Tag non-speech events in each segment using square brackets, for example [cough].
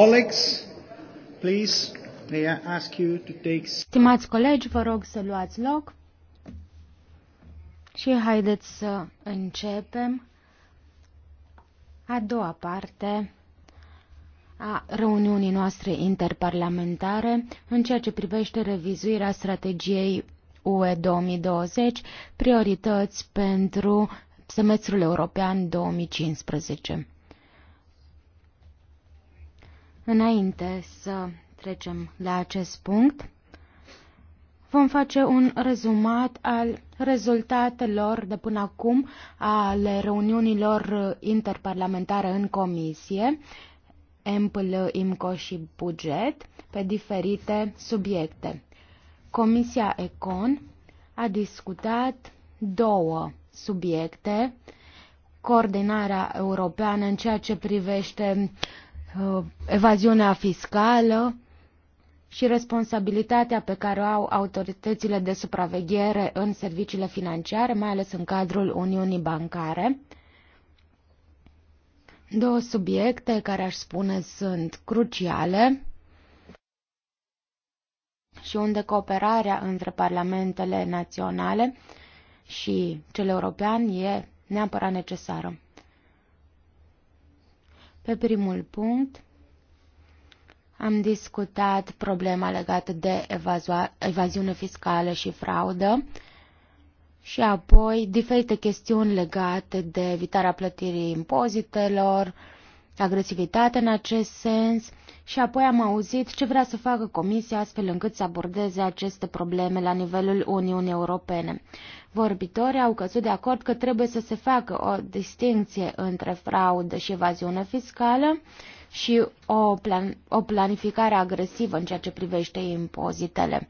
Colleagues, please, may I ask you to take... Stimați colegi, vă rog să luați loc și haideți să începem a doua parte a reuniunii noastre interparlamentare în ceea ce privește revizuirea strategiei UE 2020, priorități pentru semestrul european 2015. Înainte să trecem la acest punct, vom face un rezumat al rezultatelor de până acum ale reuniunilor interparlamentare în comisie, EMPL, IMCO și buget, pe diferite subiecte. Comisia ECON a discutat două subiecte, coordinarea europeană în ceea ce privește Uh, evaziunea fiscală și responsabilitatea pe care o au autoritățile de supraveghere în serviciile financiare, mai ales în cadrul Uniunii Bancare. Două subiecte care aș spune sunt cruciale și unde cooperarea între parlamentele naționale și cel european e neapărat necesară. Pe primul punct, am discutat problema legată de evaziune fiscală și fraudă și apoi diferite chestiuni legate de evitarea plătirii impozitelor, agresivitate în acest sens – și apoi am auzit ce vrea să facă Comisia astfel încât să abordeze aceste probleme la nivelul Uniunii Europene. Vorbitorii au căzut de acord că trebuie să se facă o distinție între fraudă și evaziune fiscală și o, plan- o planificare agresivă în ceea ce privește impozitele,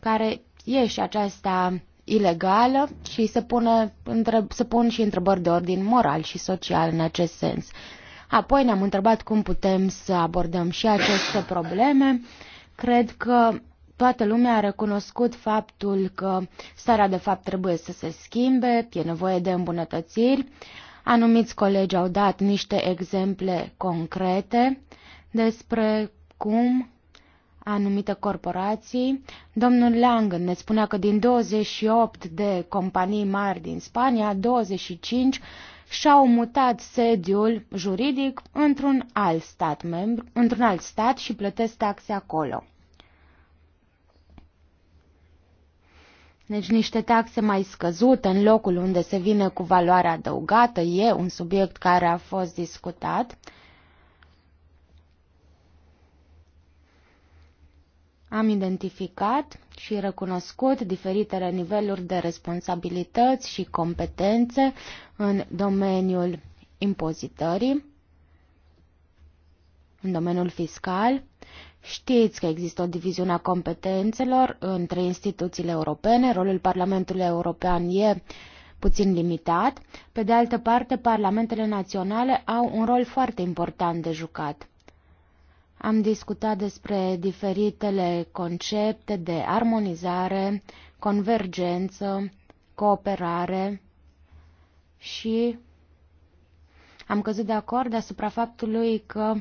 care e și aceasta ilegală și să, pună, să pun și întrebări de ordin moral și social în acest sens. Apoi ne-am întrebat cum putem să abordăm și aceste probleme. Cred că toată lumea a recunoscut faptul că starea de fapt trebuie să se schimbe, e nevoie de îmbunătățiri. Anumiți colegi au dat niște exemple concrete despre cum anumite corporații. Domnul Langen ne spunea că din 28 de companii mari din Spania, 25 și-au mutat sediul juridic într-un alt stat membru, într-un alt stat și plătesc taxe acolo. Deci niște taxe mai scăzute în locul unde se vine cu valoarea adăugată e un subiect care a fost discutat Am identificat și recunoscut diferitele niveluri de responsabilități și competențe în domeniul impozitării, în domeniul fiscal. Știți că există o diviziune a competențelor între instituțiile europene, rolul Parlamentului European e puțin limitat. Pe de altă parte, parlamentele naționale au un rol foarte important de jucat. Am discutat despre diferitele concepte de armonizare, convergență, cooperare și am căzut de acord asupra faptului că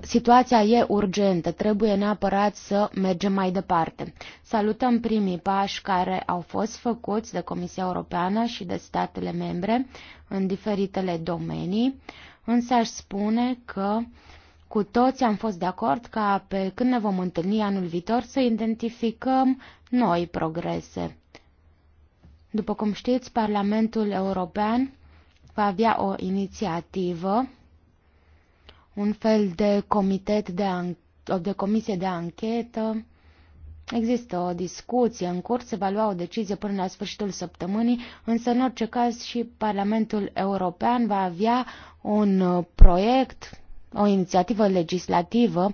situația e urgentă, trebuie neapărat să mergem mai departe. Salutăm primii pași care au fost făcuți de Comisia Europeană și de statele membre în diferitele domenii, însă aș spune că uh, cu toți am fost de acord ca pe când ne vom întâlni anul viitor să identificăm noi progrese. După cum știți, Parlamentul European va avea o inițiativă, un fel de comitet de, de comisie de anchetă. Există o discuție în curs, se va lua o decizie până la sfârșitul săptămânii, însă în orice caz și Parlamentul European va avea un uh, proiect o inițiativă legislativă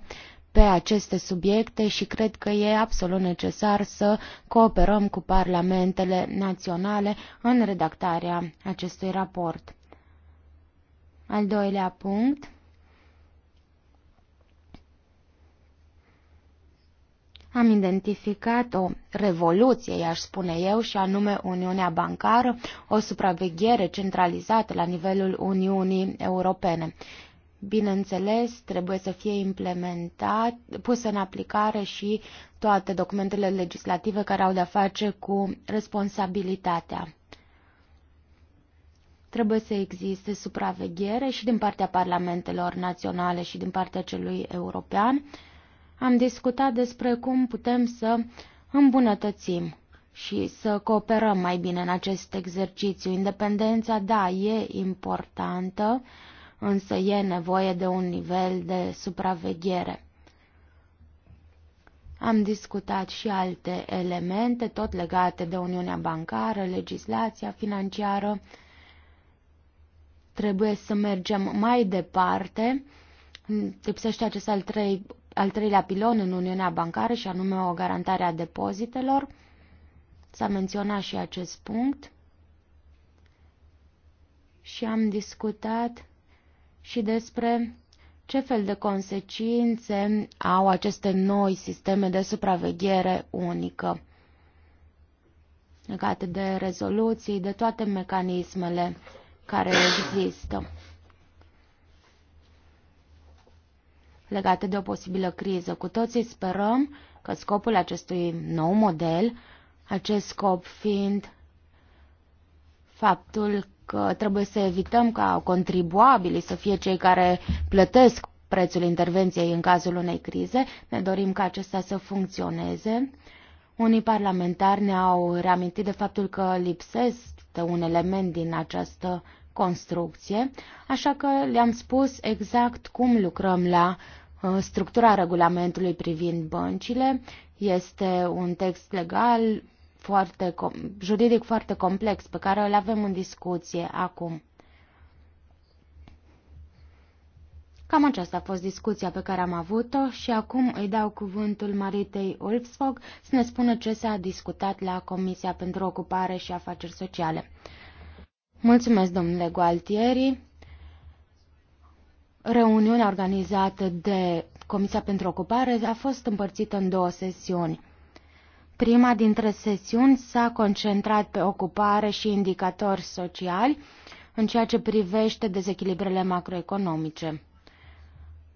pe aceste subiecte și cred că e absolut necesar să cooperăm cu parlamentele naționale în redactarea acestui raport. Al doilea punct. Am identificat o revoluție, i-aș spune eu, și anume Uniunea Bancară, o supraveghere centralizată la nivelul Uniunii Europene. Bineînțeles, trebuie să fie implementat, pus în aplicare și toate documentele legislative care au de-a face cu responsabilitatea. Trebuie să existe supraveghere și din partea parlamentelor naționale și din partea celui european. Am discutat despre cum putem să îmbunătățim și să cooperăm mai bine în acest exercițiu. Independența, da, e importantă însă e nevoie de un nivel de supraveghere. Am discutat și alte elemente, tot legate de Uniunea Bancară, legislația financiară. Trebuie să mergem mai departe. Lipsește acest al, trei, al treilea pilon în Uniunea Bancară și anume o garantare a depozitelor. S-a menționat și acest punct. Și am discutat și despre ce fel de consecințe au aceste noi sisteme de supraveghere unică legate de rezoluții, de toate mecanismele care există legate de o posibilă criză. Cu toții sperăm că scopul acestui nou model, acest scop fiind faptul că trebuie să evităm ca contribuabilii să fie cei care plătesc prețul intervenției în cazul unei crize. Ne dorim ca acesta să funcționeze. Unii parlamentari ne-au reamintit de faptul că lipsește un element din această construcție, așa că le-am spus exact cum lucrăm la uh, structura regulamentului privind băncile. Este un text legal foarte, juridic foarte complex pe care îl avem în discuție acum. Cam aceasta a fost discuția pe care am avut-o și acum îi dau cuvântul Maritei Ulfsvog să ne spună ce s-a discutat la Comisia pentru Ocupare și Afaceri Sociale. Mulțumesc, domnule Gualtieri. Reuniunea organizată de Comisia pentru Ocupare a fost împărțită în două sesiuni. Prima dintre sesiuni s-a concentrat pe ocupare și indicatori sociali în ceea ce privește dezechilibrele macroeconomice.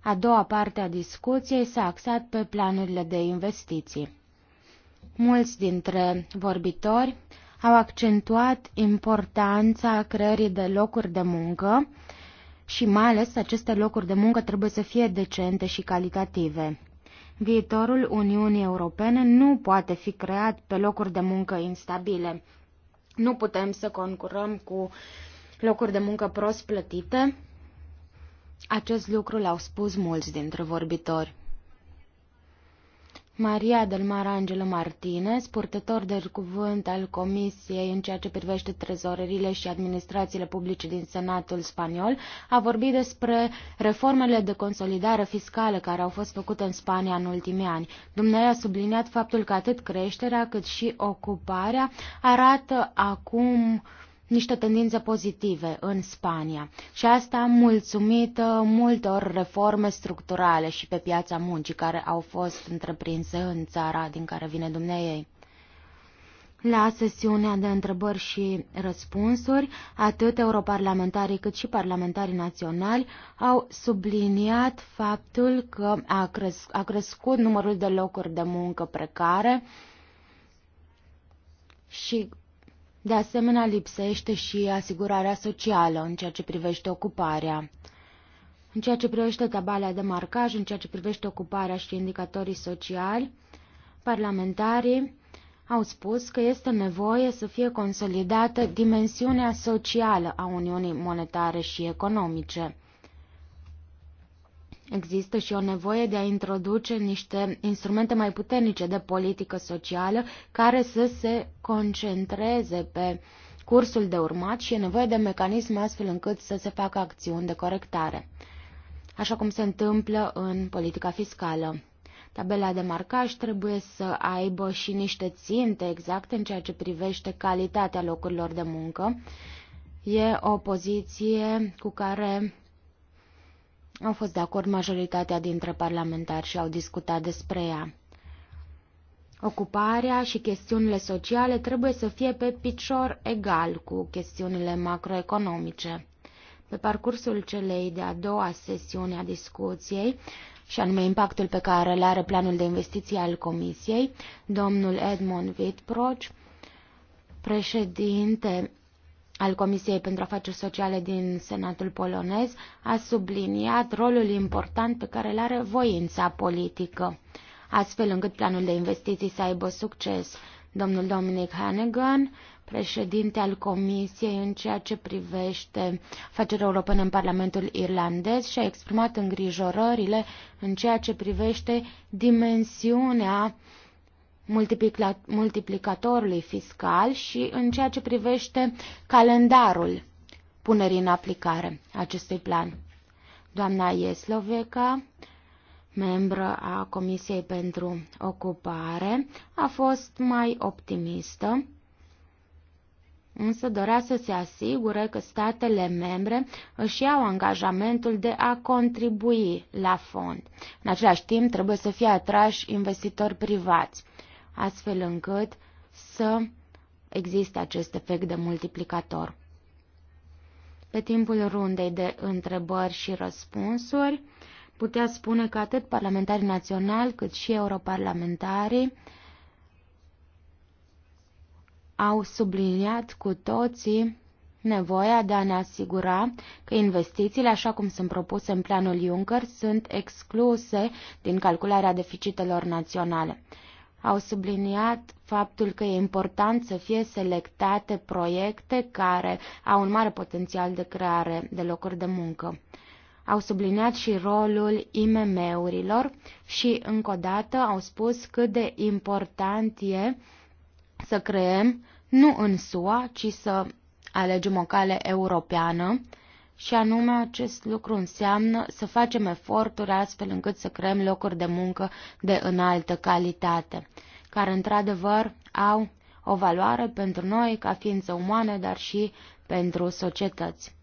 A doua parte a discuției s-a axat pe planurile de investiții. Mulți dintre vorbitori au accentuat importanța creării de locuri de muncă și mai ales aceste locuri de muncă trebuie să fie decente și calitative. Viitorul Uniunii Europene nu poate fi creat pe locuri de muncă instabile. Nu putem să concurăm cu locuri de muncă prost plătite. Acest lucru l-au spus mulți dintre vorbitori. Maria del Mar Angelo Martinez, purtător de cuvânt al Comisiei în ceea ce privește trezorerile și administrațiile publice din Senatul spaniol, a vorbit despre reformele de consolidare fiscală care au fost făcute în Spania în ultimii ani. Dumnezeu a subliniat faptul că atât creșterea cât și ocuparea arată acum niște tendințe pozitive în Spania și asta mulțumită multor reforme structurale și pe piața muncii care au fost întreprinse în țara din care vine dumneiei. La sesiunea de întrebări și răspunsuri, atât europarlamentarii cât și parlamentarii naționali au subliniat faptul că a, cres- a crescut numărul de locuri de muncă precare și de asemenea, lipsește și asigurarea socială în ceea ce privește ocuparea. În ceea ce privește tabala de marcaj, în ceea ce privește ocuparea și indicatorii sociali, parlamentarii au spus că este nevoie să fie consolidată dimensiunea socială a Uniunii Monetare și Economice. Există și o nevoie de a introduce niște instrumente mai puternice de politică socială care să se concentreze pe cursul de urmat și e nevoie de mecanisme astfel încât să se facă acțiuni de corectare, așa cum se întâmplă în politica fiscală. Tabela de marcaj trebuie să aibă și niște ținte exacte în ceea ce privește calitatea locurilor de muncă. E o poziție cu care au fost de acord majoritatea dintre parlamentari și au discutat despre ea. Ocuparea și chestiunile sociale trebuie să fie pe picior egal cu chestiunile macroeconomice. Pe parcursul celei de-a doua sesiuni a discuției, și anume impactul pe care îl are planul de investiții al Comisiei, domnul Edmond Wittproch, președinte al Comisiei pentru Afaceri Sociale din Senatul polonez a subliniat rolul important pe care îl are voința politică, astfel încât planul de investiții să aibă succes. Domnul Dominic Hannigan, președinte al Comisiei în ceea ce privește afaceri europene în Parlamentul irlandez și a exprimat îngrijorările în ceea ce privește dimensiunea uh, multiplicatorului fiscal și în ceea ce privește calendarul punerii în aplicare acestui plan. Doamna Iesloveca, membră a Comisiei pentru Ocupare, a fost mai optimistă, însă dorea să se asigure că statele membre își iau angajamentul de a contribui la fond. În același timp, trebuie să fie atrași investitori privați astfel încât să existe acest efect de multiplicator. Pe timpul rundei de întrebări și răspunsuri, putea spune că atât parlamentarii naționali cât și europarlamentarii au subliniat cu toții nevoia de a ne asigura că investițiile, așa cum sunt propuse în planul Juncker, sunt excluse din calcularea deficitelor naționale au subliniat faptul că e important să fie selectate proiecte care au un mare potențial de creare de locuri de muncă. Au subliniat și rolul IMM-urilor și încă o dată au spus cât de important e să creăm nu în SUA, ci să alegem o cale europeană și anume, acest lucru înseamnă să facem eforturi astfel încât să creăm locuri de muncă de înaltă calitate, care într-adevăr au o valoare pentru noi ca ființe umane, dar și pentru societăți.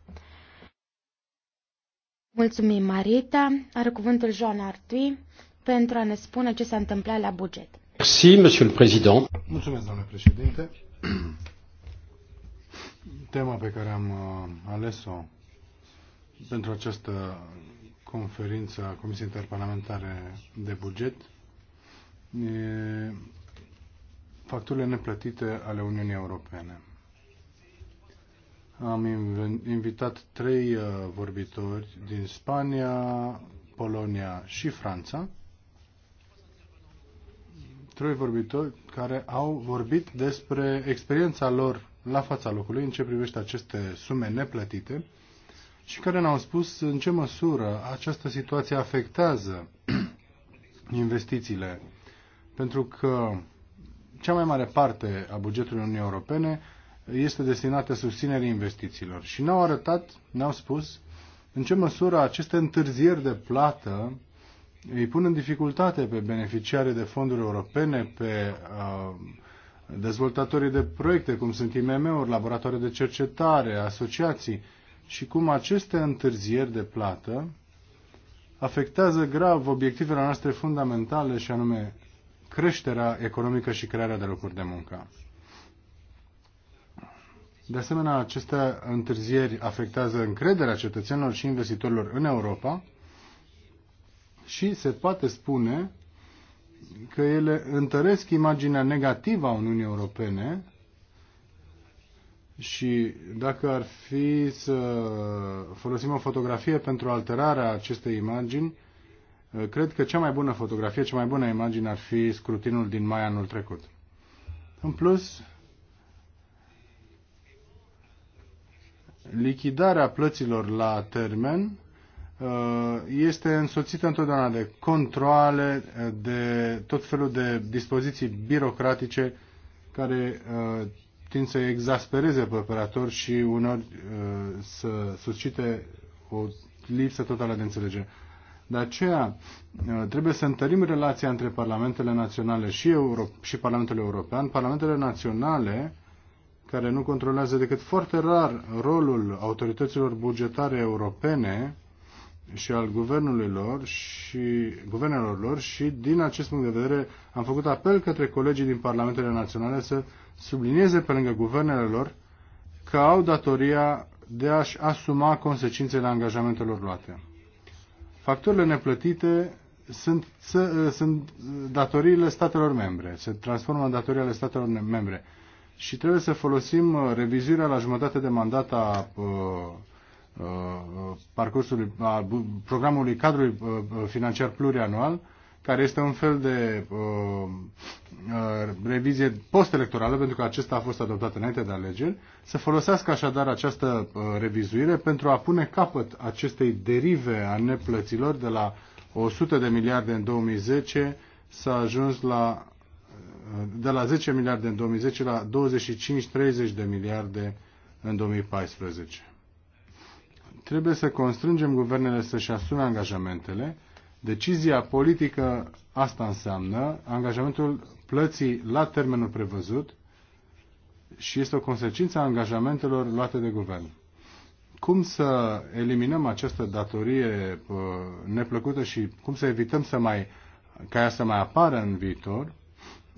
Mulțumim, Marita. Are cuvântul Jean Artui pentru a ne spune ce s-a întâmplat la buget. Merci, Monsieur le Président. Mulțumesc, domnule președinte. [clears throat] Tema pe care am uh, ales-o pentru această conferință a Comisiei Interparlamentare de Buget e facturile neplătite ale Uniunii Europene. Am invitat trei uh, vorbitori din Spania, Polonia și Franța. Trei vorbitori care au vorbit despre experiența lor la fața locului în ce privește aceste sume neplătite și care ne-au spus în ce măsură această situație afectează [clears throat] investițiile. Pentru că cea mai mare parte a bugetului Uniunii Europene este destinată susținerii investițiilor. Și ne-au arătat, ne-au spus, în ce măsură aceste întârzieri de plată îi pun în dificultate pe beneficiarii de fonduri europene, pe uh, dezvoltatorii de proiecte, cum sunt IMM-uri, laboratoare de cercetare, asociații, și cum aceste întârzieri de plată afectează grav obiectivele noastre fundamentale și anume creșterea economică și crearea de locuri de muncă. De asemenea, aceste întârzieri afectează încrederea cetățenilor și investitorilor în Europa și se poate spune că ele întăresc imaginea negativă a Uniunii Europene și dacă ar fi să folosim o fotografie pentru alterarea acestei imagini, uh, cred că cea mai bună fotografie, cea mai bună imagine ar fi scrutinul din mai anul trecut. În plus, lichidarea plăților la termen uh, este însoțită întotdeauna de controle, uh, de tot felul de dispoziții birocratice care tind să exaspereze pe operator și uneori uh, să suscite o lipsă totală de înțelegere. De aceea uh, trebuie să întărim relația între parlamentele naționale și, Euro- și Parlamentul European. Parlamentele naționale, care nu controlează decât foarte rar rolul autorităților bugetare europene și al guvernului lor și guvernelor lor și din acest punct de vedere am făcut apel către colegii din Parlamentele Naționale să sublinieze pe lângă guvernele lor că au datoria de a-și asuma consecințele angajamentelor luate. Facturile neplătite sunt, sunt datoriile statelor membre, se transformă în datorii ale statelor membre și trebuie să folosim uh, revizuirea la jumătate de mandat a uh, uh, parcursului, a programului cadrului financiar plurianual care este un fel de uh, uh, revizie post-electorală, pentru că acesta a fost adoptat înainte de alegeri, să folosească așadar această uh, revizuire pentru a pune capăt acestei derive a neplăților de la 100 de miliarde în 2010 s-a ajuns la uh, de la 10 miliarde în 2010 la 25-30 de miliarde în 2014. Trebuie să constrângem guvernele să-și asume angajamentele Decizia politică asta înseamnă angajamentul plății la termenul prevăzut și este o consecință a angajamentelor luate de guvern. Cum să eliminăm această datorie uh, neplăcută și cum să evităm să mai, ca ea să mai apară în viitor?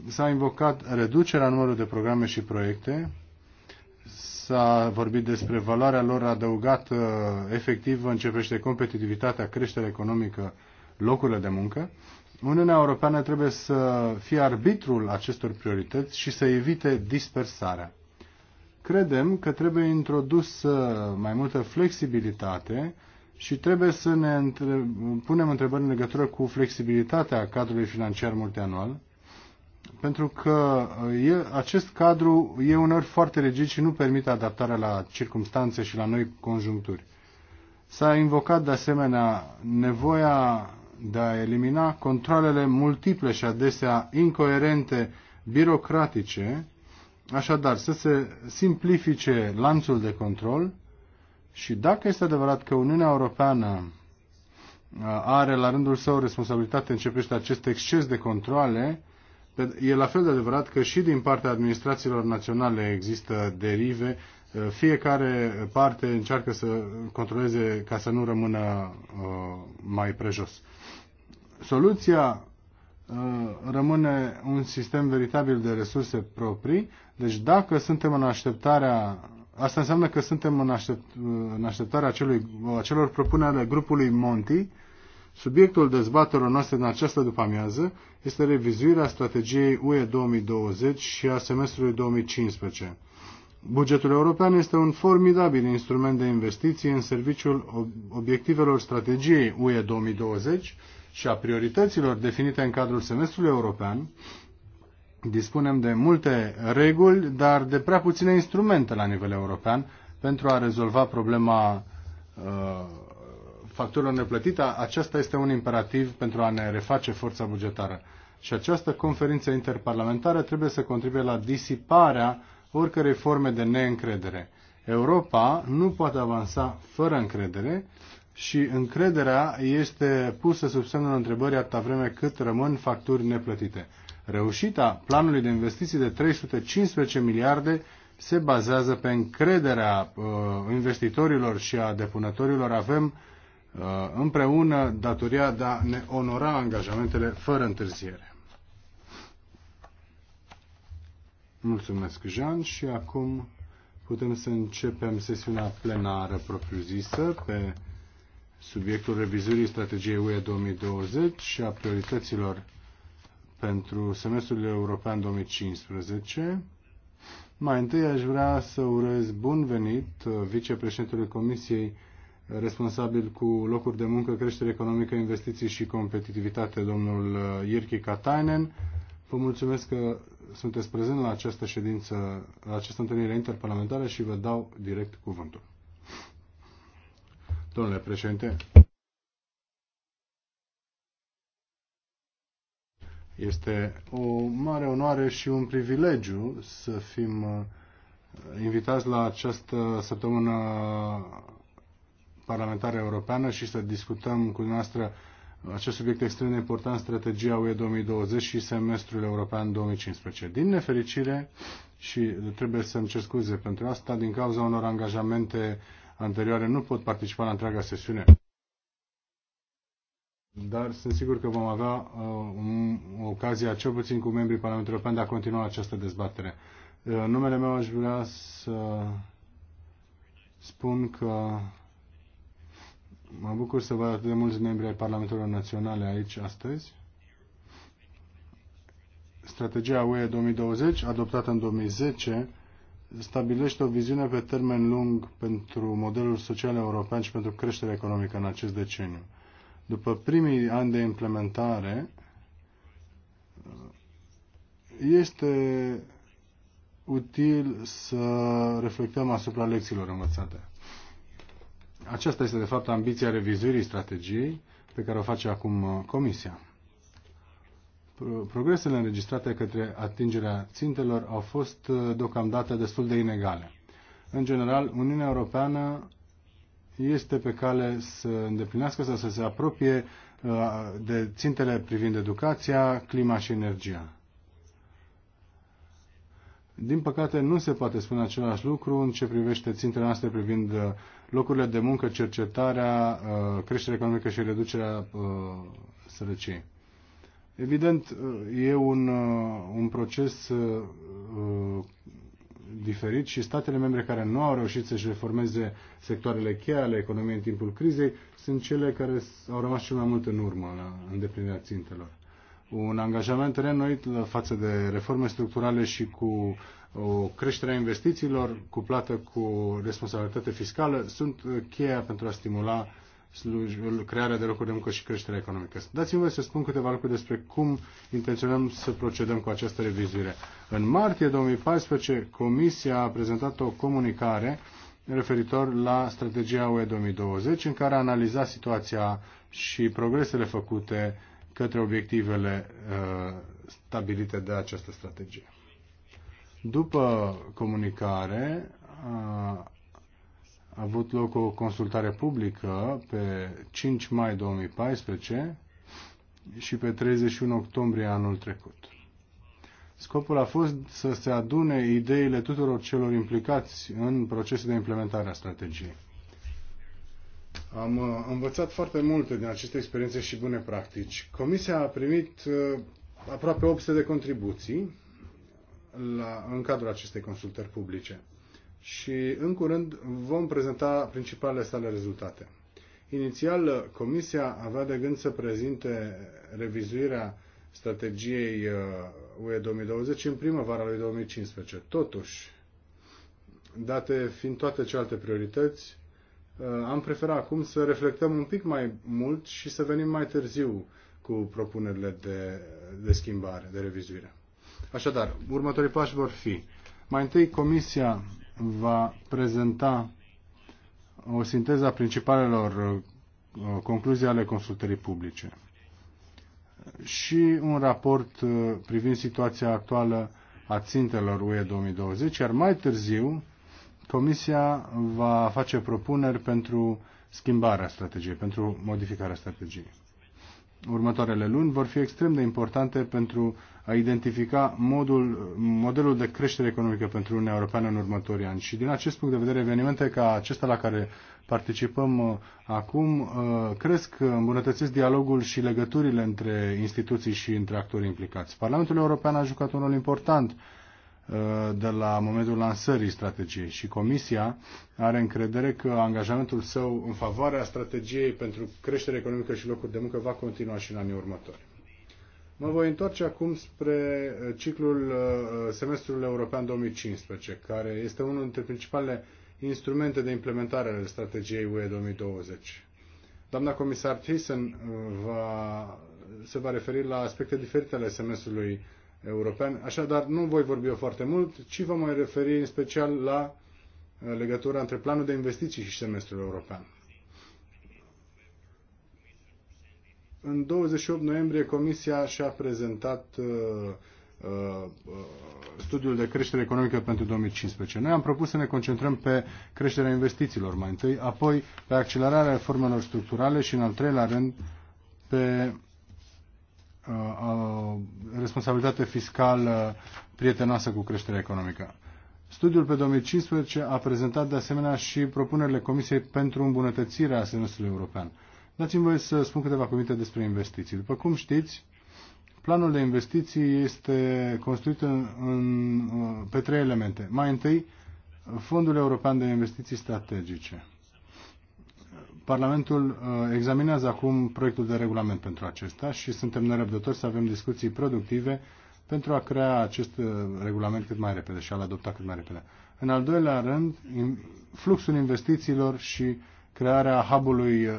S-a invocat reducerea numărului de programe și proiecte, s-a vorbit despre valoarea lor adăugată uh, efectivă în ce privește competitivitatea, creșterea economică locurile de muncă, Uniunea Europeană trebuie să fie arbitrul acestor priorități și să evite dispersarea. Credem că trebuie introdusă uh, mai multă flexibilitate și trebuie să ne între... punem întrebări în legătură cu flexibilitatea cadrului financiar multianual, pentru că uh, e, acest cadru e uneori foarte rigid și nu permite adaptarea la circumstanțe și la noi conjuncturi. S-a invocat de asemenea nevoia de a elimina controlele multiple și adesea incoerente, birocratice, așadar să se simplifice lanțul de control și dacă este adevărat că Uniunea Europeană uh, are la rândul său responsabilitate în ce privește acest exces de controle, e la fel de adevărat că și din partea administrațiilor naționale există derive, uh, fiecare parte încearcă să controleze ca să nu rămână uh, mai prejos soluția uh, rămâne un sistem veritabil de resurse proprii. Deci dacă suntem în așteptarea, asta înseamnă că suntem în, aștept, uh, în așteptarea acelui, acelor propuneri ale grupului Monti, subiectul dezbaterilor noastre în această după-amiază este revizuirea strategiei UE 2020 și a semestrului 2015. Bugetul european este un formidabil instrument de investiții în serviciul obiectivelor strategiei UE 2020 și a priorităților definite în cadrul semestrului european, dispunem de multe reguli, dar de prea puține instrumente la nivel european pentru a rezolva problema uh, factorilor neplătite. Aceasta este un imperativ pentru a ne reface forța bugetară. Și această conferință interparlamentară trebuie să contribuie la disiparea oricărei forme de neîncredere. Europa nu poate avansa fără încredere și încrederea este pusă sub semnul întrebării atâta vreme cât rămân facturi neplătite. Reușita planului de investiții de 315 miliarde se bazează pe încrederea uh, investitorilor și a depunătorilor. Avem uh, împreună datoria de a ne onora angajamentele fără întârziere. Mulțumesc, Jean, și acum putem să începem sesiunea plenară propriu-zisă pe subiectul revizuirii strategiei UE 2020 și a priorităților pentru semestrul european 2015. Mai întâi aș vrea să urez bun venit vicepreședintelui Comisiei responsabil cu locuri de muncă, creștere economică, investiții și competitivitate, domnul Irki Katainen. Vă mulțumesc că sunteți prezent la această ședință, la această întâlnire interparlamentară și vă dau direct cuvântul. Domnule președinte, este o mare onoare și un privilegiu să fim uh, invitați la această săptămână parlamentară europeană și să discutăm cu dumneavoastră acest subiect extrem de important, strategia UE 2020 și semestrul european 2015. Din nefericire, și trebuie să-mi cer scuze pentru asta, din cauza unor angajamente uh, anterioare nu pot participa la întreaga sesiune. Dar sunt sigur că vom avea uh, ocazia, cel puțin cu membrii Parlamentului European, de a continua această dezbatere. Uh, numele meu aș vrea să spun că mă bucur să văd atât de mulți membri ai Parlamentului Naționale aici astăzi. Strategia UE 2020, adoptată în 2010, stabilește o viziune pe termen lung pentru modelul social european și pentru creșterea economică în acest deceniu. După primii ani de implementare, este util să reflectăm asupra lecțiilor învățate. Aceasta este, de fapt, ambiția revizuirii strategiei pe care o face acum Comisia progresele înregistrate către atingerea țintelor au fost uh, deocamdată destul de inegale. În general, Uniunea Europeană este pe cale să îndeplinească sau să se apropie uh, de țintele privind educația, clima și energia. Din păcate, nu se poate spune același lucru în ce privește țintele noastre privind uh, locurile de muncă, cercetarea, creșterea economică și reducerea sărăciei. Evident, e un, uh, un proces uh, uh, diferit și statele membre care nu au reușit să-și reformeze sectoarele cheie ale economiei în timpul crizei sunt cele care au rămas cel mai mult în urmă la îndeplinirea țintelor. Un angajament renoit față de reforme structurale și cu o creștere a investițiilor cuplată cu responsabilitate fiscală sunt cheia pentru a stimula crearea de locuri de muncă și creșterea economică. Dați-mi voi să spun câteva lucruri despre cum intenționăm să procedăm cu această revizuire. În martie 2014, Comisia a prezentat o comunicare referitor la strategia UE 2020, în care analiza situația și progresele făcute către obiectivele uh, stabilite de această strategie. După comunicare, uh, a avut loc o consultare publică pe 5 mai 2014 și pe 31 octombrie anul trecut. Scopul a fost să se adune ideile tuturor celor implicați în procesul de implementare a strategiei. Am uh, învățat foarte multe din aceste experiențe și bune practici. Comisia a primit uh, aproape 800 de contribuții la, în cadrul acestei consultări publice și în curând vom prezenta principalele sale rezultate. Inițial, Comisia avea de gând să prezinte revizuirea strategiei uh, UE 2020 în primăvara lui 2015. Totuși, date fiind toate celelalte priorități, uh, am preferat acum să reflectăm un pic mai mult și să venim mai târziu cu propunerile de, de schimbare, de revizuire. Așadar, următorii pași vor fi. Mai întâi, Comisia va prezenta o sinteză a principalelor uh, concluzii ale consultării publice și un raport uh, privind situația actuală a țintelor UE 2020, iar mai târziu Comisia va face propuneri pentru schimbarea strategiei, pentru modificarea strategiei. Următoarele luni vor fi extrem de importante pentru a identifica modul, modelul de creștere economică pentru Uniunea Europeană în următorii ani. Și din acest punct de vedere, evenimente ca acesta la care participăm uh, acum uh, cresc, uh, îmbunătățesc dialogul și legăturile între instituții și între actorii implicați. Parlamentul European a jucat un rol important de la momentul lansării strategiei și Comisia are încredere că angajamentul său în favoarea strategiei pentru creștere economică și locuri de muncă va continua și în anii următori. Mă voi întoarce acum spre uh, ciclul uh, uh, semestrul european 2015, care este unul dintre principalele instrumente de implementare ale strategiei UE 2020. Doamna comisar Thyssen va, se va referi la aspecte diferite ale semestrului european, așadar nu voi vorbi eu foarte mult, ci vă mai referi în special la legătura între planul de investiții și semestrul european. În 28 noiembrie Comisia și-a prezentat uh, uh, studiul de creștere economică pentru 2015. Noi am propus să ne concentrăm pe creșterea investițiilor mai întâi, apoi pe accelerarea reformelor structurale și în al treilea rând pe uh, responsabilitate fiscală prietenoasă cu creșterea economică. Studiul pe 2015 a prezentat de asemenea și propunerile Comisiei pentru îmbunătățirea semestrului european. Dați-mi voie să spun câteva cuvinte despre investiții. După cum știți, planul de investiții este construit în, în, pe trei elemente. Mai întâi, Fondul European de Investiții Strategice. Parlamentul uh, examinează acum proiectul de regulament pentru acesta și suntem nerăbdători să avem discuții productive pentru a crea acest uh, regulament cât mai repede și a-l adopta cât mai repede. În al doilea rând, fluxul investițiilor și crearea hub-ului uh,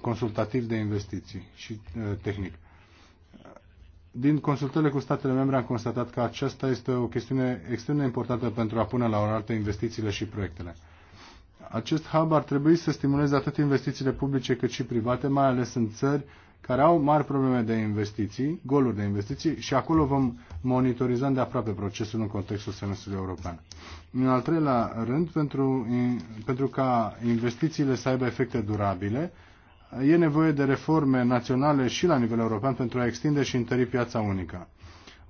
consultativ de investiții și uh, tehnic. Din consultările cu statele membre am constatat că aceasta este o chestiune extrem de importantă pentru a pune la oaltă investițiile și proiectele. Acest hub ar trebui să stimuleze atât investițiile publice cât și private, mai ales în țări care au mari probleme de investiții, goluri de investiții și acolo vom monitoriza de aproape procesul în contextul semestrului european. În al treilea rând, pentru, pentru ca investițiile să aibă efecte durabile, e nevoie de reforme naționale și la nivel european pentru a extinde și întări piața unică.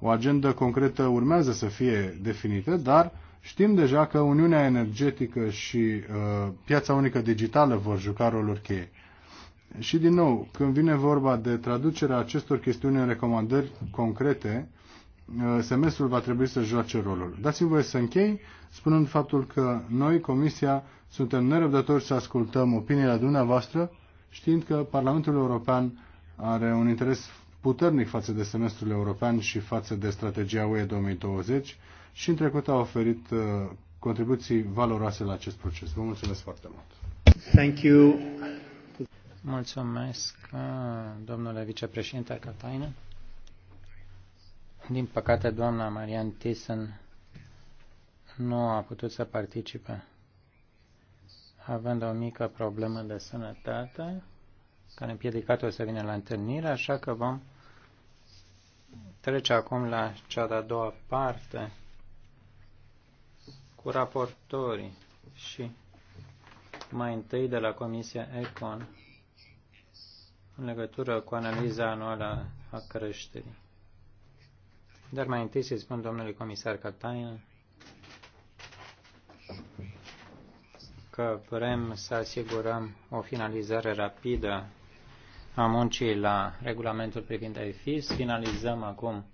O agendă concretă urmează să fie definită, dar știm deja că Uniunea Energetică și uh, piața unică digitală vor juca roluri cheie. Uh, și din nou, când vine vorba de traducerea acestor chestiuni în recomandări concrete, uh, semestrul va trebui să joace rolul. Dați-mi voie să închei spunând faptul că noi, Comisia, suntem nerăbdători să ascultăm opiniile dumneavoastră, știind că Parlamentul European are un interes puternic față de semestrul european și față de strategia UE 2020 și în trecut a oferit uh, contribuții valoroase la acest proces. Vă mulțumesc foarte mult! Thank you. Mulțumesc, domnule vicepreședinte Cataină. Din păcate, doamna Marian Thyssen nu a putut să participe, având o mică problemă de sănătate, care împiedicat-o să vină la întâlnire, așa că vom trece acum la cea de-a doua parte cu raportorii și mai întâi de la Comisia Econ în legătură cu analiza anuală a creșterii. Dar mai întâi să spun domnului comisar Catainen că vrem să asigurăm o finalizare rapidă a muncii la regulamentul privind EFIS. Finalizăm acum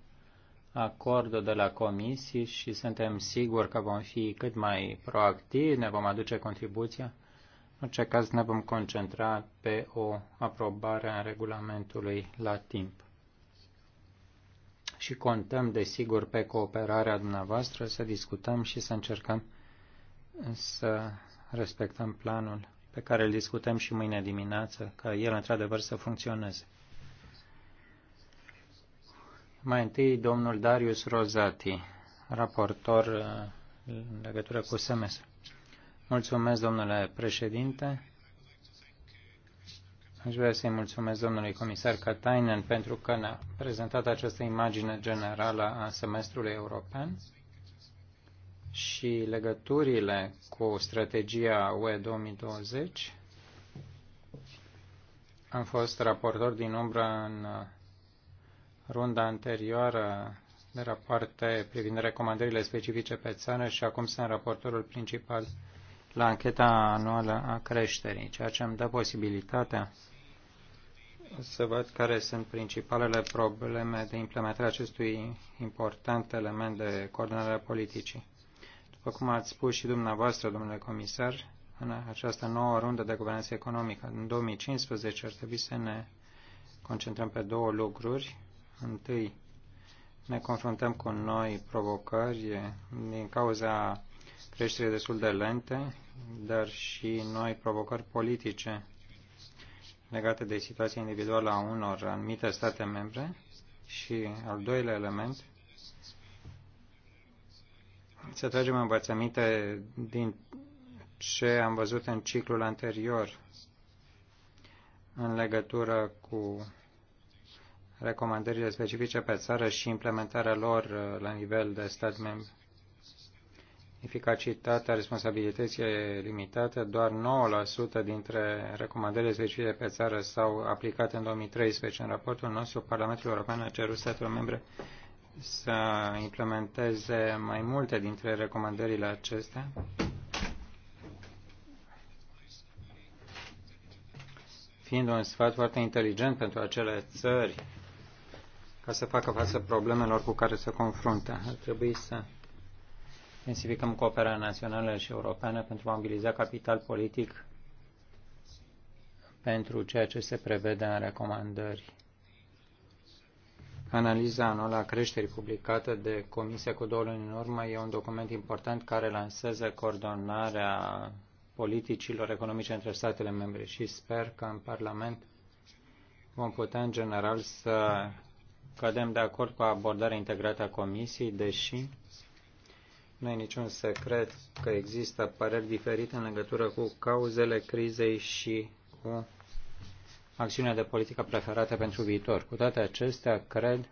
acordul de la comisii și suntem siguri că vom fi cât mai proactivi, ne vom aduce contribuția în orice caz ne vom concentra pe o aprobare a regulamentului la timp. Și contăm, desigur, pe cooperarea dumneavoastră să discutăm și să încercăm să respectăm planul pe care îl discutăm și mâine dimineață, ca el într-adevăr să funcționeze. Mai întâi, domnul Darius Rozati, raportor uh, în legătură cu semestru. Mulțumesc, domnule președinte. Aș vrea să-i mulțumesc domnului comisar Katainen pentru că ne-a prezentat această imagine generală a semestrului european și legăturile cu strategia UE 2020. Am fost raportor din umbră în runda anterioară de rapoarte privind recomandările specifice pe țară și acum sunt raportorul principal la ancheta anuală a creșterii, ceea ce îmi dă posibilitatea să văd care sunt principalele probleme de implementare acestui important element de coordonare a politicii. După cum ați spus și dumneavoastră, domnule comisar, în această nouă rundă de guvernanță economică, în 2015 ar trebui să ne concentrăm pe două lucruri. Întâi, ne confruntăm cu noi provocări din cauza creșterii destul de lente dar și noi provocări politice legate de situația individuală a unor anumite state membre și al doilea element, să tragem învățăminte din ce am văzut în ciclul anterior în legătură cu recomandările specifice pe țară și implementarea lor la nivel de stat membru eficacitatea responsabilității e limitată, doar 9% dintre recomandările specifice pe țară s-au aplicat în 2013. În raportul nostru, Parlamentul European a cerut statelor membre să implementeze mai multe dintre recomandările acestea. fiind un sfat foarte inteligent pentru acele țări ca să facă față problemelor cu care se confruntă. Ar trebui să intensificăm cooperarea națională și europeană pentru a mobiliza capital politic pentru ceea ce se prevede în recomandări. Analiza anuală a creșterii publicată de Comisia cu două luni în urmă e un document important care lansează coordonarea politicilor economice între statele membre și sper că în Parlament vom putea în general să cădem de acord cu abordarea integrată a Comisiei, deși nu e niciun secret că există păreri diferite în legătură cu cauzele crizei și cu acțiunea de politică preferată pentru viitor. Cu toate acestea, cred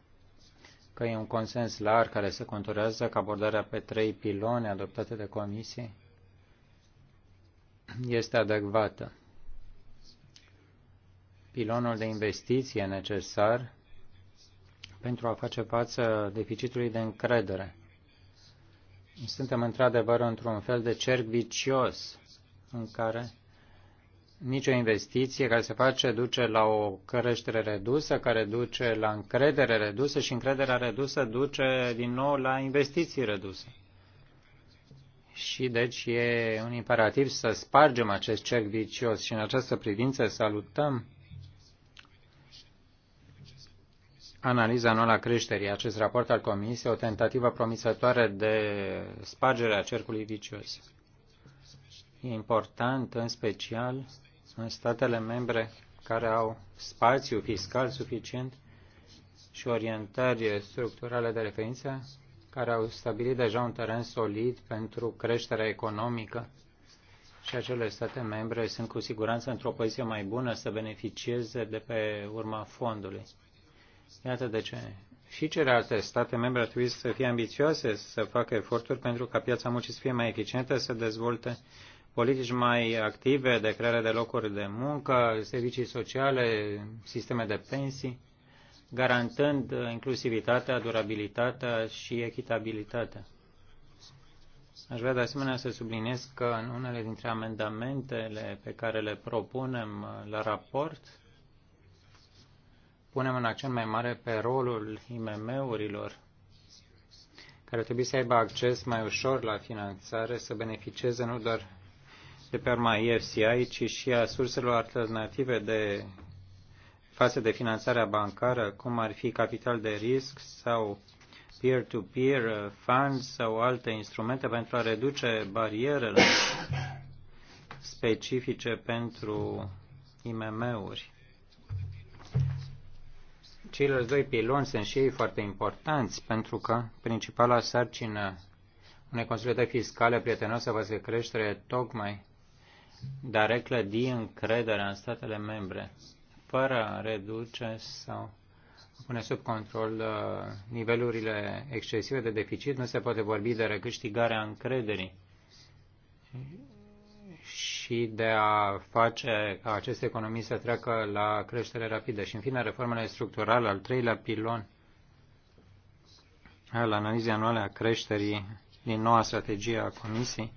că e un consens larg care se conturează că abordarea pe trei piloni adoptată de comisie este adecvată. Pilonul de investiție necesar pentru a face față deficitului de încredere suntem într-adevăr într-un fel de cerc vicios în care nicio investiție care se face duce la o creștere redusă, care duce la încredere redusă și încrederea redusă duce din nou la investiții reduse. Și deci e un imperativ să spargem acest cerc vicios și în această privință salutăm analiza anuală a creșterii. Acest raport al Comisiei o tentativă promisătoare de spargere a cercului vicios. E important, în special, în statele membre care au spațiu fiscal suficient și orientări structurale de referință, care au stabilit deja un teren solid pentru creșterea economică și acele state membre sunt cu siguranță într-o poziție mai bună să beneficieze de pe urma fondului. Iată de ce și celelalte state membre ar trebui să fie ambițioase, să facă eforturi pentru ca piața muncii să fie mai eficientă, să dezvolte politici mai active de creare de locuri de muncă, servicii sociale, sisteme de pensii, garantând inclusivitatea, durabilitatea și echitabilitatea. Aș vrea de asemenea să subliniez că în unele dintre amendamentele pe care le propunem la raport, punem în accent mai mare pe rolul IMM-urilor, care trebuie să aibă acces mai ușor la finanțare, să beneficieze nu doar de pe urma EFCI, ci și a surselor alternative de față de finanțarea bancară, cum ar fi capital de risc sau peer-to-peer -peer funds sau alte instrumente pentru a reduce barierele specifice pentru IMM-uri. Ceilalți doi piloni sunt și ei foarte importanți pentru că principala sarcină unei consolidări fiscale prietenoase va se creștere tocmai dar reclădi încrederea în statele membre, fără a reduce sau pune sub control uh, nivelurile excesive de deficit, nu se poate vorbi de recâștigarea încrederii și de a face ca aceste economii să treacă la creștere rapidă. Și, în fine, reformele structurale, al treilea pilon al analizei anuale a creșterii din noua strategie a Comisiei,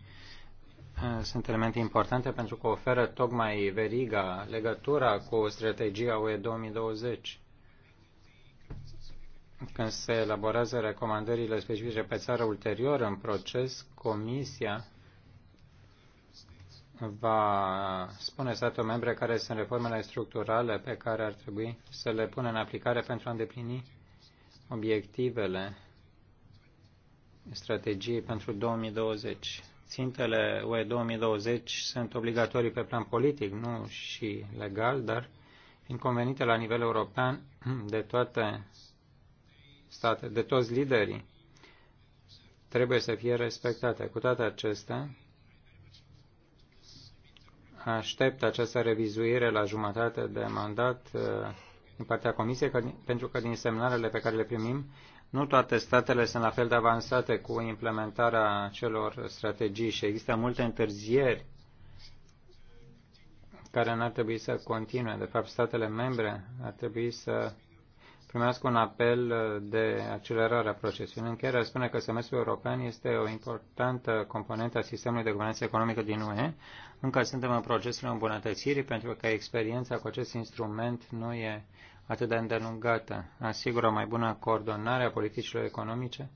eh, sunt elemente importante pentru că oferă tocmai veriga, legătura cu strategia UE 2020. Când se elaborează recomandările specifice pe țară ulterior în proces, Comisia va spune statul membre care sunt reformele structurale pe care ar trebui să le pună în aplicare pentru a îndeplini obiectivele strategiei pentru 2020. Țintele UE 2020 sunt obligatorii pe plan politic, nu și legal, dar fiind convenite la nivel european de toate state, de toți liderii, trebuie să fie respectate. Cu toate acestea, aștept această revizuire la jumătate de mandat uh, din partea Comisiei, că, pentru că din semnalele pe care le primim, nu toate statele sunt la fel de avansate cu implementarea celor strategii și există multe întârzieri care n-ar trebui să continue. De fapt, statele membre ar trebui să primească un apel uh, de accelerare a procesului. În încheiere, spune că semestrul european este o importantă componentă a sistemului de guvernanță economică din UE, încă suntem în procesul îmbunătățirii pentru că experiența cu acest instrument nu e atât de îndelungată. Asigură mai bună coordonare a politicilor economice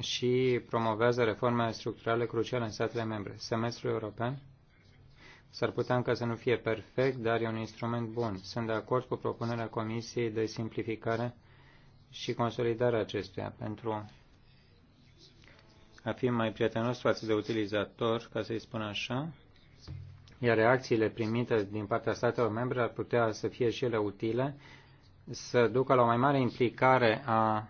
și promovează reforme structurale cruciale în statele membre. Semestrul european s-ar putea încă să nu fie perfect, dar e un instrument bun. Sunt de acord cu propunerea Comisiei de simplificare și consolidarea acestuia pentru a fi mai prietenos față de utilizator, ca să-i spun așa, iar reacțiile primite din partea statelor membre ar putea să fie și ele utile, să ducă la o mai mare implicare a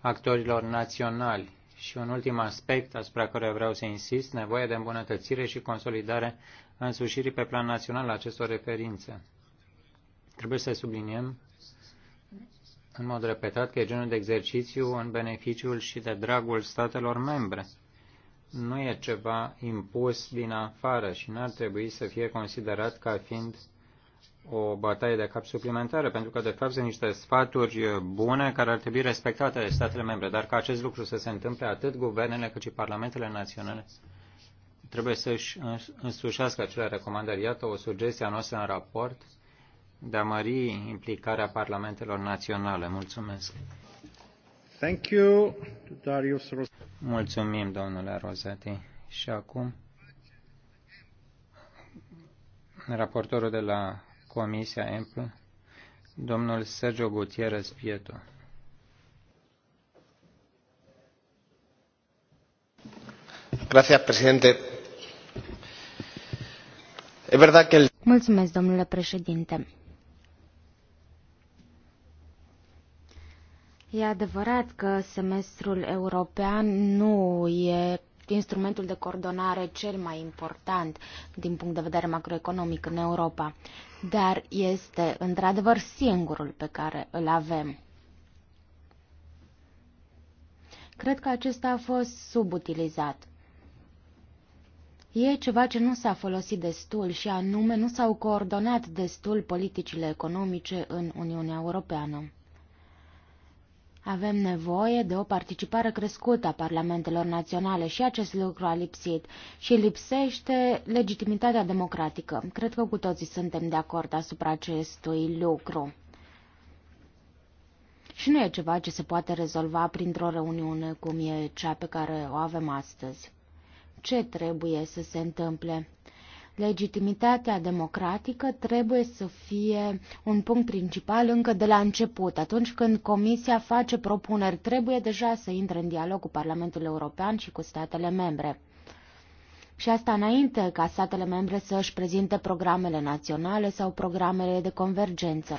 actorilor naționali. Și un ultim aspect asupra care vreau să insist, nevoia de îmbunătățire și consolidare însușirii pe plan național a acestor referințe. Trebuie să subliniem în mod repetat că e genul de exercițiu în beneficiul și de dragul statelor membre. Nu e ceva impus din afară și n-ar trebui să fie considerat ca fiind o bătaie de cap suplimentară, pentru că, de fapt, sunt niște sfaturi bune care ar trebui respectate de statele membre. Dar ca acest lucru să se întâmple, atât guvernele cât și parlamentele naționale trebuie să-și însușească acele recomandări. Iată o sugestie a noastră în raport de a mări implicarea parlamentelor naționale. Mulțumesc. Thank you, Darius Ros- Mulțumim, domnule Rosetti. Și acum, raportorul de la Comisia EMPL, domnul Sergio Gutierrez Pieto. Gracias, presidente. Es verdad que el... Mulțumesc, domnule președinte. E adevărat că semestrul european nu e instrumentul de coordonare cel mai important din punct de vedere macroeconomic în Europa, dar este într-adevăr singurul pe care îl avem. Cred că acesta a fost subutilizat. E ceva ce nu s-a folosit destul și anume nu s-au coordonat destul politicile economice în Uniunea Europeană. Avem nevoie de o participare crescută a parlamentelor naționale și acest lucru a lipsit și lipsește legitimitatea democratică. Cred că cu toții suntem de acord asupra acestui lucru. Și nu e ceva ce se poate rezolva printr-o reuniune cum e cea pe care o avem astăzi. Ce trebuie să se întâmple? Legitimitatea democratică trebuie să fie un punct principal încă de la început. Atunci când Comisia face propuneri, trebuie deja să intre în dialog cu Parlamentul European și cu statele membre. Și asta înainte ca statele membre să își prezinte programele naționale sau programele de convergență.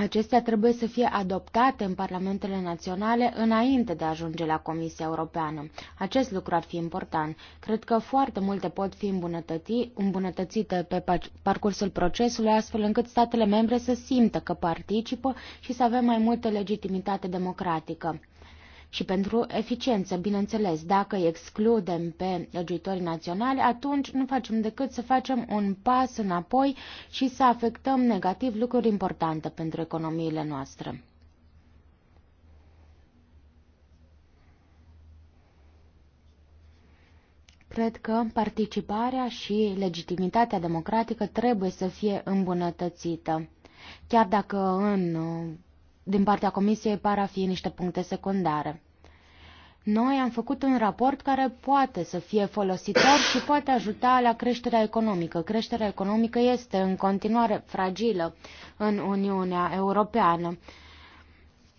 Acestea trebuie să fie adoptate în parlamentele naționale înainte de a ajunge la Comisia Europeană. Acest lucru ar fi important. Cred că foarte multe pot fi îmbunătățite pe parcursul procesului, astfel încât statele membre să simtă că participă și să avem mai multă legitimitate democratică și pentru eficiență, bineînțeles. Dacă îi excludem pe legiuitorii naționali, atunci nu facem decât să facem un pas înapoi și să afectăm negativ lucruri importante pentru economiile noastre. cred că participarea și legitimitatea democratică trebuie să fie îmbunătățită. Chiar dacă în din partea Comisiei par a fi niște puncte secundare. Noi am făcut un raport care poate să fie folositor și poate ajuta la creșterea economică. Creșterea economică este în continuare fragilă în Uniunea Europeană.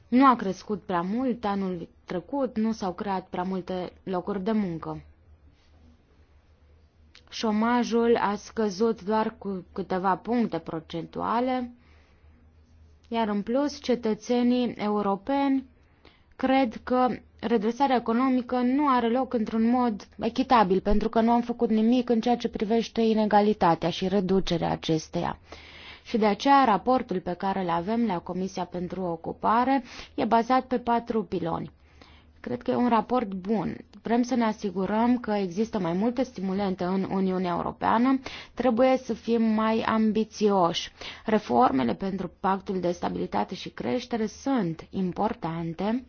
Nu a crescut prea mult anul trecut, nu s-au creat prea multe locuri de muncă. Șomajul a scăzut doar cu câteva puncte procentuale. Iar în plus, cetățenii europeni cred că redresarea economică nu are loc într-un mod echitabil, pentru că nu am făcut nimic în ceea ce privește inegalitatea și reducerea acesteia. Și de aceea raportul pe care îl avem la Comisia pentru Ocupare e bazat pe patru piloni. Cred că e un raport bun. Vrem să ne asigurăm că există mai multe stimulente în Uniunea Europeană. Trebuie să fim mai ambițioși. Reformele pentru pactul de stabilitate și creștere sunt importante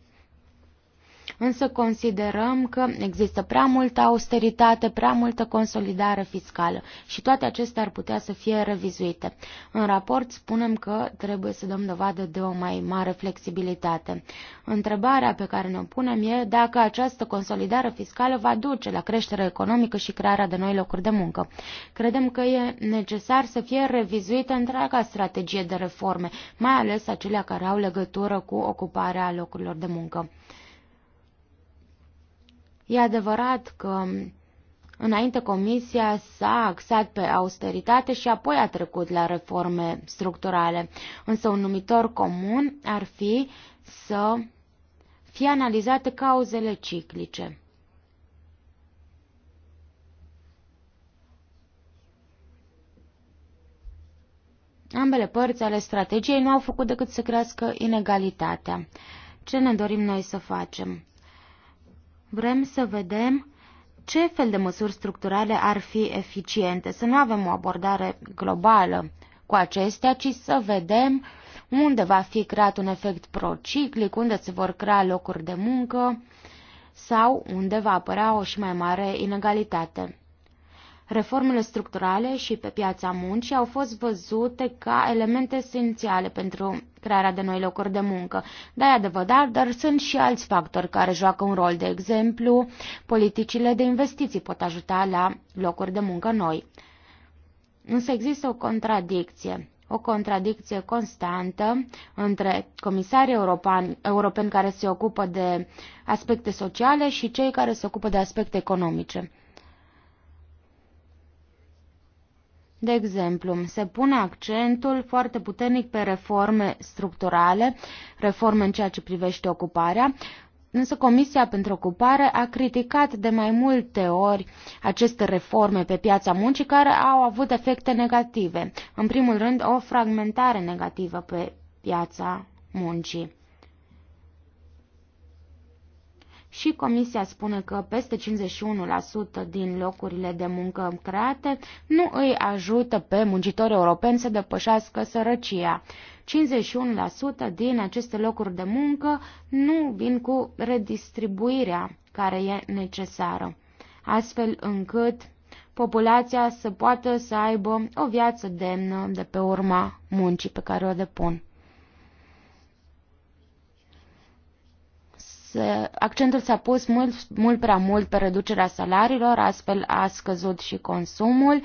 însă considerăm că există prea multă austeritate, prea multă consolidare fiscală și toate acestea ar putea să fie revizuite. În raport spunem că trebuie să dăm dovadă de o mai mare flexibilitate. Întrebarea pe care ne-o punem e dacă această consolidare fiscală va duce la creștere economică și crearea de noi locuri de muncă. Credem că e necesar să fie revizuită întreaga strategie de reforme, mai ales acelea care au legătură cu ocuparea locurilor de muncă. E adevărat că um, înainte Comisia s-a axat pe austeritate și apoi a trecut la reforme structurale. Însă un numitor comun ar fi să fie analizate cauzele ciclice. Ambele părți ale strategiei nu au făcut decât să crească inegalitatea. Ce ne dorim noi să facem? Vrem să vedem ce fel de măsuri structurale ar fi eficiente, să nu avem o abordare globală cu acestea, ci să vedem unde va fi creat un efect prociclic, unde se vor crea locuri de muncă sau unde va apărea o și mai mare inegalitate. Reformele structurale și pe piața muncii au fost văzute ca elemente esențiale pentru crearea de noi locuri de muncă. Da, e adevărat, dar sunt și alți factori care joacă un rol. De exemplu, politicile de investiții pot ajuta la locuri de muncă noi. Însă există o contradicție o contradicție constantă între comisarii europeni, europeni care se ocupă de aspecte sociale și cei care se ocupă de aspecte economice. De exemplu, se pune accentul foarte puternic pe reforme structurale, reforme în ceea ce privește ocuparea, însă Comisia pentru Ocupare a criticat de mai multe ori aceste reforme pe piața muncii care au avut efecte negative. În primul rând, o fragmentare negativă pe piața muncii. și Comisia spune că peste 51% din locurile de muncă create nu îi ajută pe muncitori europeni să depășească sărăcia. 51% din aceste locuri de muncă nu vin cu redistribuirea care e necesară, astfel încât populația să poată să aibă o viață demnă de pe urma muncii pe care o depun. accentul s-a pus mult, mult prea mult pe reducerea salariilor, astfel a scăzut și consumul,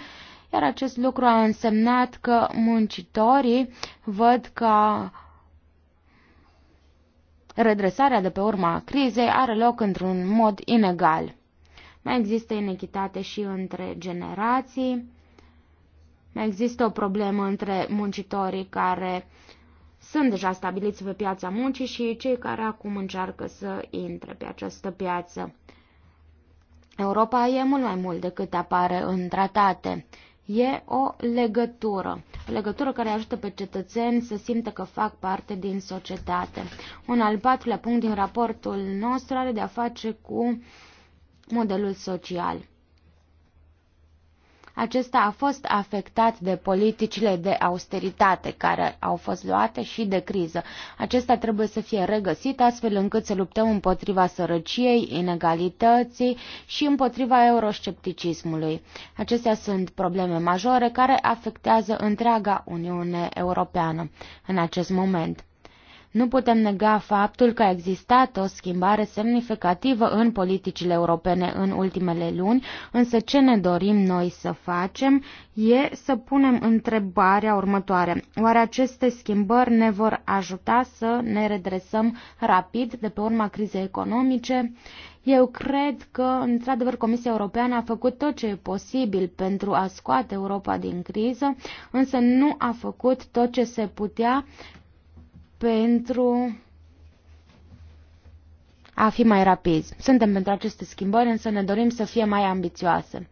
iar acest lucru a însemnat că muncitorii văd că redresarea de pe urma crizei are loc într-un mod inegal. Mai există inechitate și între generații, mai există o problemă între muncitorii care sunt deja stabiliți pe piața muncii și cei care acum încearcă să intre pe această piață. Europa e mult mai mult decât apare în tratate. E o legătură, o legătură care ajută pe cetățeni să simtă că fac parte din societate. Un al patrulea punct din raportul nostru are de a face cu modelul social. Acesta a fost afectat de politicile de austeritate care au fost luate și de criză. Acesta trebuie să fie regăsit astfel încât să luptăm împotriva sărăciei, inegalității și împotriva euroscepticismului. Acestea sunt probleme majore care afectează întreaga Uniune Europeană în acest moment. Nu putem nega faptul că a existat o schimbare semnificativă în politicile europene în ultimele luni, însă ce ne dorim noi să facem e să punem întrebarea următoare. Oare aceste schimbări ne vor ajuta să ne redresăm rapid de pe urma crizei economice? Eu cred că, într-adevăr, Comisia Europeană a făcut tot ce e posibil pentru a scoate Europa din criză, însă nu a făcut tot ce se putea pentru a fi mai rapizi. Suntem pentru aceste schimbări, însă ne dorim să fie mai ambițioase.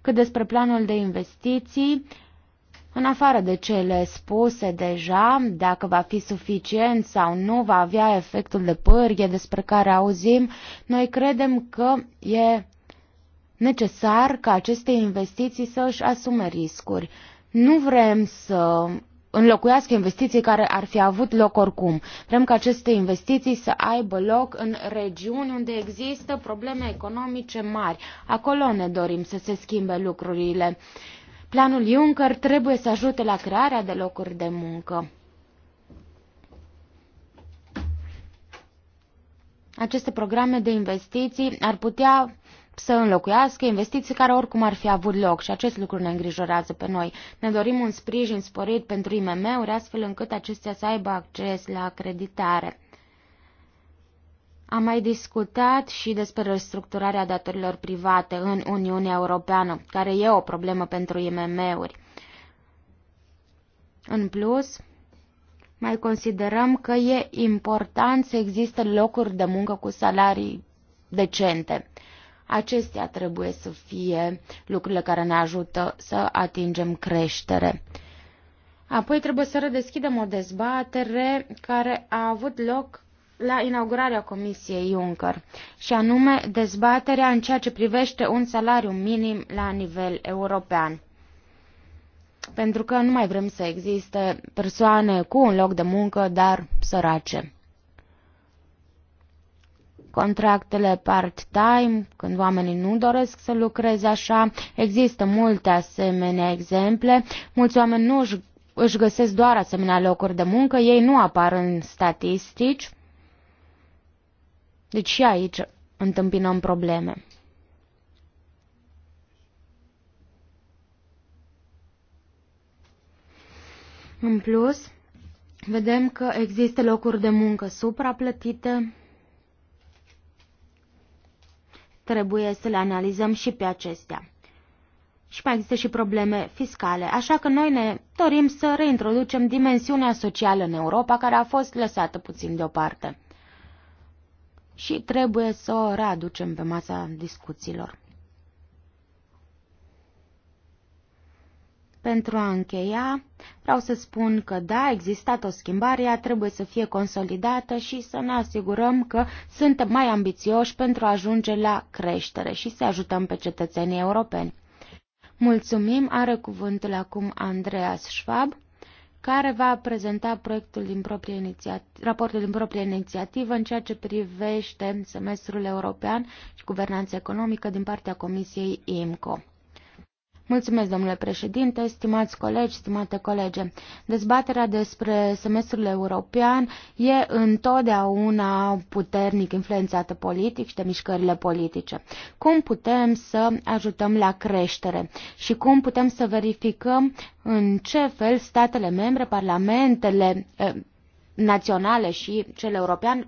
Cât despre planul de investiții, în afară de cele spuse deja, dacă va fi suficient sau nu, va avea efectul de pârghie despre care auzim, noi credem că e necesar ca aceste investiții să își asume riscuri. Nu vrem să înlocuiască investiții care ar fi avut loc oricum. Vrem ca aceste investiții să aibă loc în regiuni unde există probleme economice mari. Acolo ne dorim să se schimbe lucrurile. Planul Juncker trebuie să ajute la crearea de locuri de muncă. Aceste programe de investiții ar putea să înlocuiască investiții care oricum ar fi avut loc și acest lucru ne îngrijorează pe noi. Ne dorim un sprijin sporit pentru IMM-uri astfel încât acestea să aibă acces la acreditare. Am mai discutat și despre restructurarea datorilor private în Uniunea Europeană, care e o problemă pentru IMM-uri. În plus, mai considerăm că e important să existe locuri de muncă cu salarii decente. Acestea trebuie să fie lucrurile care ne ajută să atingem creștere. Apoi trebuie să redeschidem o dezbatere care a avut loc la inaugurarea Comisiei Juncker, și anume dezbaterea în ceea ce privește un salariu minim la nivel european. Pentru că nu mai vrem să existe persoane cu un loc de muncă, dar sărace contractele part-time, când oamenii nu doresc să lucreze așa. Există multe asemenea exemple. Mulți oameni nu își, își găsesc doar asemenea locuri de muncă, ei nu apar în statistici. Deci și aici întâmpinăm probleme. În plus, vedem că există locuri de muncă supraplătite, Trebuie să le analizăm și pe acestea. Și mai există și probleme fiscale, așa că noi ne dorim să reintroducem dimensiunea socială în Europa, care a fost lăsată puțin deoparte. Și trebuie să o readucem pe masa discuțiilor. Pentru a încheia, vreau să spun că da, a existat o schimbare, ea trebuie să fie consolidată și să ne asigurăm că suntem mai ambițioși pentru a ajunge la creștere și să ajutăm pe cetățenii europeni. Mulțumim, are cuvântul acum Andreas Schwab, care va prezenta proiectul din proprie inițiativă, raportul din proprie inițiativă în ceea ce privește semestrul european și guvernanța economică din partea Comisiei IMCO. Mulțumesc, domnule președinte, stimați colegi, stimate colege. Dezbaterea despre semestrul european e întotdeauna puternic influențată politic și de mișcările politice. Cum putem să ajutăm la creștere și cum putem să verificăm în ce fel statele membre, parlamentele eh, naționale și cel european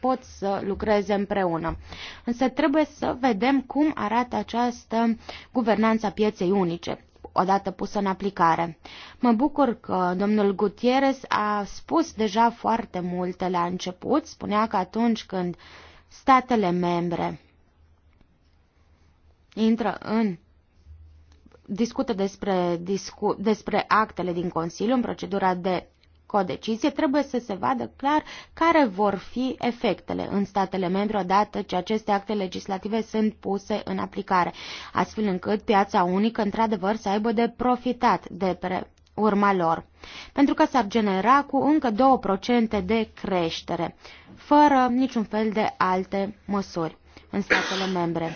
pot să lucreze împreună. Însă trebuie să vedem cum arată această guvernanță a pieței unice odată pusă în aplicare. Mă bucur că domnul Gutierrez a spus deja foarte multe la început, spunea că atunci când statele membre intră în discută despre, discu, despre actele din Consiliu în procedura de codecizie, trebuie să se vadă clar care vor fi efectele în statele membre odată ce aceste acte legislative sunt puse în aplicare, astfel încât piața unică într-adevăr să aibă de profitat de pre urma lor, pentru că s-ar genera cu încă 2% de creștere, fără niciun fel de alte măsuri în statele membre.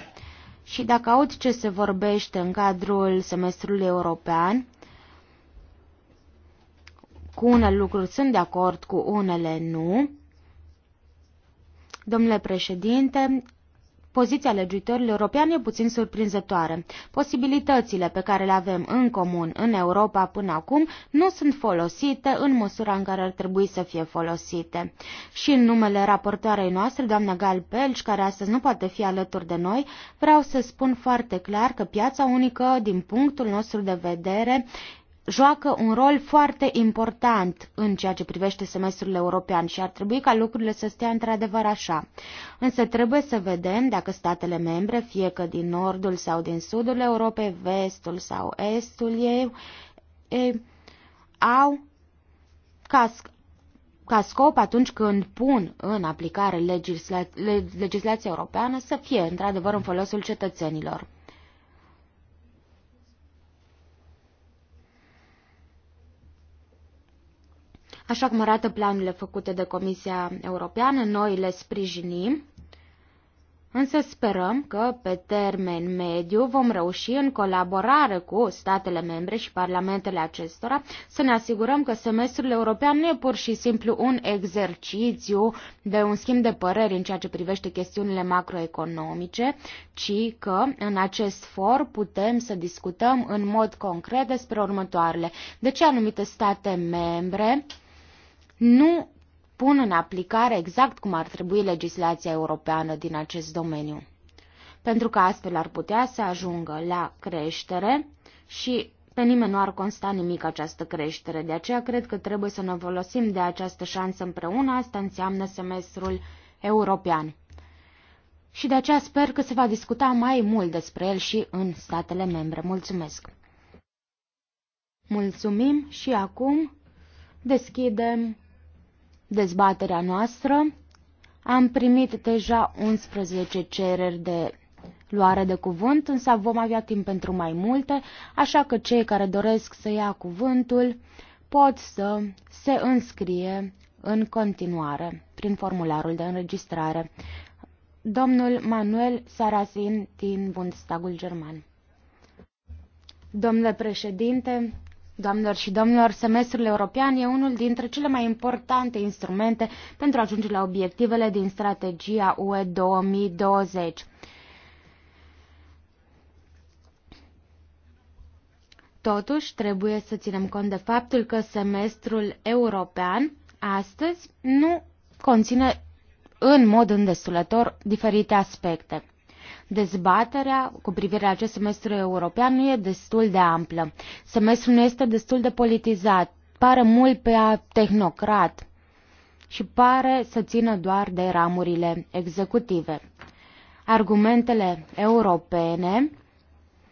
Și dacă aud ce se vorbește în cadrul semestrului european, cu unele lucruri sunt de acord, cu unele nu. Domnule președinte, poziția legiuitorilor europeani e puțin surprinzătoare. Posibilitățile pe care le avem în comun în Europa până acum nu sunt folosite în măsura în care ar trebui să fie folosite. Și în numele raportoarei noastre, doamna Gal Pelci, care astăzi nu poate fi alături de noi, vreau să spun foarte clar că piața unică, din punctul nostru de vedere, joacă un rol foarte important în ceea ce privește semestrul european și ar trebui ca lucrurile să stea într-adevăr așa. Însă trebuie să vedem dacă statele membre, fie că din nordul sau din sudul Europei, vestul sau estul ei, ei au ca, ca scop atunci când pun în aplicare legisla, legislația europeană să fie într-adevăr în folosul cetățenilor. Așa cum arată planurile făcute de Comisia Europeană, noi le sprijinim, însă sperăm că pe termen mediu vom reuși în colaborare cu statele membre și parlamentele acestora să ne asigurăm că semestrul european nu e pur și simplu un exercițiu de un schimb de păreri în ceea ce privește chestiunile macroeconomice, ci că în acest for putem să discutăm în mod concret despre următoarele. De ce anumite state membre nu pun în aplicare exact cum ar trebui legislația europeană din acest domeniu. Pentru că astfel ar putea să ajungă la creștere și pe nimeni nu ar consta nimic această creștere, de aceea cred că trebuie să ne folosim de această șansă împreună, asta înseamnă semestrul european. Și de aceea sper că se va discuta mai mult despre el și în statele membre. Mulțumesc! Mulțumim și acum deschidem dezbaterea noastră. Am primit deja 11 cereri de luare de cuvânt, însă vom avea timp pentru mai multe, așa că cei care doresc să ia cuvântul pot să se înscrie în continuare prin formularul de înregistrare. Domnul Manuel Sarasin din Bundestagul German. Domnule președinte, Doamnelor și domnilor, semestrul european e unul dintre cele mai importante instrumente pentru a ajunge la obiectivele din strategia UE 2020. Totuși, trebuie să ținem cont de faptul că semestrul european astăzi nu conține în mod îndestulător diferite aspecte. Dezbaterea cu privire la acest semestru european nu e destul de amplă. Semestrul nu este destul de politizat, pare mult pe a tehnocrat și pare să țină doar de ramurile executive. Argumentele europene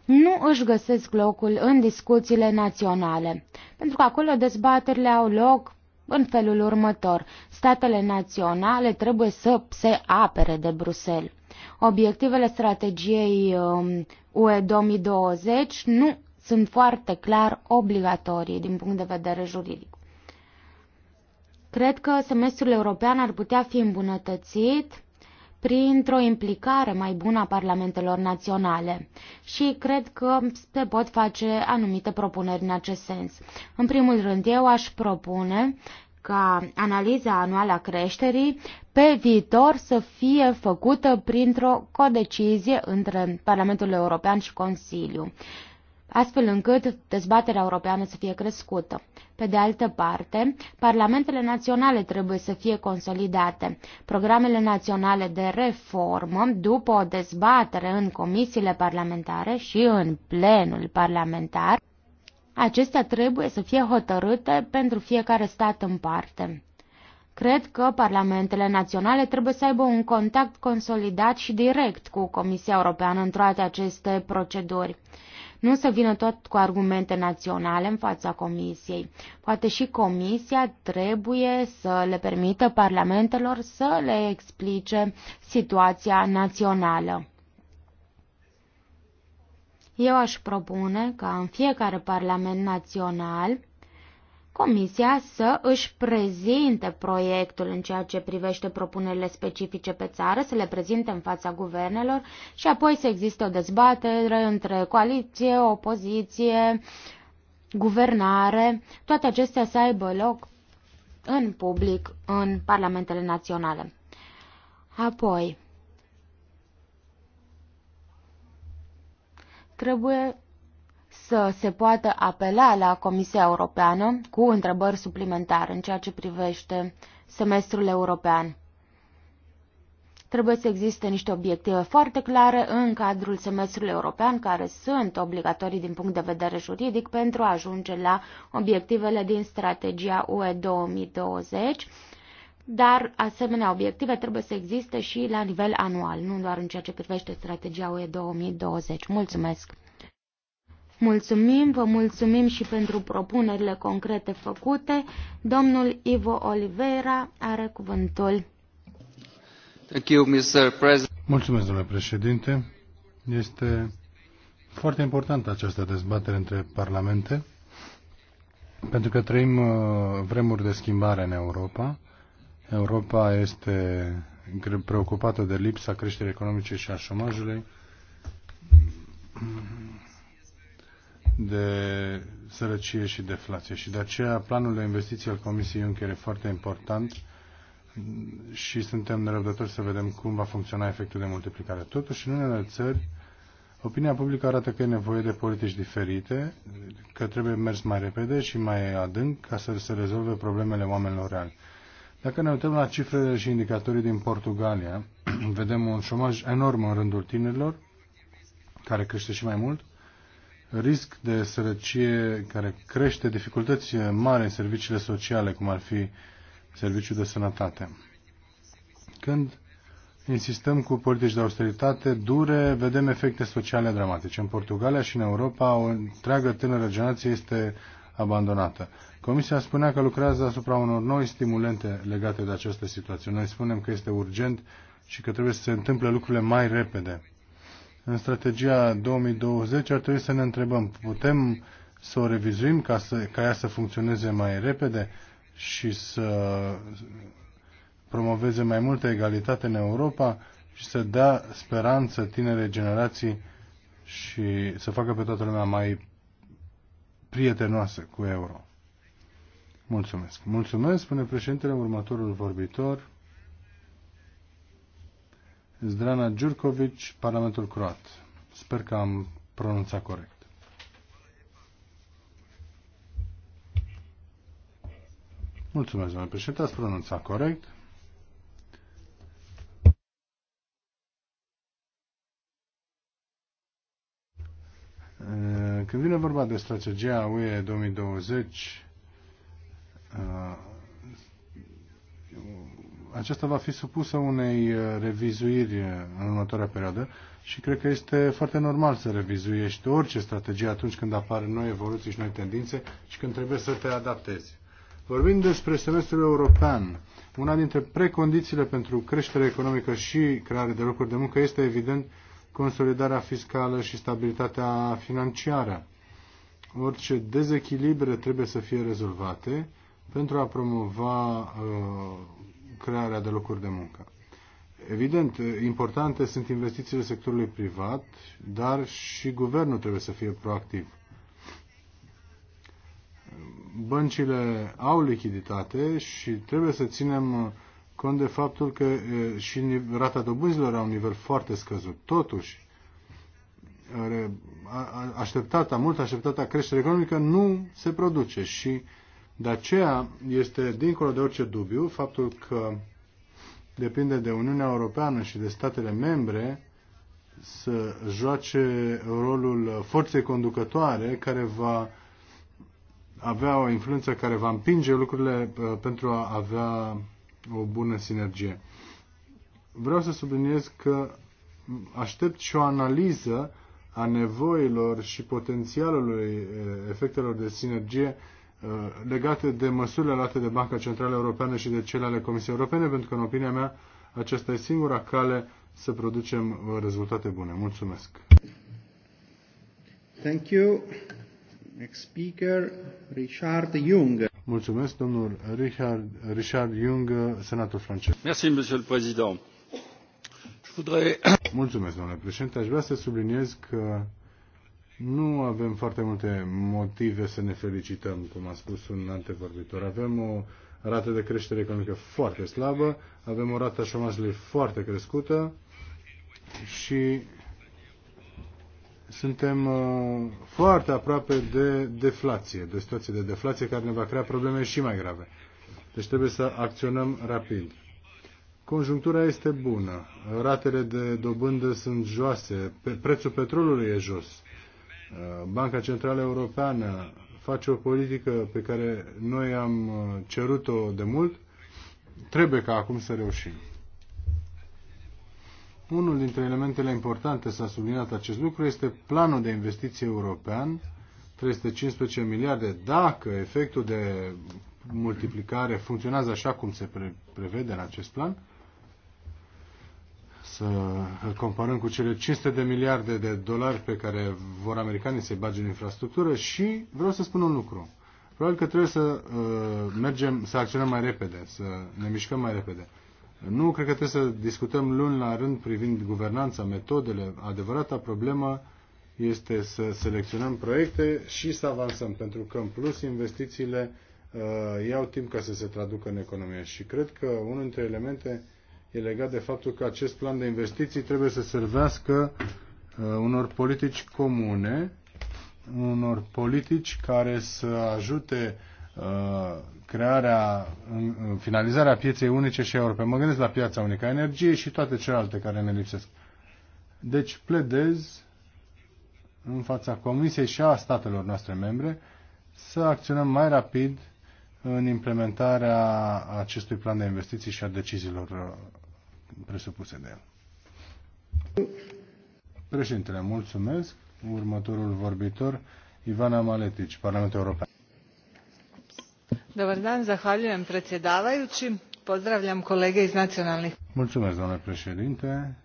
nu își găsesc locul în discuțiile naționale, pentru că acolo dezbaterile au loc în felul următor. Statele naționale trebuie să se apere de Bruxelles. Obiectivele strategiei um, UE 2020 nu sunt foarte clar obligatorii din punct de vedere juridic. Cred că semestrul european ar putea fi îmbunătățit printr-o implicare mai bună a parlamentelor naționale și cred că se pot face anumite propuneri în acest sens. În primul rând, eu aș propune ca analiza anuală a creșterii pe viitor să fie făcută printr-o codecizie între Parlamentul European și Consiliu, astfel încât dezbaterea europeană să fie crescută. Pe de altă parte, parlamentele naționale trebuie să fie consolidate. Programele naționale de reformă, după o dezbatere în comisiile parlamentare și în plenul parlamentar, Acestea trebuie să fie hotărâte pentru fiecare stat în parte. Cred că parlamentele naționale trebuie să aibă un contact consolidat și direct cu Comisia Europeană în toate aceste proceduri. Nu să vină tot cu argumente naționale în fața Comisiei. Poate și Comisia trebuie să le permită parlamentelor să le explice situația națională. Eu aș propune ca în fiecare parlament național Comisia să își prezinte proiectul în ceea ce privește propunerile specifice pe țară, să le prezinte în fața guvernelor și apoi să existe o dezbatere între coaliție, opoziție, guvernare, toate acestea să aibă loc în public în parlamentele naționale. Apoi, Trebuie să se poată apela la Comisia Europeană cu întrebări suplimentare în ceea ce privește semestrul european. Trebuie să existe niște obiective foarte clare în cadrul semestrului european, care sunt obligatorii din punct de vedere juridic pentru a ajunge la obiectivele din strategia UE 2020 dar asemenea obiective trebuie să existe și la nivel anual, nu doar în ceea ce privește strategia UE 2020. Mulțumesc! Mulțumim, vă mulțumim și pentru propunerile concrete făcute. Domnul Ivo Oliveira are cuvântul. Thank you, Mr. President. Mulțumesc, domnule președinte. Este foarte importantă această dezbatere între parlamente, pentru că trăim uh, vremuri de schimbare în Europa Europa este preocupată de lipsa creșterii economice și a șomajului, de sărăcie și deflație. Și de aceea planul de investiții al Comisiei Juncker e foarte important și suntem nerăbdători să vedem cum va funcționa efectul de multiplicare. Totuși, în unele țări, opinia publică arată că e nevoie de politici diferite, că trebuie mers mai repede și mai adânc ca să se rezolve problemele oamenilor reali. Dacă ne uităm la cifrele și indicatorii din Portugalia, [clears throat] vedem un șomaj enorm în rândul tinerilor, care crește și mai mult, risc de sărăcie care crește, dificultăți mari în serviciile sociale, cum ar fi serviciul de sănătate. Când insistăm cu politici de austeritate dure, vedem efecte sociale dramatice. În Portugalia și în Europa, o întreagă tânără generație este abandonată. Comisia spunea că lucrează asupra unor noi stimulente legate de această situație. Noi spunem că este urgent și că trebuie să se întâmple lucrurile mai repede. În strategia 2020 ar trebui să ne întrebăm, putem să o revizuim ca, să, ca ea să funcționeze mai repede și să promoveze mai multă egalitate în Europa și să dea speranță tinere generații și să facă pe toată lumea mai prietenoasă cu euro. Mulțumesc. Mulțumesc, spune președintele, următorul vorbitor. Zdrana Djurkovic, Parlamentul Croat. Sper că am pronunțat corect. Mulțumesc, domnule președinte, ați pronunțat corect. E când vine vorba de strategia UE 2020, uh, aceasta va fi supusă unei uh, revizuiri în următoarea perioadă și cred că este foarte normal să revizuiești orice strategie atunci când apar noi evoluții și noi tendințe și când trebuie să te adaptezi. Vorbind despre semestrul european. Una dintre precondițiile pentru creștere economică și creare de locuri de muncă este evident consolidarea fiscală și stabilitatea financiară. Orice dezechilibre trebuie să fie rezolvate pentru a promova uh, crearea de locuri de muncă. Evident, importante sunt investițiile sectorului privat, dar și guvernul trebuie să fie proactiv. Băncile au lichiditate și trebuie să ținem cont de faptul că și rata dobânzilor a un nivel foarte scăzut. Totuși, așteptata, mult așteptata creștere economică nu se produce și de aceea este dincolo de orice dubiu faptul că depinde de Uniunea Europeană și de statele membre să joace rolul forței conducătoare care va avea o influență care va împinge lucrurile uh, pentru a avea o bună sinergie. Vreau să subliniez că aștept și o analiză a nevoilor și potențialului efectelor de sinergie legate de măsurile luate de Banca Centrală Europeană și de cele ale Comisiei Europene, pentru că, în opinia mea, aceasta e singura cale să producem uh, rezultate bune. Mulțumesc! Thank you. Next speaker, Richard Jung. Mulțumesc, domnul Richard, Richard Jung, senator francez. Merci, monsieur le président. Mulțumesc, domnule președinte. Aș vrea să subliniez că nu avem foarte multe motive să ne felicităm, cum a spus un antevorbitor. Avem o rată de creștere economică foarte slabă, avem o rată a șomajului foarte crescută și suntem uh, foarte aproape de deflație, de o situație de deflație care ne va crea probleme și mai grave. Deci trebuie să acționăm rapid. Conjunctura este bună, ratele de dobândă sunt joase, prețul petrolului e jos, uh, Banca Centrală Europeană face o politică pe care noi am uh, cerut-o de mult, trebuie ca acum să reușim. Unul dintre elementele importante, s-a subliniat acest lucru, este planul de investiții european, 315 miliarde, dacă efectul de multiplicare funcționează așa cum se pre- prevede în acest plan, să îl comparăm cu cele 500 de miliarde de dolari pe care vor americanii să-i bage în infrastructură și vreau să spun un lucru. Probabil că trebuie să uh, mergem, să acționăm mai repede, să ne mișcăm mai repede. Uh, nu cred că trebuie să discutăm luni la rând privind guvernanța, metodele. Adevărata problemă este să selecționăm proiecte și să avansăm, pentru că în plus investițiile uh, iau timp ca să se traducă în economie. Și cred că unul dintre elemente e legat de faptul că acest plan de investiții trebuie să servească uh, unor politici comune, unor politici care să ajute Uh, crearea, finalizarea pieței unice și europene. Mă gândesc la piața unică a energiei și toate celelalte care ne lipsesc. Deci pledez în fața Comisiei și a statelor noastre membre să acționăm mai rapid în implementarea acestui plan de investiții și a deciziilor uh, presupuse de el. Președintele, mulțumesc. Următorul vorbitor, Ivana Maletici, Parlamentul European zahvaljujem pozdravljam kolege iz nacionalnih. mulțumesc domnule președinte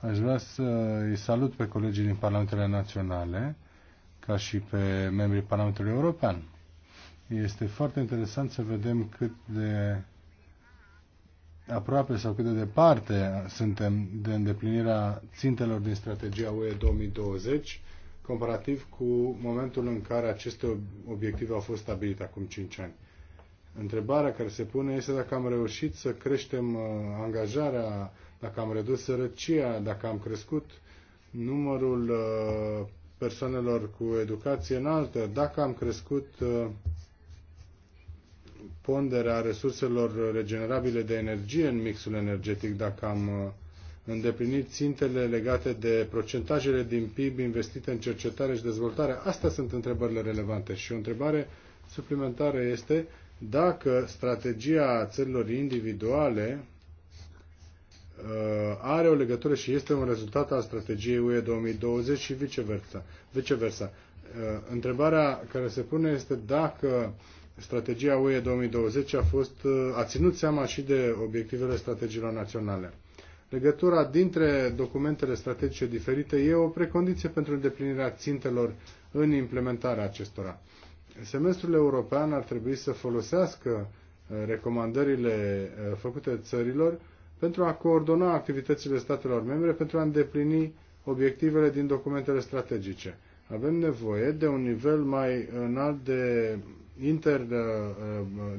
aș vrea să îi salut pe colegii din parlamentele naționale ca și pe membrii parlamentului european. Este foarte interesant să vedem cât de aproape sau cât de departe suntem de îndeplinirea țintelor din strategia UE 2020 comparativ cu momentul în care aceste obiective au fost stabilite acum 5 ani. Întrebarea care se pune este dacă am reușit să creștem uh, angajarea, dacă am redus sărăcia, dacă am crescut numărul uh, persoanelor cu educație înaltă, dacă am crescut uh, ponderea resurselor regenerabile de energie în mixul energetic, dacă am îndeplinit țintele legate de procentajele din PIB investite în cercetare și dezvoltare. Astea sunt întrebările relevante și o întrebare suplimentară este dacă strategia țărilor individuale uh, are o legătură și este un rezultat al strategiei UE 2020 și viceversa. viceversa. Uh, întrebarea care se pune este dacă strategia UE 2020 a, fost, uh, a ținut seama și de obiectivele strategiilor naționale. Legătura dintre documentele strategice diferite e o precondiție pentru îndeplinirea țintelor în implementarea acestora semestrul european ar trebui să folosească uh, recomandările uh, făcute țărilor pentru a coordona activitățile statelor membre pentru a îndeplini obiectivele din documentele strategice. Avem nevoie de un nivel mai înalt de inter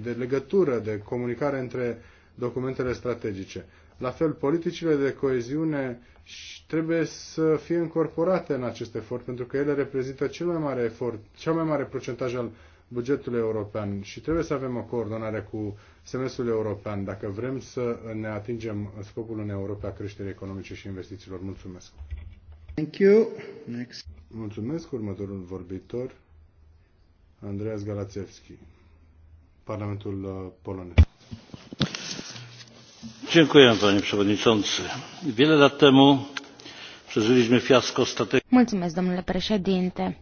de uh, legătură, de comunicare între documentele strategice. La fel, politicile de coeziune trebuie să fie incorporate în acest efort, pentru că ele reprezintă cel mai mare efort, cel mai mare procentaj al bugetului european și trebuie să avem o coordonare cu semestrul european dacă vrem să ne atingem scopul în Europa creșterii economice și investițiilor. Mulțumesc! Thank you. Next. Mulțumesc. Următorul vorbitor, Andreas Galațevski, Parlamentul uh, Polonez domnule președinte.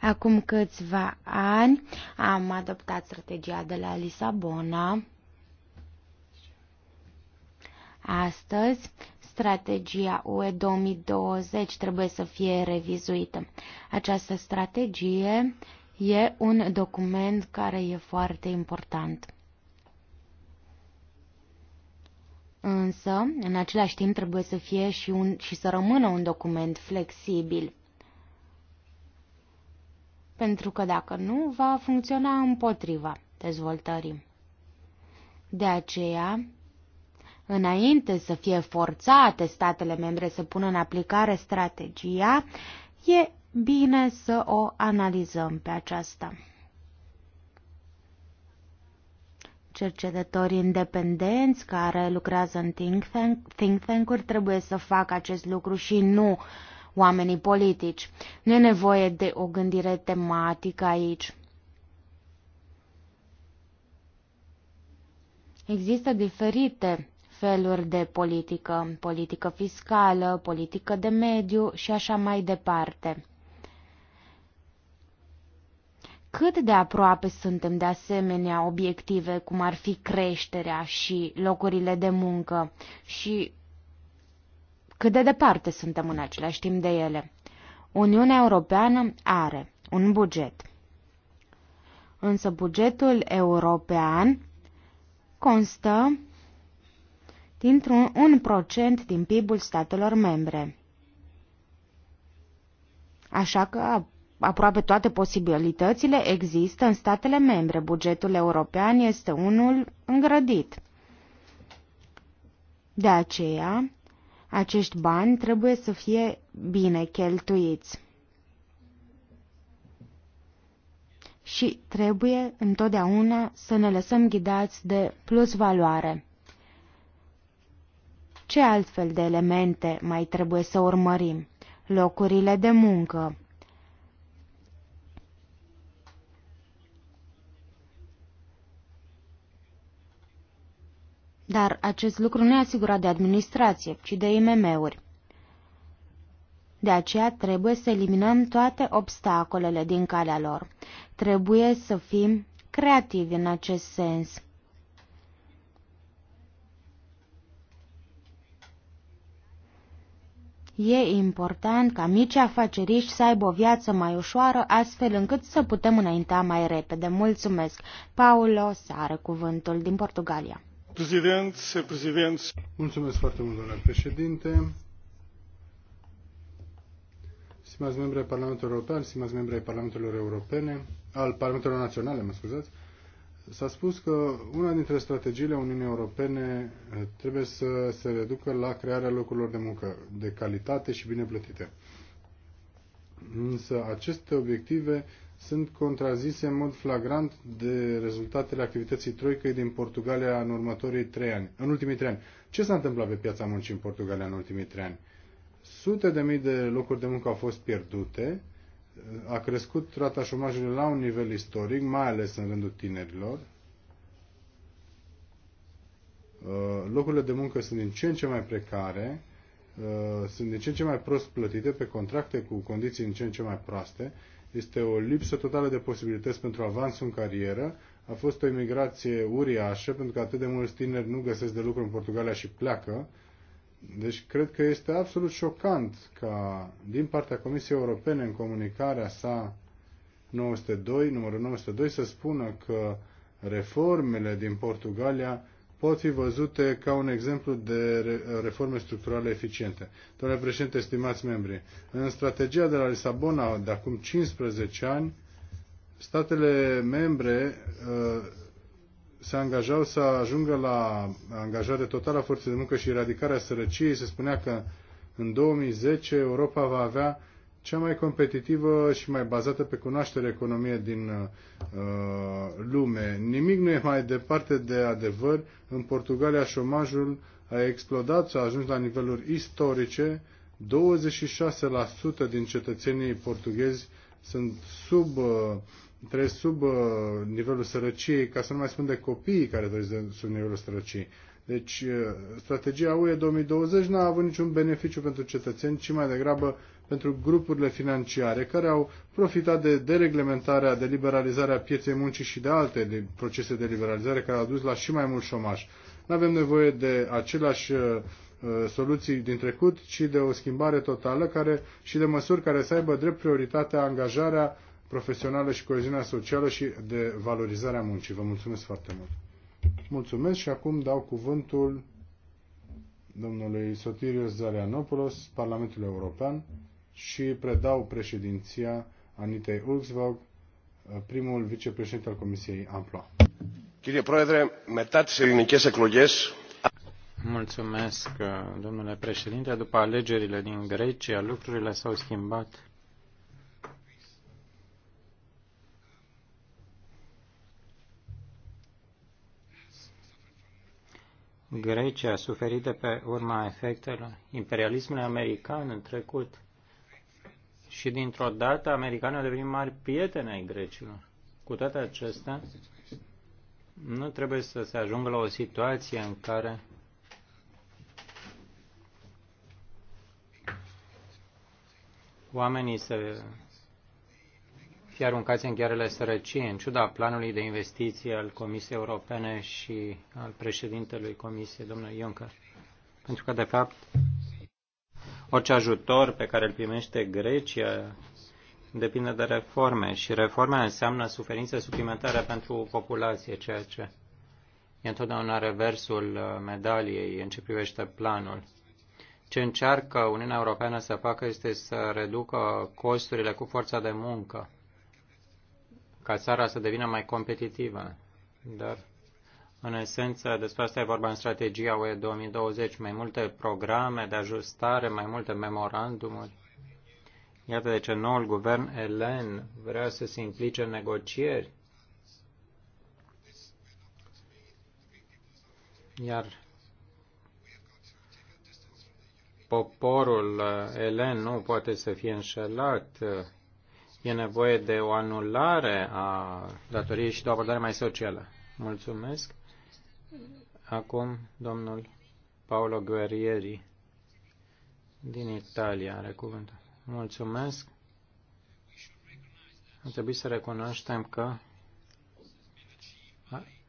acum câțiva ani am adoptat strategia de la lisabona. astăzi strategia ue 2020 trebuie să fie revizuită. această strategie e un document care e foarte important. însă, în același timp, trebuie să fie și, un, și să rămână un document flexibil. Pentru că dacă nu, va funcționa împotriva dezvoltării. De aceea, înainte să fie forțate statele membre să pună în aplicare strategia, e bine să o analizăm pe aceasta. cercetători independenți care lucrează în think, tank, uri trebuie să facă acest lucru și nu oamenii politici. Nu e nevoie de o gândire tematică aici. Există diferite feluri de politică, politică fiscală, politică de mediu și așa mai departe. Cât de aproape suntem de asemenea obiective, cum ar fi creșterea și locurile de muncă și cât de departe suntem în același timp de ele? Uniunea Europeană are un buget. Însă bugetul european constă dintr-un un procent din PIB-ul statelor membre. Așa că aproape toate posibilitățile există în statele membre. Bugetul european este unul îngrădit. De aceea, acești bani trebuie să fie bine cheltuiți. Și trebuie întotdeauna să ne lăsăm ghidați de plus valoare. Ce altfel de elemente mai trebuie să urmărim? Locurile de muncă, Dar acest lucru nu e asigurat de administrație, ci de IMM-uri. De aceea trebuie să eliminăm toate obstacolele din calea lor. Trebuie să fim creativi în acest sens. E important ca mici afaceriști să aibă o viață mai ușoară, astfel încât să putem înainta mai repede. Mulțumesc! Paulo Sare, cuvântul din Portugalia foarte mult, domnule președinte. Stimați membri ai Parlamentului European, stimați membri ai Parlamentelor Europene, al Parlamentelor Naționale, mă scuzați, s-a spus că una dintre strategiile Uniunii Europene eh, trebuie să se reducă la crearea locurilor de muncă de calitate și bine plătite. Însă aceste obiective sunt contrazise în mod flagrant de rezultatele activității Troicăi din Portugalia în următorii trei ani, în ultimii trei ani. Ce s-a întâmplat pe piața muncii în Portugalia în ultimii trei ani? Sute de mii de locuri de muncă au fost pierdute, a crescut rata șomajului la un nivel istoric, mai ales în rândul tinerilor. Uh, locurile de muncă sunt din ce în ce mai precare, uh, sunt din ce în ce mai prost plătite pe contracte cu condiții din ce în ce mai proaste este o lipsă totală de posibilități pentru avansul în carieră. A fost o imigrație uriașă, pentru că atât de mulți tineri nu găsesc de lucru în Portugalia și pleacă. Deci cred că este absolut șocant ca din partea Comisiei Europene în comunicarea sa 902, numărul 902, să spună că reformele din Portugalia pot fi văzute ca un exemplu de reforme structurale eficiente. Domnule președinte, stimați membri, în strategia de la Lisabona de acum 15 ani, statele membre uh, se angajau să ajungă la angajare totală a forței de muncă și eradicarea sărăciei. Se spunea că în 2010 Europa va avea cea mai competitivă și mai bazată pe cunoaștere economie din uh, lume. Nimic nu e mai departe de adevăr. În Portugalia șomajul a explodat, s-a ajuns la niveluri istorice. 26% din cetățenii portughezi sunt sub, uh, trăiesc sub uh, nivelul sărăciei, ca să nu mai spun de copiii care trăiesc sub nivelul sărăciei. Deci, uh, strategia UE 2020 n-a avut niciun beneficiu pentru cetățeni, ci mai degrabă pentru grupurile financiare care au profitat de dereglementarea, de liberalizarea pieței muncii și de alte procese de liberalizare care au dus la și mai mult șomaj. Nu avem nevoie de aceleași uh, soluții din trecut, ci de o schimbare totală care, și de măsuri care să aibă drept prioritatea angajarea profesională și coeziunea socială și de valorizarea muncii. Vă mulțumesc foarte mult. Mulțumesc și acum dau cuvântul domnului Sotirios Zarianopoulos, Parlamentul European, și predau președinția Anitei Ulksvog, uh, primul vicepreședinte al Comisiei Amploa. Chirie Proedre, μετά τις Mulțumesc, uh, domnule președinte. După alegerile din Grecia, lucrurile s-au schimbat Grecia a suferit de pe urma efectelor imperialismului american în trecut și dintr-o dată americanii au devenit mari prieteni ai grecilor. Cu toate acestea, nu trebuie să se ajungă la o situație în care oamenii să fie aruncați în ghearele sărăciei, în ciuda planului de investiții al Comisiei Europene și al președintelui Comisiei, domnul Juncker. Pentru că, de fapt, Orice ajutor pe care îl primește Grecia depinde de reforme și reforme înseamnă suferință suplimentară pentru populație, ceea ce e întotdeauna reversul uh, medaliei în ce privește planul. Ce încearcă Uniunea Europeană să facă este să reducă costurile cu forța de muncă, ca țara să devină mai competitivă. Dar în esență, despre asta e vorba în strategia UE 2020, mai multe programe de ajustare, mai multe memorandumuri. Iată de ce noul guvern elen vrea să se implice în negocieri. Iar poporul uh, elen nu poate să fie înșelat. E nevoie de o anulare a datoriei și de o abordare mai socială. Mulțumesc. Acum, domnul Paolo Guerrieri din Italia are cuvântul. Mulțumesc. Ar trebui să recunoaștem că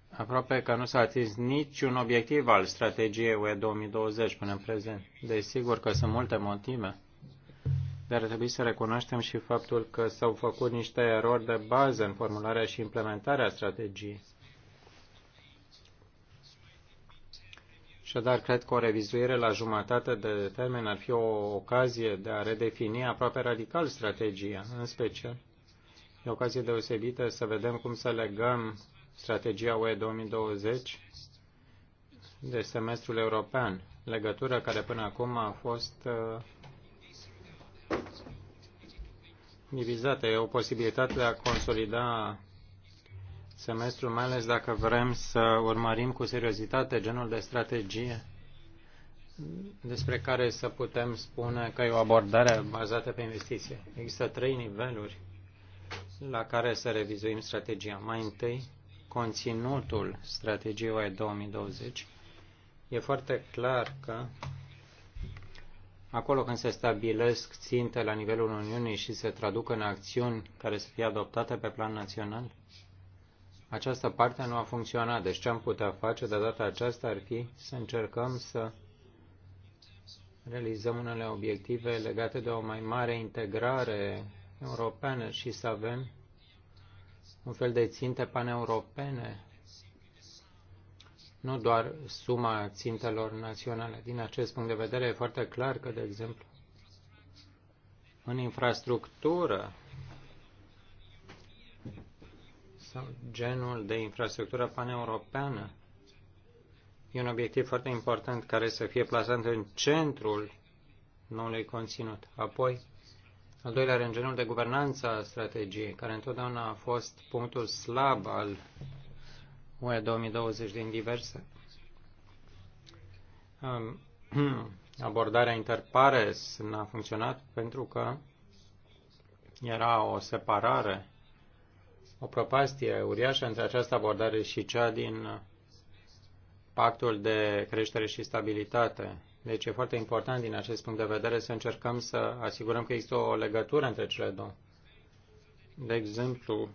aproape că nu s-a atins niciun obiectiv al strategiei UE 2020 până în prezent. Desigur că sunt multe motive, dar ar trebui să recunoaștem și faptul că s-au făcut niște erori de bază în formularea și implementarea strategiei Așadar, cred că o revizuire la jumătate de termen ar fi o ocazie de a redefini aproape radical strategia, în special. E o ocazie deosebită să vedem cum să legăm strategia UE 2020 de semestrul european, legătură care până acum a fost uh, divizată. E o posibilitate de a consolida semestru, mai ales dacă vrem să urmărim cu seriozitate genul de strategie despre care să putem spune că e o abordare bazată pe investiție. Există trei niveluri la care să revizuim strategia. Mai întâi, conținutul strategiei 2020. E foarte clar că acolo când se stabilesc ținte la nivelul Uniunii și se traduc în acțiuni care să fie adoptate pe plan național, această parte nu a funcționat. Deci ce am putea face de data aceasta ar fi să încercăm să realizăm unele obiective legate de o mai mare integrare europeană și să avem un fel de ținte paneuropene, nu doar suma țintelor naționale. Din acest punct de vedere e foarte clar că, de exemplu, în infrastructură sau genul de infrastructură paneuropeană. E un obiectiv foarte important care să fie plasat în centrul noului conținut. Apoi, al doilea rând, genul de guvernanță a strategiei, care întotdeauna a fost punctul slab al UE 2020 din diverse. [clears throat] Abordarea interpares n-a funcționat pentru că era o separare o prăpastie uriașă între această abordare și cea din pactul de creștere și stabilitate. Deci e foarte important din acest punct de vedere să încercăm să asigurăm că există o legătură între cele două. De exemplu,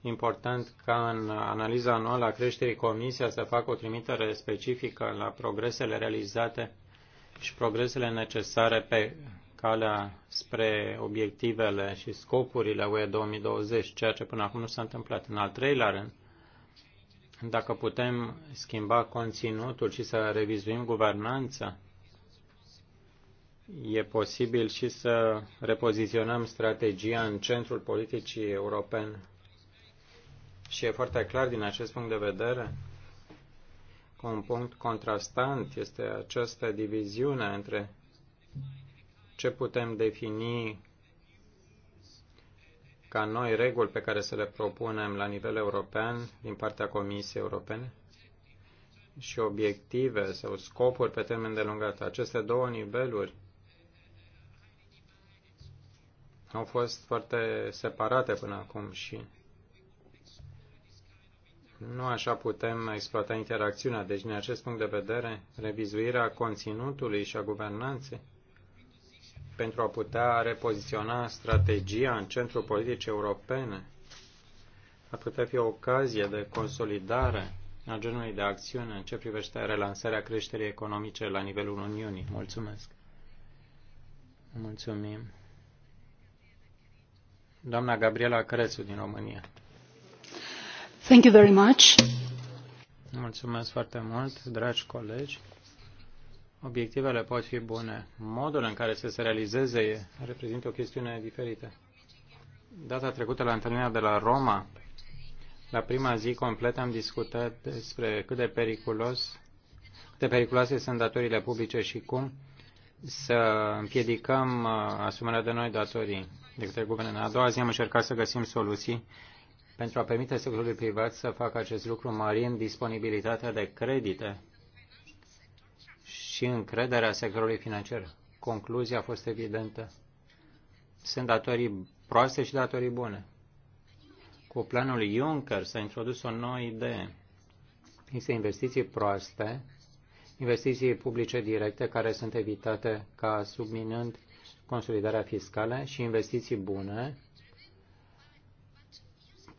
important ca în analiza anuală a creșterii comisia să facă o trimitere specifică la progresele realizate și progresele necesare pe calea spre obiectivele și scopurile UE 2020, ceea ce până acum nu s-a întâmplat. În al treilea rând, dacă putem schimba conținutul și să revizuim guvernanța, e posibil și să repoziționăm strategia în centrul politicii europene. Și e foarte clar din acest punct de vedere că un punct contrastant este această diviziune între ce putem defini ca noi reguli pe care să le propunem la nivel european din partea Comisiei Europene și obiective sau scopuri pe termen de lungat. Aceste două niveluri au fost foarte separate până acum și nu așa putem exploata interacțiunea. Deci, din acest punct de vedere, revizuirea conținutului și a guvernanței pentru a putea repoziționa strategia în centrul politicii europene. Ar putea fi o ocazie de consolidare a genului de acțiune în ce privește relansarea creșterii economice la nivelul Uniunii. Mulțumesc. Mulțumim. Doamna Gabriela Crețu din România. Thank you very much. Mulțumesc foarte mult, dragi colegi. Obiectivele pot fi bune. Modul în care să se realizeze reprezintă o chestiune diferită. Data trecută, la întâlnirea de la Roma, la prima zi complet am discutat despre cât de periculos, cât de periculoase sunt datorile publice și cum să împiedicăm uh, asumarea de noi datorii de către guverne. A doua zi am încercat să găsim soluții pentru a permite sectorului privat să facă acest lucru, mărind disponibilitatea de credite și încrederea sectorului financiar. Concluzia a fost evidentă. Sunt datorii proaste și datorii bune. Cu planul Juncker s-a introdus o nouă idee. Există investiții proaste, investiții publice directe care sunt evitate ca subminând consolidarea fiscală și investiții bune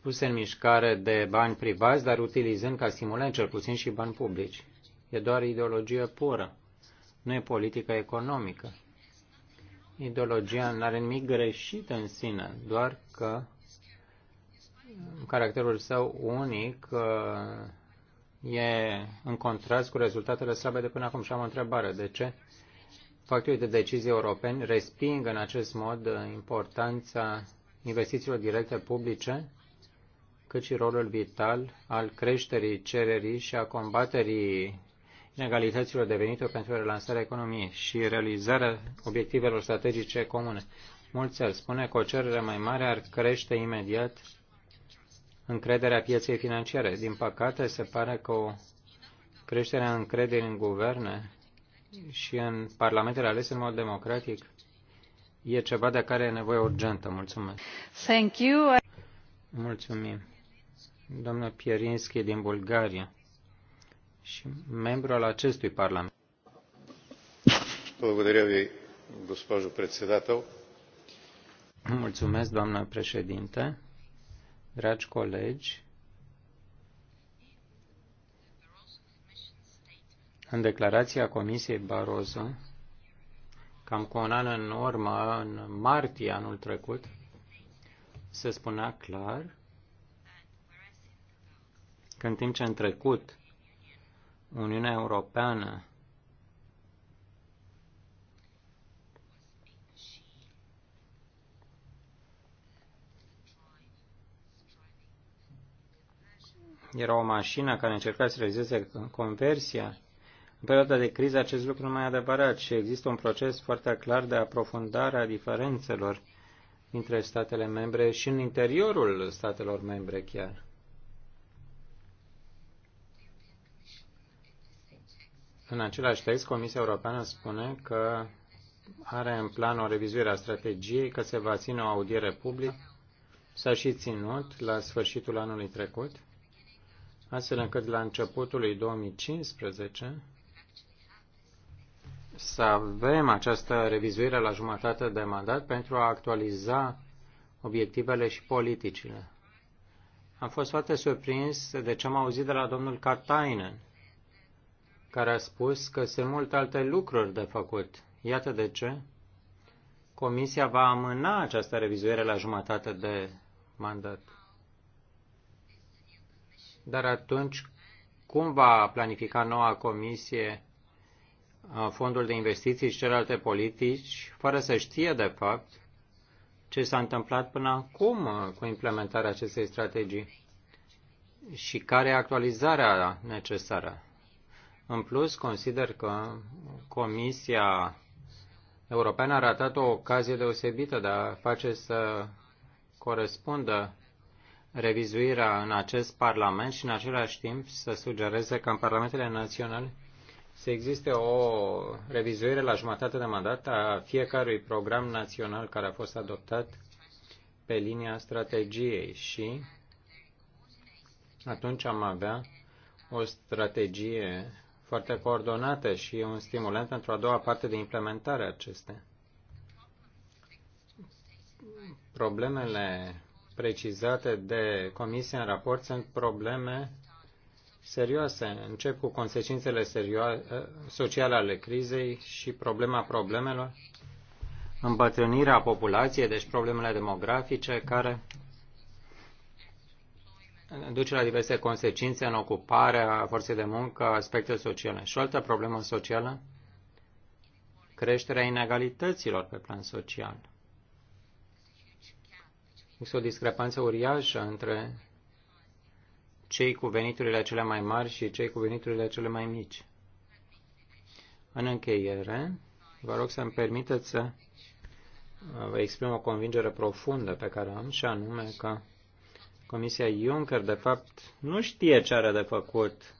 puse în mișcare de bani privați, dar utilizând ca stimulant cel puțin și bani publici. E doar ideologie pură nu e politică economică. Ideologia nu are nimic greșit în sine, doar că caracterul său unic uh, e în contrast cu rezultatele slabe de până acum. Și am o întrebare. De ce factorii de decizii europeni resping în acest mod uh, importanța investițiilor directe publice, cât și rolul vital al creșterii cererii și a combaterii inegalităților de venituri pentru relansarea economiei și realizarea obiectivelor strategice comune. Mulți ar spune că o cerere mai mare ar crește imediat încrederea pieței financiare. Din păcate, se pare că o creștere a încrederii în guverne și în parlamentele alese în mod democratic e ceva de care e nevoie urgentă. Mulțumesc. Thank you. Mulțumim. Doamna Pierinski din Bulgaria și membru al acestui Parlament. Mulțumesc, doamnă președinte, dragi colegi. În declarația Comisiei Barroso, cam cu un an în urmă, în martie anul trecut, se spunea clar că în timp ce în trecut Uniunea Europeană era o mașină care încerca să realizeze conversia. În perioada de criză acest lucru nu mai e adevărat și există un proces foarte clar de aprofundare a diferențelor dintre statele membre și în interiorul statelor membre chiar. În același text, Comisia Europeană spune că are în plan o revizuire a strategiei, că se va ține o audiere publică, s-a și ținut la sfârșitul anului trecut, astfel încât la începutul lui 2015 să avem această revizuire la jumătate de mandat pentru a actualiza obiectivele și politicile. Am fost foarte surprins de ce am auzit de la domnul Katainen, care a spus că sunt multe alte lucruri de făcut. Iată de ce. Comisia va amâna această revizuire la jumătate de mandat. Dar atunci, cum va planifica noua comisie uh, fondul de investiții și celelalte politici, fără să știe, de fapt, ce s-a întâmplat până acum uh, cu implementarea acestei strategii și care e actualizarea necesară. În plus, consider că Comisia Europeană a ratat o ocazie deosebită de a face să corespundă revizuirea în acest Parlament și în același timp să sugereze că în Parlamentele Naționale să existe o revizuire la jumătate de mandat a fiecărui program național care a fost adoptat pe linia strategiei și atunci am avea o strategie foarte coordonate și e un stimulant pentru a doua parte de implementare acestea. Problemele precizate de comisie în raport sunt probleme serioase. Încep cu consecințele serioase, sociale ale crizei și problema problemelor, îmbătrânirea populației, deci problemele demografice care duce la diverse consecințe în ocuparea forței de muncă, aspecte sociale. Și o altă problemă socială, creșterea inegalităților pe plan social. Este o discrepanță uriașă între cei cu veniturile cele mai mari și cei cu veniturile cele mai mici. În încheiere, vă rog să-mi permiteți să vă exprim o convingere profundă pe care am și anume că Comisia Juncker, de fapt, nu știe ce are de făcut.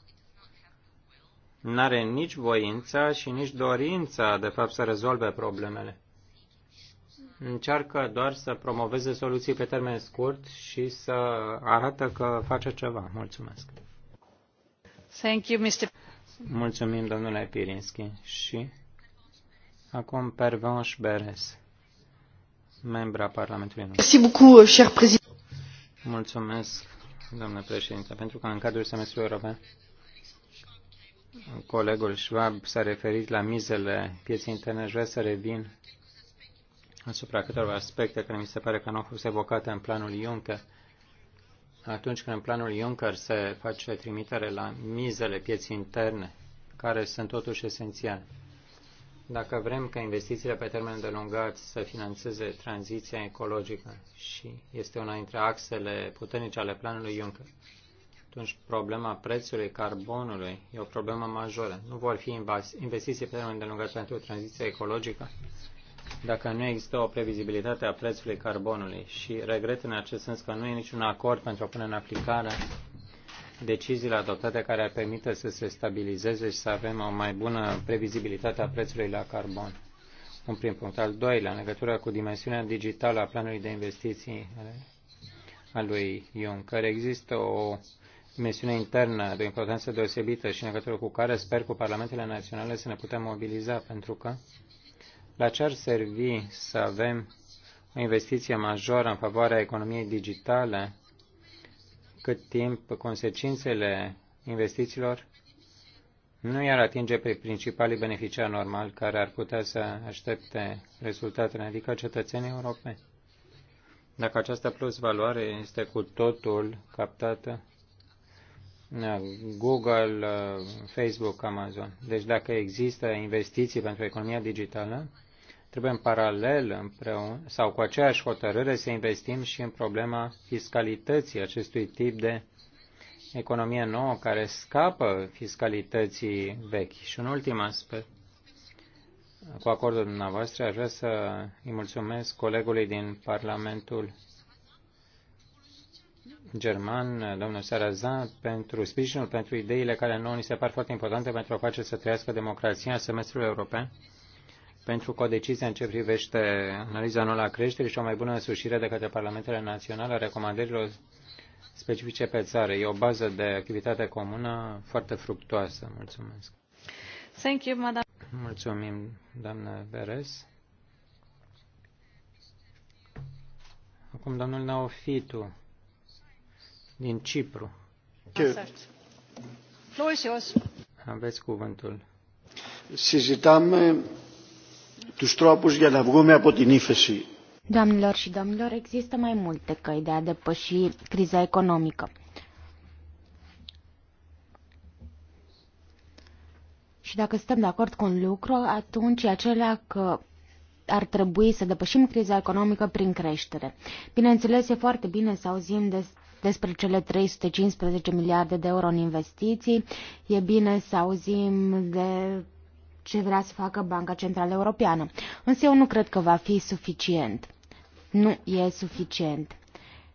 N-are nici voința și nici dorința, de fapt, să rezolve problemele. Încearcă doar să promoveze soluții pe termen scurt și să arată că face ceva. Mulțumesc. Thank you, Mr. Mulțumim, domnule Pirinski. Și acum pervenș Beres membra Parlamentului Mulțumesc. Mulțumesc, doamnă președinte, pentru că în cadrul semestrului european colegul Schwab s-a referit la mizele pieței interne. Aș vrea să revin asupra câteva aspecte care mi se pare că nu au fost evocate în planul Juncker. Atunci când în planul Juncker se face trimitere la mizele pieții interne, care sunt totuși esențiale. Dacă vrem ca investițiile pe termen de lungat să financeze tranziția ecologică și este una dintre axele puternice ale planului Juncker, atunci problema prețului carbonului e o problemă majoră. Nu vor fi investiții pe termen de lungat pentru tranziția ecologică dacă nu există o previzibilitate a prețului carbonului și regret în acest sens că nu e niciun acord pentru a pune în aplicare deciziile adoptate care ar permite să se stabilizeze și să avem o mai bună previzibilitate a prețului la carbon. Un prim punct. Al doilea, în legătură cu dimensiunea digitală a planului de investiții al lui care există o dimensiune internă de importanță deosebită și în legătură cu care sper cu parlamentele naționale să ne putem mobiliza, pentru că la ce ar servi să avem o investiție majoră în favoarea economiei digitale cât timp consecințele investițiilor nu i-ar atinge pe principalii beneficiari normali care ar putea să aștepte rezultatele, adică cetățenii europeni. Dacă această plus valoare este cu totul captată, Google, uh, Facebook, Amazon. Deci dacă există investiții pentru economia digitală, Trebuie în paralel împreună sau cu aceeași hotărâre să investim și în problema fiscalității acestui tip de economie nouă care scapă fiscalității vechi. Și un ultim aspect, cu acordul dumneavoastră, aș vrea să îi mulțumesc colegului din Parlamentul german, domnul Sarazan, pentru sprijinul, pentru ideile care nouă ni se par foarte importante pentru a face să trăiască democrația în semestrul european pentru că o decizie în ce privește analiza anuală a creșterii și o mai bună însușire de către Parlamentele Naționale a recomandărilor specifice pe țară. E o bază de activitate comună foarte fructoasă. Mulțumesc. Thank you, madam. Mulțumim, doamnă Beres. Acum domnul Naofitu din Cipru. Aveți cuvântul. Συζητάμε τους τρόπους για να βγούμε από την ύφεση. Doamnelor și domnilor, există mai multe căi de a depăși criza economică. Și dacă suntem de acord cu un lucru, atunci e acela că ar trebui să depășim criza economică prin creștere. Bineînțeles, e foarte bine să auzim des, despre cele 315 miliarde de euro în investiții, e bine să auzim de ce vrea să facă Banca Centrală Europeană. Însă eu nu cred că va fi suficient. Nu e suficient.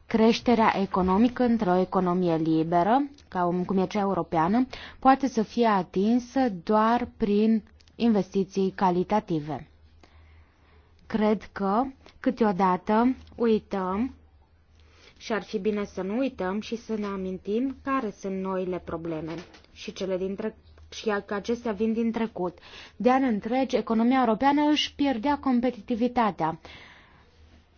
Creșterea economică într-o economie liberă, ca cum e cea europeană, poate să fie atinsă doar prin investiții calitative. Cred că câteodată uităm și ar fi bine să nu uităm și să ne amintim care sunt noile probleme și cele din trecut și că acestea vin din trecut. De ani întregi, economia europeană își pierdea competitivitatea.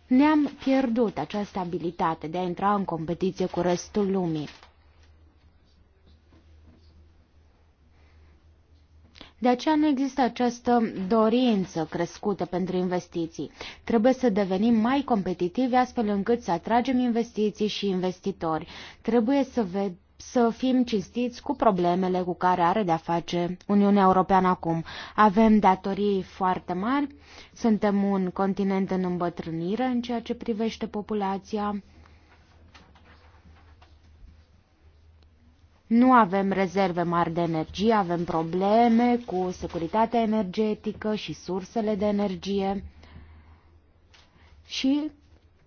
Ne-am pierdut această abilitate de a intra în competiție cu restul lumii. De aceea nu există această dorință crescută pentru investiții. Trebuie să devenim mai competitivi astfel încât să atragem investiții și investitori. Trebuie să vedem să fim cinstiți cu problemele cu care are de-a face Uniunea Europeană acum. Avem datorii foarte mari, suntem un continent în îmbătrânire în ceea ce privește populația. Nu avem rezerve mari de energie, avem probleme cu securitatea energetică și sursele de energie. Și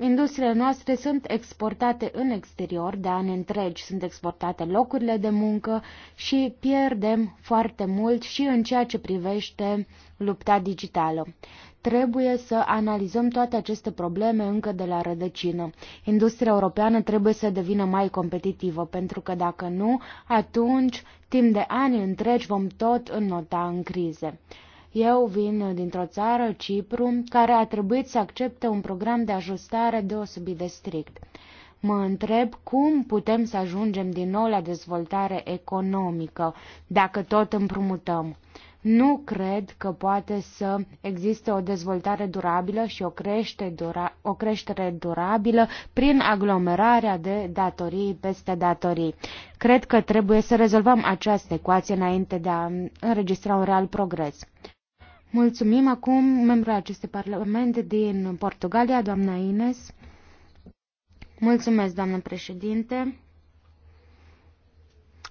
Industriile noastre sunt exportate în exterior de ani întregi, sunt exportate locurile de muncă și pierdem foarte mult și în ceea ce privește lupta digitală. Trebuie să analizăm toate aceste probleme încă de la rădăcină. Industria europeană trebuie să devină mai competitivă, pentru că dacă nu, atunci, timp de ani întregi, vom tot înnota în crize. Eu vin dintr-o țară, Cipru, care a trebuit să accepte un program de ajustare deosebit de strict. Mă întreb cum putem să ajungem din nou la dezvoltare economică, dacă tot împrumutăm. Nu cred că poate să existe o dezvoltare durabilă și o creștere, dura, o creștere durabilă prin aglomerarea de datorii peste datorii. Cred că trebuie să rezolvăm această ecuație înainte de a înregistra un real progres. Mulțumim acum membru acestui parlament din Portugalia, doamna Ines. Mulțumesc, doamnă președinte.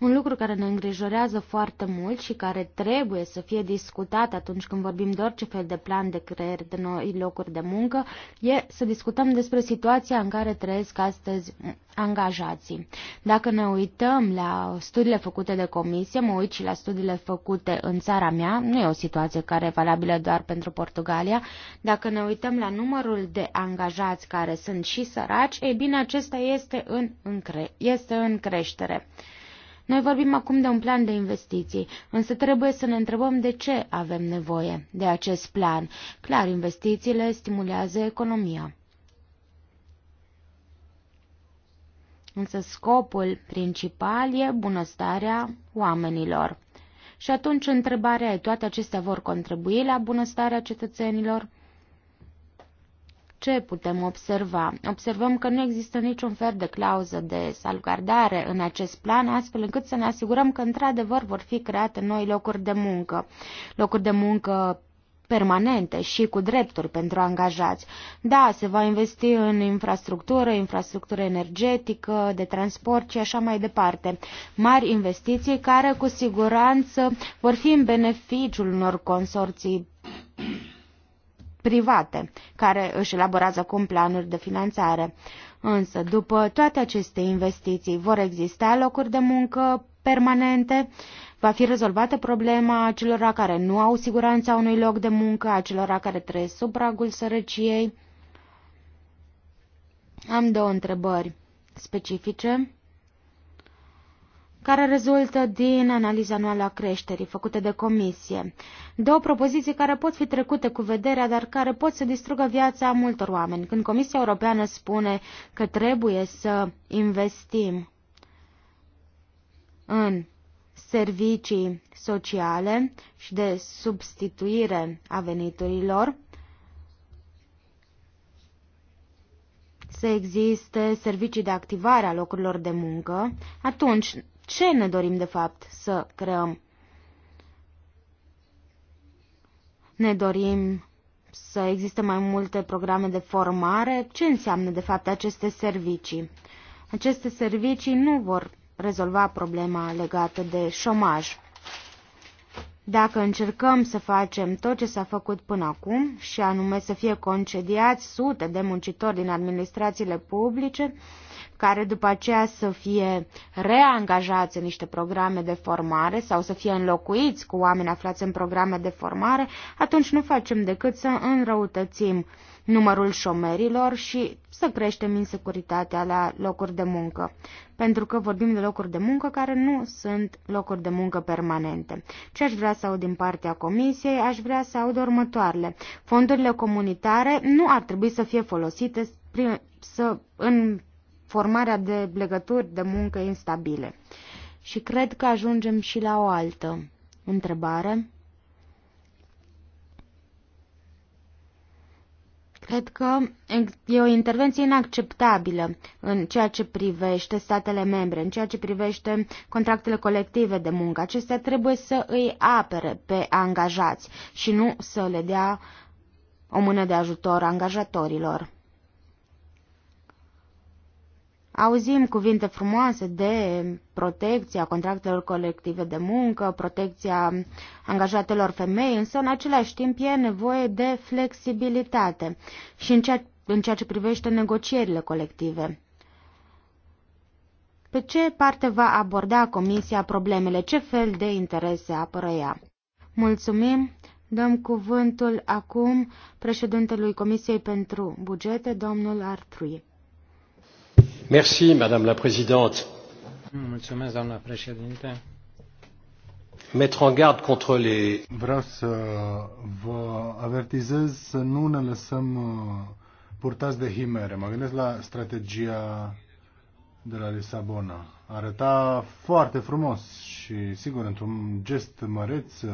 Un lucru care ne îngrijorează foarte mult și care trebuie să fie discutat atunci când vorbim de orice fel de plan de creare de noi locuri de muncă e să discutăm despre situația în care trăiesc astăzi angajații. Dacă ne uităm la studiile făcute de comisie, mă uit și la studiile făcute în țara mea, nu e o situație care e valabilă doar pentru Portugalia, dacă ne uităm la numărul de angajați care sunt și săraci, ei bine, acesta este în, în, cre- este în creștere. Noi vorbim acum de un plan de investiții, însă trebuie să ne întrebăm de ce avem nevoie de acest plan. Clar, investițiile stimulează economia. Însă scopul principal e bunăstarea oamenilor. Și atunci întrebarea e, toate acestea vor contribui la bunăstarea cetățenilor? ce putem observa? Observăm că nu există niciun fel de clauză de salvgardare în acest plan, astfel încât să ne asigurăm că într-adevăr vor fi create noi locuri de muncă, locuri de muncă permanente și cu drepturi pentru angajați. Da, se va investi în infrastructură, infrastructură energetică, de transport și așa mai departe. Mari investiții care cu siguranță vor fi în beneficiul unor consorții private care își elaborează acum planuri de finanțare. Însă, după toate aceste investiții, vor exista locuri de muncă permanente? Va fi rezolvată problema celor care nu au siguranța unui loc de muncă, celor care trăiesc sub pragul sărăciei? Am două întrebări specifice care rezultă din analiza anuală a creșterii făcută de comisie. Două propoziții care pot fi trecute cu vederea, dar care pot să distrugă viața multor oameni. Când Comisia Europeană spune că trebuie să investim în servicii sociale și de substituire a veniturilor, să existe servicii de activare a locurilor de muncă, atunci ce ne dorim de fapt să creăm. Ne dorim să existe mai multe programe de formare. Ce înseamnă de fapt aceste servicii? Aceste servicii nu vor rezolva problema legată de șomaj. Dacă încercăm să facem tot ce s-a făcut până acum, și anume să fie concediați sute de muncitori din administrațiile publice, care după aceea să fie reangajați în niște programe de formare sau să fie înlocuiți cu oameni aflați în programe de formare, atunci nu facem decât să înrăutățim numărul șomerilor și să creștem insecuritatea la locuri de muncă. Pentru că vorbim de locuri de muncă care nu sunt locuri de muncă permanente. Ce aș vrea să aud din partea Comisiei? Aș vrea să aud următoarele. Fondurile comunitare nu ar trebui să fie folosite prin, să, în formarea de legături de muncă instabile. Și cred că ajungem și la o altă întrebare. Cred că e o intervenție inacceptabilă în ceea ce privește statele membre, în ceea ce privește contractele colective de muncă. Acestea trebuie să îi apere pe angajați și nu să le dea o mână de ajutor angajatorilor. Auzim cuvinte frumoase de protecția contractelor colective de muncă, protecția angajatelor femei, însă în același timp e nevoie de flexibilitate și în ceea, în ceea ce privește negocierile colective. Pe ce parte va aborda Comisia problemele? Ce fel de interese apără ea? Mulțumim! Dăm cuvântul acum președintelui Comisiei pentru Bugete, domnul Artrui. Madame la Présidente. Mulțumesc, doamna președinte. Mettre en garde contre les... Vreau să vă avertizez să nu ne lăsăm uh, purtați de himere. Mă gândesc la strategia de la Lisabona. Arăta foarte frumos și, sigur, într-un gest măreț, uh,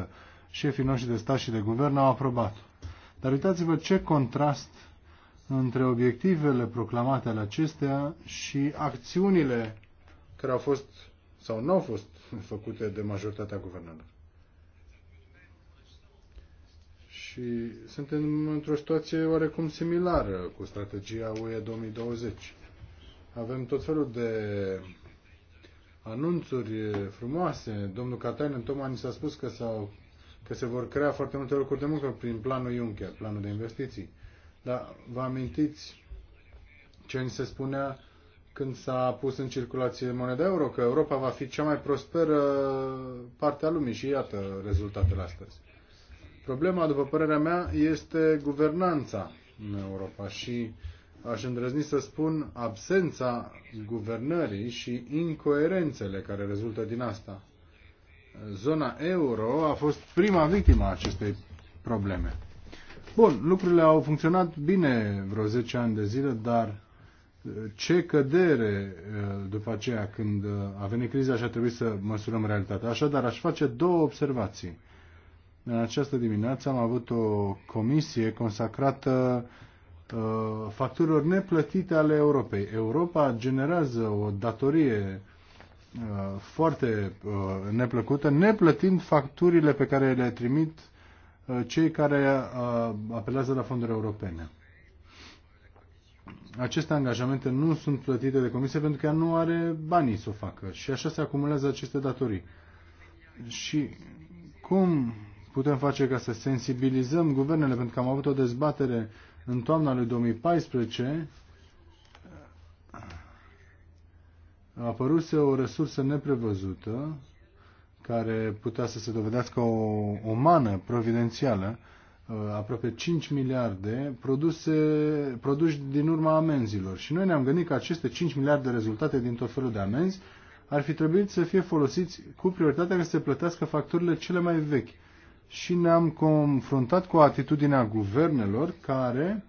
șefii noștri de stat și de guvern au aprobat. Dar uitați-vă ce contrast între obiectivele proclamate ale acestea și acțiunile care au fost sau nu au fost [laughs] făcute de majoritatea guvernelor. Și suntem într-o situație oarecum similară cu strategia UE 2020. Avem tot felul de anunțuri frumoase. Domnul Katainen tocmai ni s-a spus că, s că se vor crea foarte multe locuri de muncă prin planul Juncker, planul de investiții. Dar vă amintiți ce ni se spunea când s-a pus în circulație moneda euro, că Europa va fi cea mai prosperă parte a lumii și iată rezultatele astăzi. Problema, după părerea mea, este guvernanța în Europa și aș îndrăzni să spun absența guvernării și incoerențele care rezultă din asta. Zona euro a fost prima victimă a acestei probleme. Bun, lucrurile au funcționat bine vreo 10 ani de zile, dar uh, ce cădere uh, după aceea când uh, a venit criza și a trebuit să măsurăm realitatea. Așadar, aș face două observații. În această dimineață am avut o comisie consacrată facturilor neplătite ale Europei. Europa generează o datorie foarte neplăcută, neplătind facturile pe care le trimit uh, Uh, cei care uh, apelează la fonduri europene. Aceste angajamente nu sunt plătite de comisie pentru că ea nu are banii să o facă și așa se acumulează aceste datorii. Și cum putem face ca să sensibilizăm guvernele? Pentru că am avut o dezbatere în toamna lui 2014 a apăruse o resursă neprevăzută care putea să se dovedească o o mană providențială, uh, aproape 5 miliarde produse, produși din urma amenzilor. Și noi ne-am gândit că aceste 5 miliarde rezultate din tot felul de amenzi ar fi trebuit să fie folosiți cu prioritatea că se plătească facturile cele mai vechi. Și ne-am confruntat cu atitudinea guvernelor care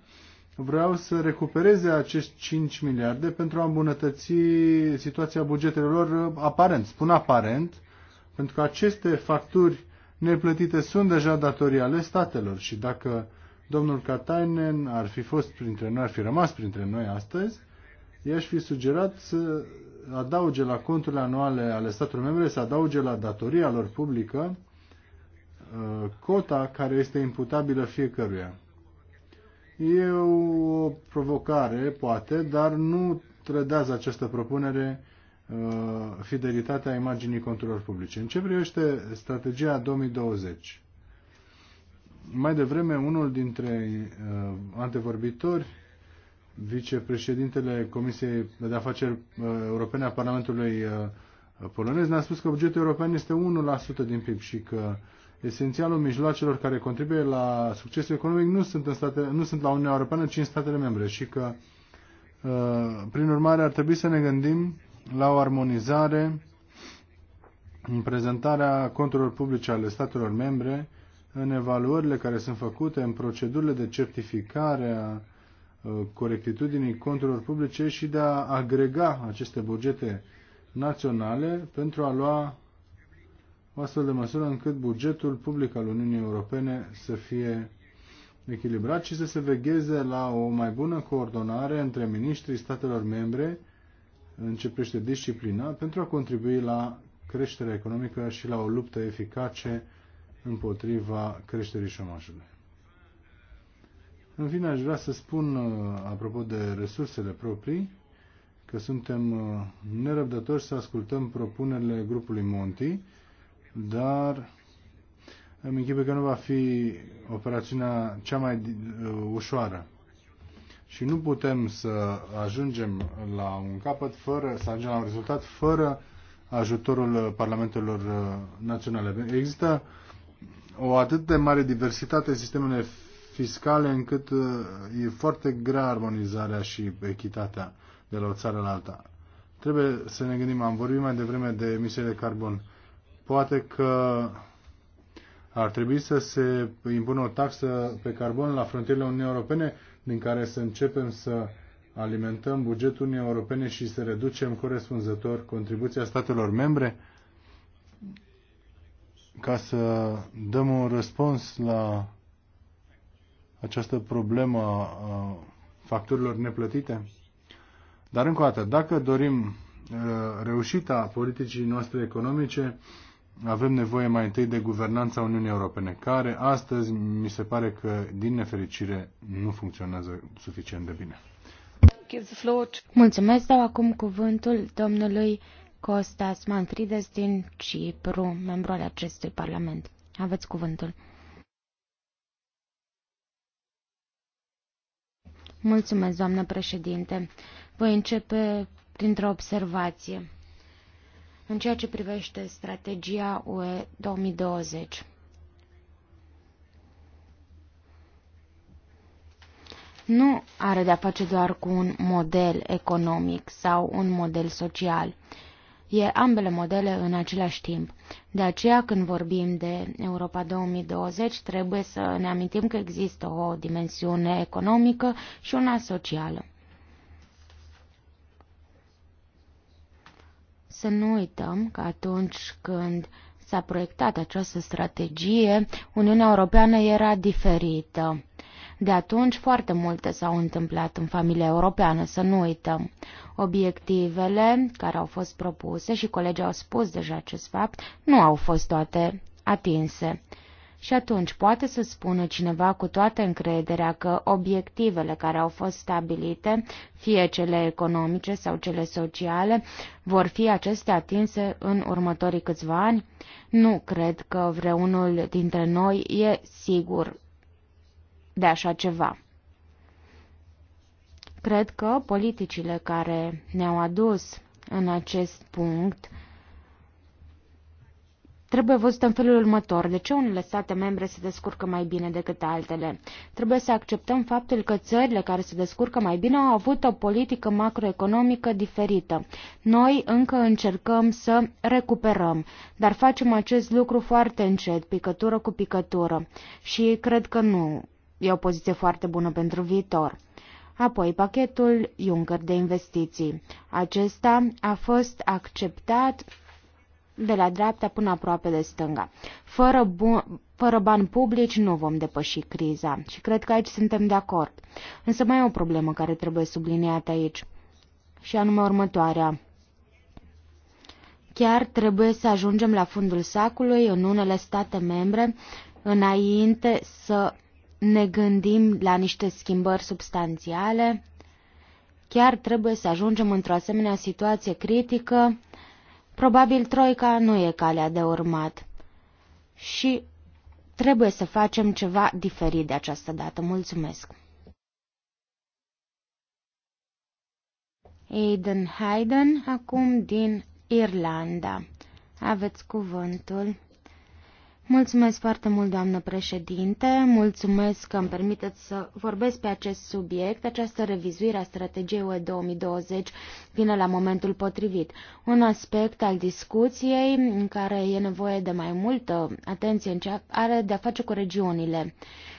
vreau să recupereze acești 5 miliarde pentru a îmbunătăți situația bugetelor uh, aparent. Spun aparent, pentru că aceste facturi neplătite sunt deja datorii ale statelor și dacă domnul Katainen ar fi fost printre noi, ar fi rămas printre noi astăzi, i-aș fi sugerat să adauge la conturile anuale ale statelor membre, să adauge la datoria lor publică uh, cota care este imputabilă fiecăruia. E o provocare, poate, dar nu trădează această propunere Uh, fidelitatea imaginii conturilor publice. În ce privește strategia 2020? Mai devreme, unul dintre uh, antevorbitori, vicepreședintele Comisiei de Afaceri uh, Europene a Parlamentului uh, polonez, ne-a spus că bugetul european este 1% din PIB și că esențialul mijloacelor care contribuie la succesul economic nu sunt, în state, nu sunt la Uniunea Europeană, ci în statele membre și că, uh, prin urmare, ar trebui să ne gândim la o armonizare în prezentarea conturilor publice ale statelor membre, în evaluările care sunt făcute, în procedurile de certificare a uh, corectitudinii conturilor publice și de a agrega aceste bugete naționale pentru a lua o astfel de măsură încât bugetul public al Uniunii Europene să fie echilibrat și să se vegheze la o mai bună coordonare între ministrii statelor membre începește disciplina pentru a contribui la creșterea economică și la o luptă eficace împotriva creșterii șomajului. În fine, aș vrea să spun, uh, apropo de resursele proprii, că suntem uh, nerăbdători să ascultăm propunerile grupului Monti, dar îmi închipe că nu va fi operațiunea cea mai uh, ușoară și nu putem să ajungem la un capăt fără, să ajungem la un rezultat fără ajutorul parlamentelor uh, naționale. Există o atât de mare diversitate în sistemele fiscale încât uh, e foarte grea armonizarea și echitatea de la o țară la alta. Trebuie să ne gândim, am vorbit mai devreme de emisiile de carbon. Poate că ar trebui să se impună o taxă pe carbon la frontierele Uniunii Europene din care să începem să alimentăm bugetul Uniunii Europene și să reducem corespunzător contribuția statelor membre ca să dăm un răspuns la această problemă a facturilor neplătite? Dar încă o dată, dacă dorim uh, reușita politicii noastre economice, avem nevoie mai întâi de guvernanța Uniunii Europene, care astăzi mi se pare că, din nefericire, nu funcționează suficient de bine. Mulțumesc, dau acum cuvântul domnului Costas Manfrides din Cipru, membru al acestui parlament. Aveți cuvântul. Mulțumesc, doamnă președinte. Voi începe printr-o observație în ceea ce privește strategia UE 2020. Nu are de-a face doar cu un model economic sau un model social. E ambele modele în același timp. De aceea, când vorbim de Europa 2020, trebuie să ne amintim că există o dimensiune economică și una socială. Să nu uităm că atunci când s-a proiectat această strategie, Uniunea Europeană era diferită. De atunci foarte multe s-au întâmplat în familia europeană, să nu uităm. Obiectivele care au fost propuse și colegii au spus deja acest fapt, nu au fost toate atinse. Și atunci poate să spună cineva cu toată încrederea că obiectivele care au fost stabilite, fie cele economice sau cele sociale, vor fi acestea atinse în următorii câțiva ani? Nu cred că vreunul dintre noi e sigur de așa ceva. Cred că politicile care ne-au adus în acest punct Trebuie văzut în felul următor. De ce unele state membre se descurcă mai bine decât altele? Trebuie să acceptăm faptul că țările care se descurcă mai bine au avut o politică macroeconomică diferită. Noi încă încercăm să recuperăm, dar facem acest lucru foarte încet, picătură cu picătură. Și cred că nu e o poziție foarte bună pentru viitor. Apoi pachetul Juncker de investiții. Acesta a fost acceptat de la dreapta până aproape de stânga. Fără, bun, fără bani publici nu vom depăși criza și cred că aici suntem de acord. Însă mai e o problemă care trebuie subliniată aici și anume următoarea. Chiar trebuie să ajungem la fundul sacului în unele state membre înainte să ne gândim la niște schimbări substanțiale. Chiar trebuie să ajungem într-o asemenea situație critică Probabil Troica nu e calea de urmat. Și trebuie să facem ceva diferit de această dată. Mulțumesc! Aiden Hayden, acum din Irlanda. Aveți cuvântul. Mulțumesc foarte mult, doamnă președinte. Mulțumesc că îmi permiteți să vorbesc pe acest subiect. Această revizuire a strategiei UE 2020 vine la momentul potrivit. Un aspect al discuției în care e nevoie de mai multă atenție în cea are de a face cu regiunile.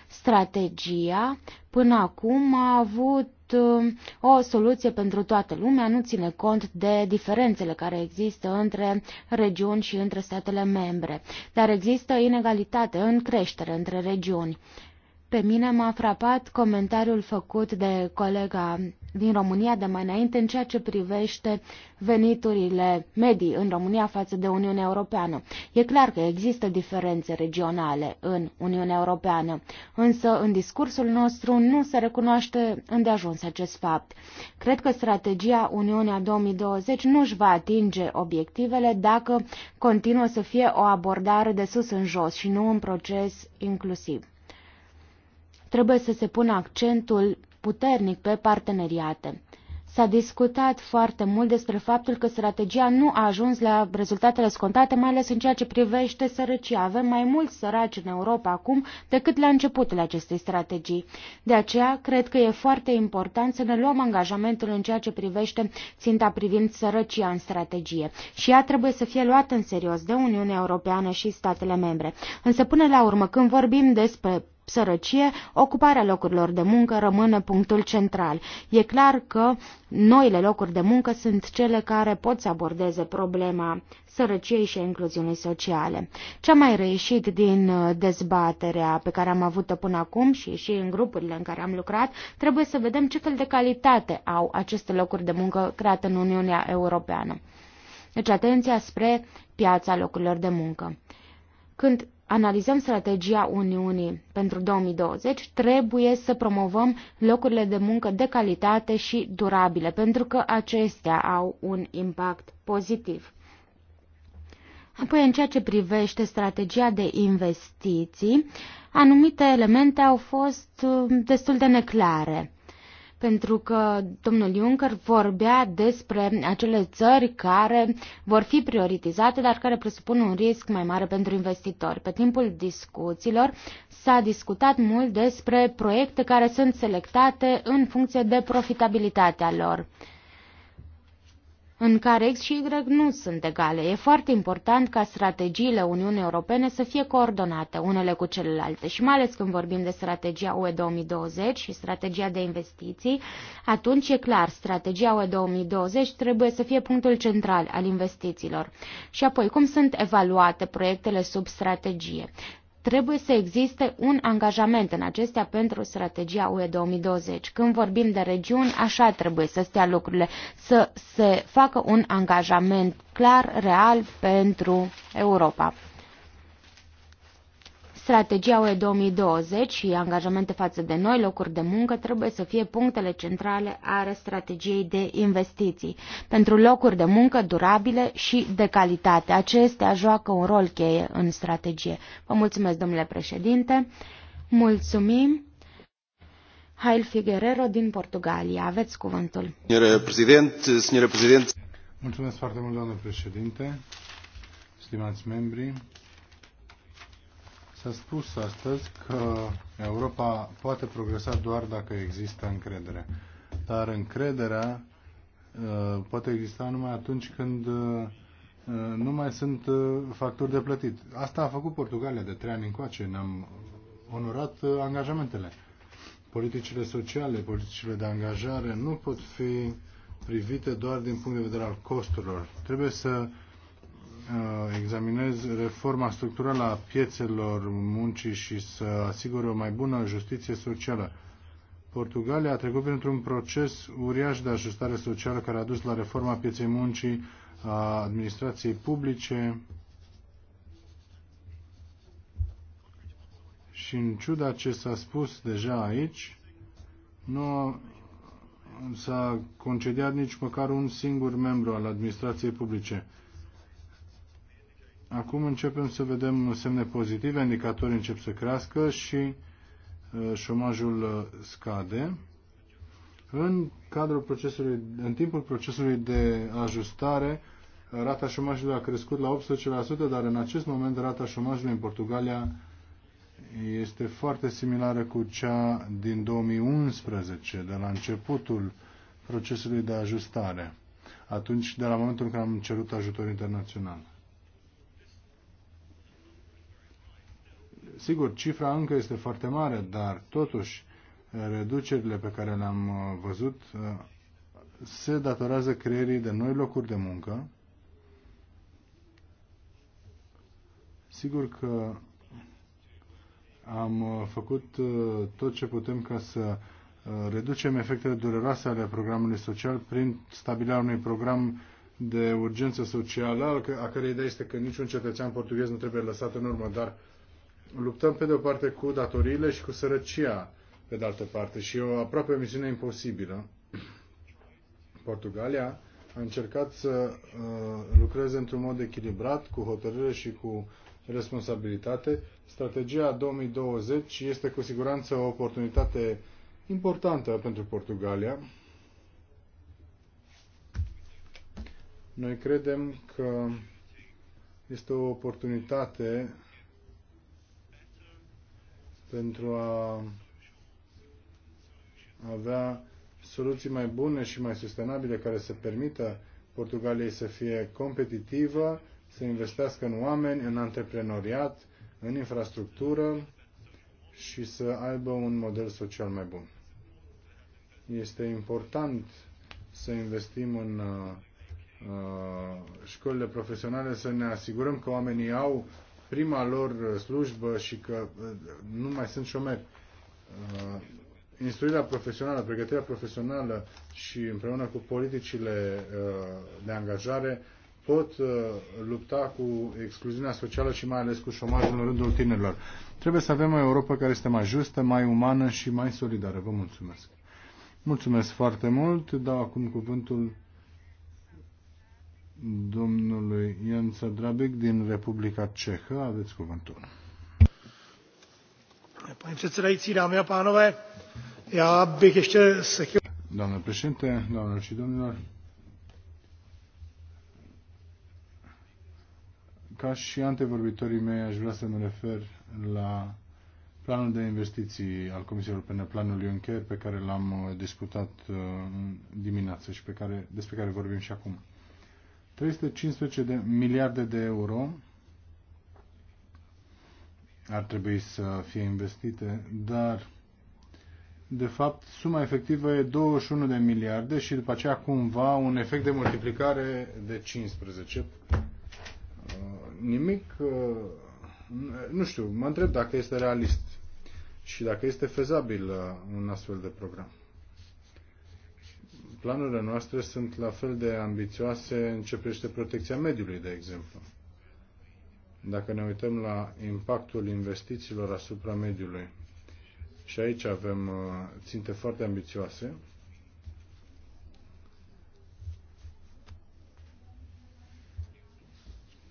Strategia până acum a avut fapt, um, o soluție pentru toată lumea, nu ține cont de diferențele care există între regiuni și între statele membre, dar există inegalitate în creștere între regiuni. Pe mine m-a frapat comentariul făcut de colega din România de mai înainte în ceea ce privește veniturile medii în România față de Uniunea Europeană. E clar că există diferențe regionale în Uniunea Europeană, însă în discursul nostru nu se recunoaște îndeajuns acest fapt. Cred că strategia Uniunea 2020 nu își va atinge obiectivele dacă continuă să fie o abordare de sus în jos și nu un proces inclusiv. Trebuie să se pună accentul puternic pe parteneriate. S-a discutat foarte mult despre faptul că strategia nu a ajuns la rezultatele scontate, mai ales în ceea ce privește sărăcia. Avem mai mulți săraci în Europa acum decât la începutul acestei strategii. De aceea, cred că e foarte important să ne luăm angajamentul în ceea ce privește ținta privind sărăcia în strategie. Și ea trebuie să fie luată în serios de Uniunea Europeană și statele membre. Însă, până la urmă, când vorbim despre sărăcie, ocuparea locurilor de muncă rămâne punctul central. E clar că noile locuri de muncă sunt cele care pot să abordeze problema sărăciei și a incluziunii sociale. Ce mai reieșit din uh, dezbaterea pe care am avut-o până acum și și în grupurile în care am lucrat, trebuie să vedem ce fel de calitate au aceste locuri de muncă create în Uniunea Europeană. Deci atenția spre piața locurilor de muncă. Când analizăm strategia Uniunii pentru 2020, trebuie să promovăm locurile de muncă de calitate și durabile, pentru că acestea au un impact pozitiv. Apoi, în ceea ce privește strategia de investiții, anumite elemente au fost uh, destul de neclare pentru că domnul Juncker vorbea despre acele țări care vor fi prioritizate, dar care presupun un risc mai mare pentru investitori. Pe timpul discuțiilor s-a discutat mult despre proiecte care sunt selectate în funcție de profitabilitatea lor în care X și Y nu sunt egale. E foarte important ca strategiile Uniunii Europene să fie coordonate unele cu celelalte și mai ales când vorbim de strategia UE 2020 și strategia de investiții, atunci e clar, strategia UE 2020 trebuie să fie punctul central al investițiilor. Și apoi, cum sunt evaluate proiectele sub strategie? Trebuie să existe un angajament în acestea pentru strategia UE 2020. Când vorbim de regiuni, așa trebuie să stea lucrurile, să se facă un angajament clar, real pentru Europa. Strategia UE 2020 și angajamente față de noi locuri de muncă trebuie să fie punctele centrale ale strategiei de investiții pentru locuri de muncă durabile și de calitate. Acestea joacă un rol cheie în strategie. Vă mulțumesc, domnule președinte. Mulțumim. Hail Figuerero din Portugalia. Aveți cuvântul. Domnule președinte, domnule președinte. Mulțumesc foarte mult, domnule președinte, stimați membri. S-a spus astăzi că Europa poate progresa doar dacă există încredere. Dar încrederea uh, poate exista numai atunci când uh, uh, nu mai sunt factori de plătit. Asta a făcut Portugalia de trei ani încoace. Ne-am onorat angajamentele. Politicile sociale, politicile de angajare nu pot fi privite doar din punct de vedere al costurilor. Trebuie să Uh, examinez reforma structurală a piețelor muncii și să asigure o mai bună justiție socială. Portugalia a trecut printr-un proces uriaș de ajustare socială care a dus la reforma pieței muncii, a administrației publice și în ciuda ce s-a spus deja aici, nu s-a concediat nici măcar un singur membru al administrației publice. Acum începem să vedem semne pozitive, indicatorii încep să crească și uh, șomajul uh, scade. În cadrul procesului, în timpul procesului de ajustare, rata șomajului a crescut la 18%, dar în acest moment rata șomajului în Portugalia este foarte similară cu cea din 2011, de la începutul procesului de ajustare, atunci de la momentul în care am cerut ajutor internațional. Sigur, cifra încă este foarte mare, dar totuși eh, reducerile pe care le-am eh, văzut eh, se datorează creierii de noi locuri de muncă. Sigur că am făcut tot ce putem ca să reducem efectele dureroase ale programului social prin stabilirea unui program de urgență socială, a cărei idee este că niciun cetățean portughez nu trebuie lăsat în urmă, dar luptăm pe de o parte cu datoriile și cu sărăcia pe de altă parte și e o aproape o misiune imposibilă. Portugalia a încercat să uh, lucreze într-un mod echilibrat, cu hotărâre și cu responsabilitate. Strategia 2020 este cu siguranță o oportunitate importantă pentru Portugalia. Noi credem că este o oportunitate pentru a avea soluții mai bune și mai sustenabile care să permită Portugaliei să fie competitivă, să investească în oameni, în antreprenoriat, în infrastructură și să aibă un model social mai bun. Este important să investim în uh, uh școlile profesionale, să ne asigurăm că oamenii au prima lor uh, slujbă și că uh, nu mai sunt șomeri. Uh, instruirea profesională, pregătirea profesională și împreună cu politicile de angajare pot lupta cu excluziunea socială și mai ales cu șomajul în rândul tinerilor. Trebuie să avem o Europa care este mai justă, mai umană și mai solidară. Vă mulțumesc! Mulțumesc foarte mult. Dau acum cuvântul domnului Ion Sadrabic din Republica Cehă. Aveți cuvântul. Pane předsedající, dámy a pánové, já bych ještě se chtěl... Dámy președinte, dámy și domnilor, ca și antevorbitorii mei, aș vrea să mă refer la planul de investiții al Comisiei Europene, planul Juncker, pe care l-am uh, discutat uh, dimineață și pe care, despre care vorbim și acum. 315 de miliarde de euro ar trebui să fie investite, dar de fapt suma efectivă e 21 de miliarde și după aceea cumva un efect de multiplicare de 15. Uh, nimic, uh, nu știu, mă întreb dacă este realist și dacă este fezabil uh, un astfel de program planurile noastre sunt la fel de ambițioase în ce privește protecția mediului, de exemplu. Dacă ne uităm la impactul investițiilor asupra mediului, și aici avem uh, ținte foarte ambițioase,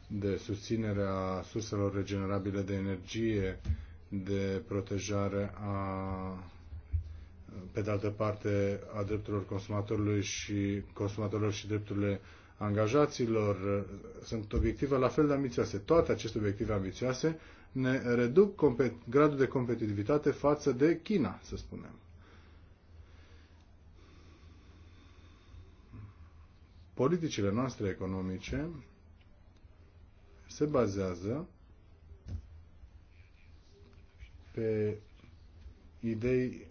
de susținere a surselor regenerabile de energie, de protejare a pe de altă parte, a drepturilor consumatorului și consumatorilor și drepturile angajaților. Uh, sunt obiective la fel de ambițioase. Toate aceste obiective ambițioase ne reduc gradul de competitivitate față de China, să spunem. Politicile noastre economice se bazează pe idei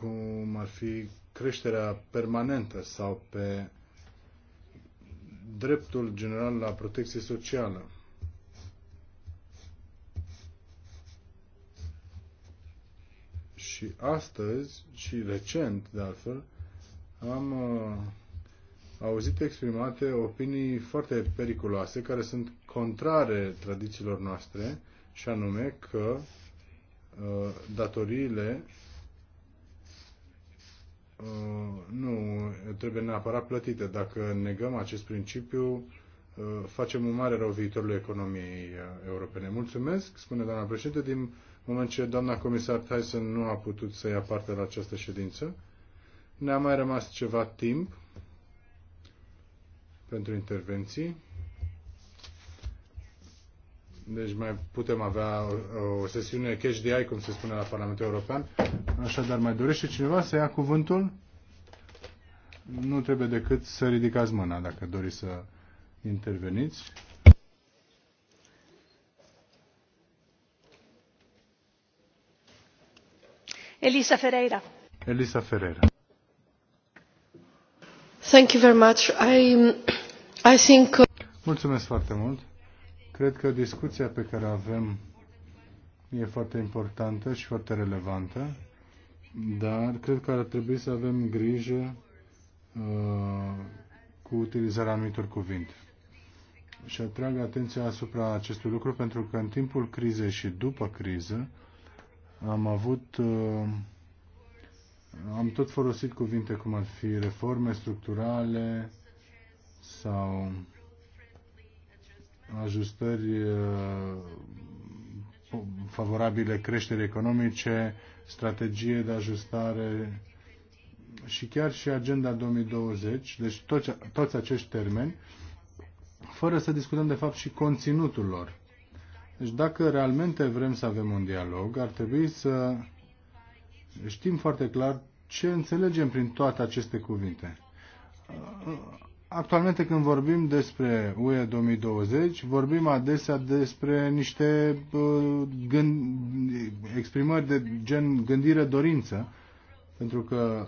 cum ar fi creșterea permanentă sau pe dreptul general la protecție socială. Și astăzi, și recent de altfel, am uh, auzit exprimate opinii foarte periculoase care sunt contrare tradițiilor noastre și anume că uh, datoriile Uh, nu trebuie neapărat plătite. Dacă negăm acest principiu, uh, facem un mare rău viitorului economiei uh, europene. Mulțumesc, spune doamna președinte, din moment ce doamna comisar Tyson nu a putut să ia parte la această ședință. Ne-a mai rămas ceva timp pentru intervenții. Deci mai putem avea o sesiune cash DI, cum se spune la Parlamentul European. Așadar, mai dorește cineva să ia cuvântul? Nu trebuie decât să ridicați mâna dacă doriți să interveniți. Elisa Ferreira. Elisa Ferreira. Thank you very much. I, I think... Uh, Mulțumesc foarte mult. Cred că discuția pe care o avem e foarte importantă și foarte relevantă, dar cred că ar trebui să avem grijă uh, cu utilizarea anumitor cuvinte. Și atrag atenția asupra acestui lucru pentru că în timpul crizei și după criză am avut uh, am tot folosit cuvinte cum ar fi reforme structurale sau ajustări uh, favorabile creșterii economice, strategie de ajustare și chiar și Agenda 2020, deci toți, toți acești termeni, fără să discutăm de fapt și conținutul lor. Deci dacă realmente vrem să avem un dialog, ar trebui să știm foarte clar ce înțelegem prin toate aceste cuvinte. Actualmente când vorbim despre UE 2020, vorbim adesea despre niște uh, gând, exprimări de gen gândire-dorință, pentru că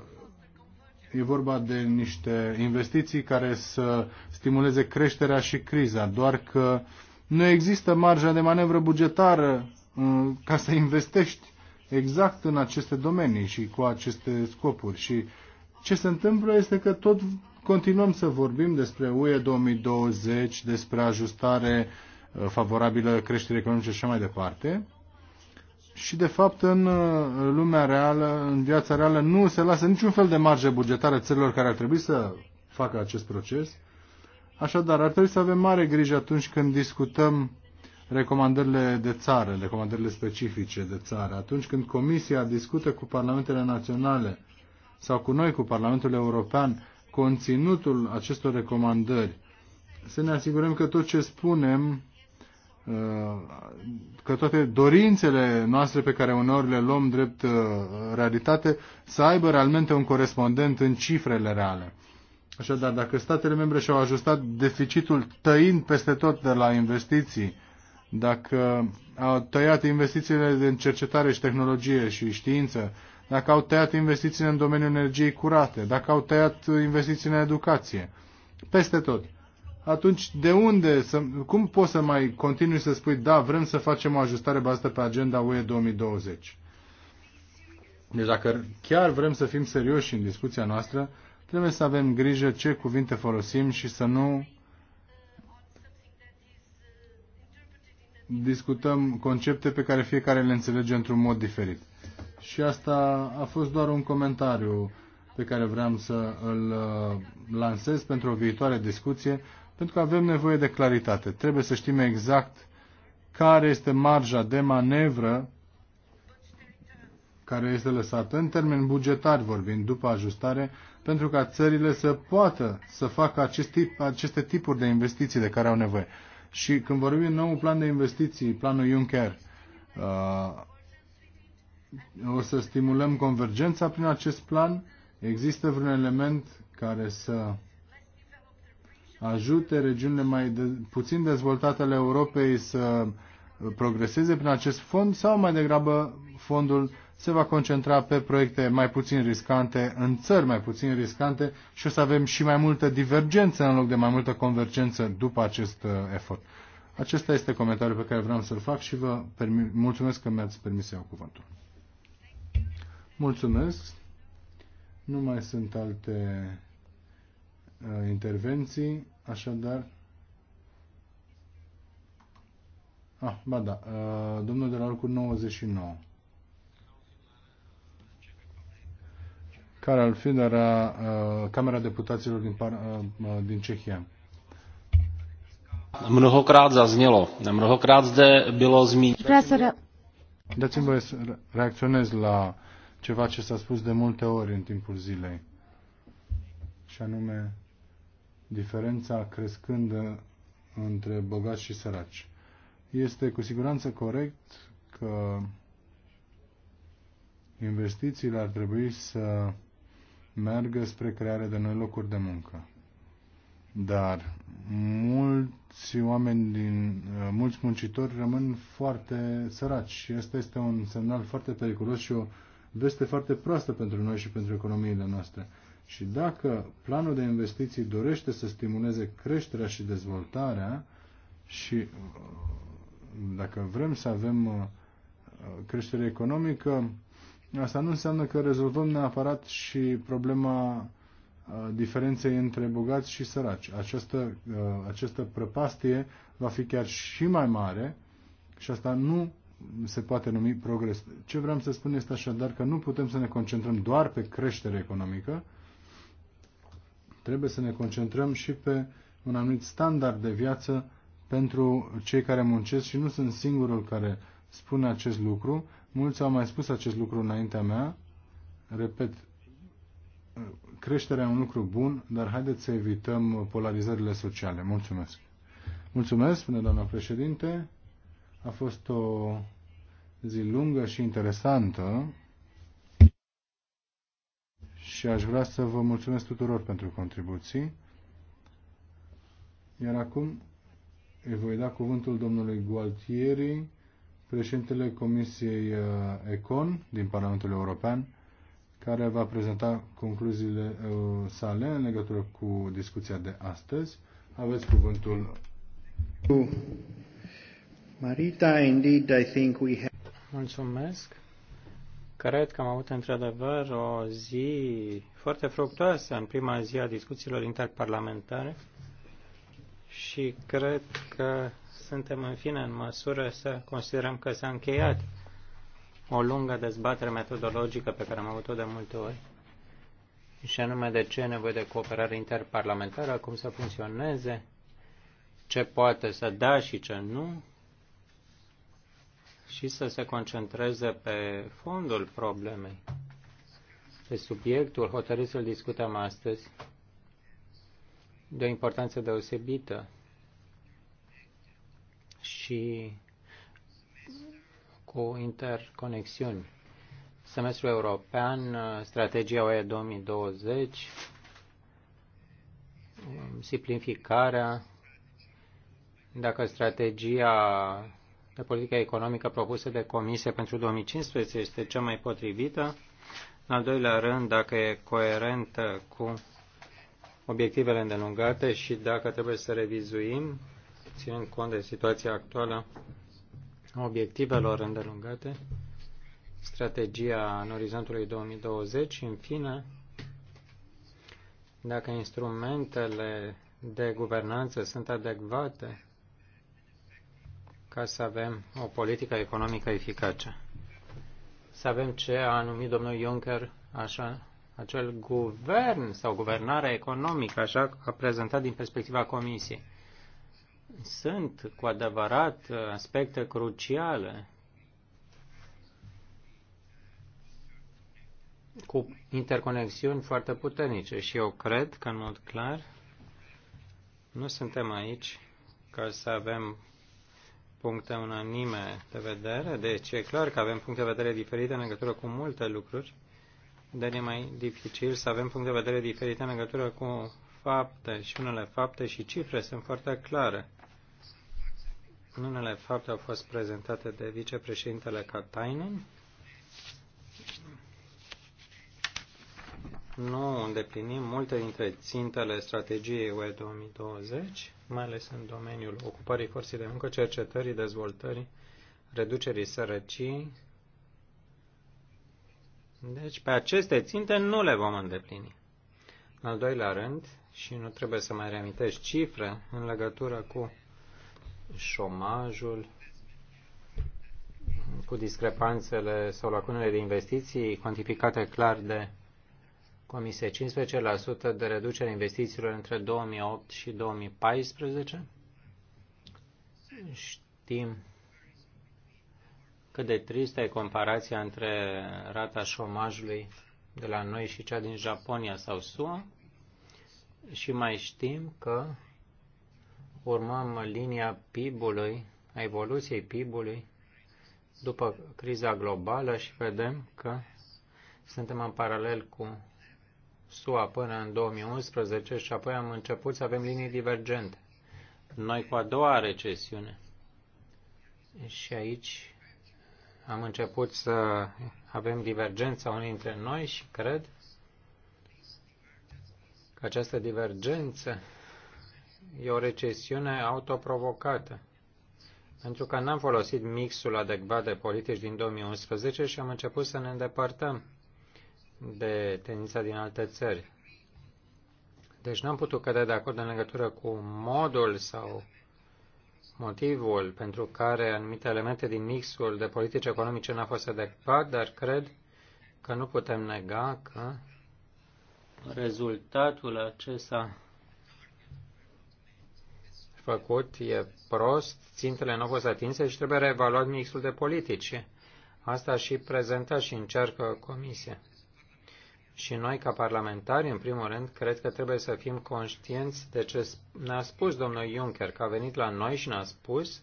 e vorba de niște investiții care să stimuleze creșterea și criza, doar că nu există marja de manevră bugetară uh, ca să investești exact în aceste domenii și cu aceste scopuri. Și ce se întâmplă este că tot Continuăm să vorbim despre UE 2020, despre ajustare uh, favorabilă creșterii economice și așa mai departe. Și, de fapt, în uh, lumea reală, în viața reală, nu se lasă niciun fel de marge bugetară țărilor care ar trebui să facă acest proces. Așadar, ar trebui să avem mare grijă atunci când discutăm recomandările de țară, recomandările specifice de țară. Atunci când Comisia discută cu parlamentele naționale sau cu noi, cu Parlamentul European, conținutul acestor recomandări, să ne asigurăm că tot ce spunem, uh, că toate dorințele noastre pe care uneori le luăm drept uh, realitate, să aibă realmente un corespondent în cifrele reale. Așadar, dacă statele membre și-au ajustat deficitul tăind peste tot de la investiții, dacă au tăiat investițiile în cercetare și tehnologie și știință, dacă au tăiat investițiile în domeniul energiei curate, dacă au tăiat investițiile în educație, peste tot. Atunci, de unde, să, cum poți să mai continui să spui, da, vrem să facem o ajustare bazată pe agenda UE 2020? Deci dacă chiar vrem să fim serioși în discuția noastră, trebuie să avem grijă ce cuvinte folosim și să nu discutăm concepte pe care fiecare le înțelege într-un mod diferit. Și asta a fost doar un comentariu pe care vreau să îl uh, lansez pentru o viitoare discuție, pentru că avem nevoie de claritate. Trebuie să știm exact care este marja de manevră care este lăsată în termeni bugetari vorbind, după ajustare, pentru ca țările să poată să facă acest tip, aceste tipuri de investiții de care au nevoie. Și când vorbim nou plan de investiții, planul Juncker, uh, o să stimulăm convergența prin acest plan? Există vreun element care să ajute regiunile mai de, puțin dezvoltate ale Europei să progreseze prin acest fond sau mai degrabă fondul se va concentra pe proiecte mai puțin riscante, în țări mai puțin riscante și o să avem și mai multă divergență în loc de mai multă convergență după acest uh, efort. Acesta este comentariul pe care vreau să-l fac și vă mulțumesc că mi-ați permis să iau cuvântul. Mulțumesc. Nu mai sunt alte uh, intervenții, așadar. Ah, ba da, uh, domnul de la locul 99. Karel Fiedler, uh, Camera Deputaților din, par, uh, uh, din Cehia. Mnohokrát zaznělo. Mnohokrát zde bylo zmíněno. Dați-mi voie să reacționez la ceva ce s-a spus de multe ori în timpul zilei, și anume diferența crescândă între bogați și săraci. Este cu siguranță corect că investițiile ar trebui să meargă spre crearea de noi locuri de muncă. Dar mulți oameni din, mulți muncitori rămân foarte săraci și asta este un semnal foarte periculos și o veste foarte proastă pentru noi și pentru economiile noastre. Și dacă planul de investiții dorește să stimuleze creșterea și dezvoltarea și uh, dacă vrem să avem uh, creștere economică, asta nu înseamnă că rezolvăm neapărat și problema uh, diferenței între bogați și săraci. Această, această prăpastie va fi chiar și mai mare și asta nu se poate numi progres. Ce vreau să spun este așadar că nu putem să ne concentrăm doar pe creștere economică, trebuie să ne concentrăm și pe un anumit standard de viață pentru cei care muncesc și nu sunt singurul care spune acest lucru. Mulți au mai spus acest lucru înaintea mea. Repet, creșterea e un lucru bun, dar haideți să evităm polarizările sociale. Mulțumesc! Mulțumesc, spune doamna președinte. A fost o zi lungă și interesantă și aș vrea să vă mulțumesc tuturor pentru contribuții. Iar acum îi voi da cuvântul domnului Gualtieri, președintele Comisiei uh, Econ din Parlamentul European, care va prezenta concluziile uh, sale în legătură cu discuția de astăzi. Aveți cuvântul. Marita, indeed, I think we have... Mulțumesc. Cred că am avut într-adevăr o zi foarte fructoasă în prima zi a discuțiilor interparlamentare și cred că suntem în fine în măsură să considerăm că s-a încheiat o lungă dezbatere metodologică pe care am avut-o de multe ori și anume de ce e nevoie de cooperare interparlamentară, cum să funcționeze, ce poate să da și ce nu, și să se concentreze pe fondul problemei, pe subiectul hotărât să-l discutăm astăzi, de o importanță deosebită și cu interconexiuni. Semestrul european, strategia OE 2020, simplificarea, dacă strategia de politică economică propusă de Comisie pentru 2015 este cea mai potrivită. În al doilea rând, dacă e coerentă cu obiectivele îndelungate și dacă trebuie să revizuim, ținând cont de situația actuală a obiectivelor îndelungate, strategia în orizontului 2020 și, în fine, dacă instrumentele de guvernanță sunt adecvate ca să avem o politică economică eficace. Să avem ce a numit domnul Juncker așa, acel guvern sau guvernare economică, așa a prezentat din perspectiva Comisiei. Sunt cu adevărat aspecte cruciale cu interconexiuni foarte puternice și eu cred că, în mod clar, nu suntem aici ca să avem puncte unanime de vedere, deci e clar că avem puncte de vedere diferite în legătură cu multe lucruri, dar e mai dificil să avem puncte de vedere diferite în legătură cu fapte și unele fapte și cifre sunt foarte clare. Unele fapte au fost prezentate de vicepreședintele Katainen, nu îndeplinim multe dintre țintele strategiei UE 2020, mai ales în domeniul ocupării forței de muncă, cercetării, dezvoltării, reducerii sărăciei. Deci pe aceste ținte nu le vom îndeplini. În al doilea rând, și nu trebuie să mai reamintești cifre în legătură cu șomajul, cu discrepanțele sau lacunele de investiții cuantificate clar de Comisie 15% de reducere a investițiilor între 2008 și 2014. Știm cât de tristă e comparația între rata șomajului de la noi și cea din Japonia sau SUA și mai știm că urmăm linia PIB-ului, a evoluției PIB-ului după criza globală și vedem că suntem în paralel cu SUA până în 2011 și apoi am început să avem linii divergente. Noi cu a doua recesiune. Și aici am început să avem divergența unii dintre noi și cred că această divergență e o recesiune autoprovocată. Pentru că n-am folosit mixul adecvat de politici din 2011 și am început să ne îndepărtăm de tendința din alte țări. Deci n-am putut cădea de acord în legătură cu modul sau motivul pentru care anumite elemente din mixul de politici economice n-a fost adecvat, dar cred că nu putem nega că rezultatul acesta făcut e prost, țintele nu au fost atinse și trebuie reevaluat mixul de politici. Asta și prezenta și încearcă Comisia. Și noi, ca parlamentari, în primul rând, cred că trebuie să fim conștienți de ce ne-a spus domnul Juncker, că a venit la noi și ne-a spus,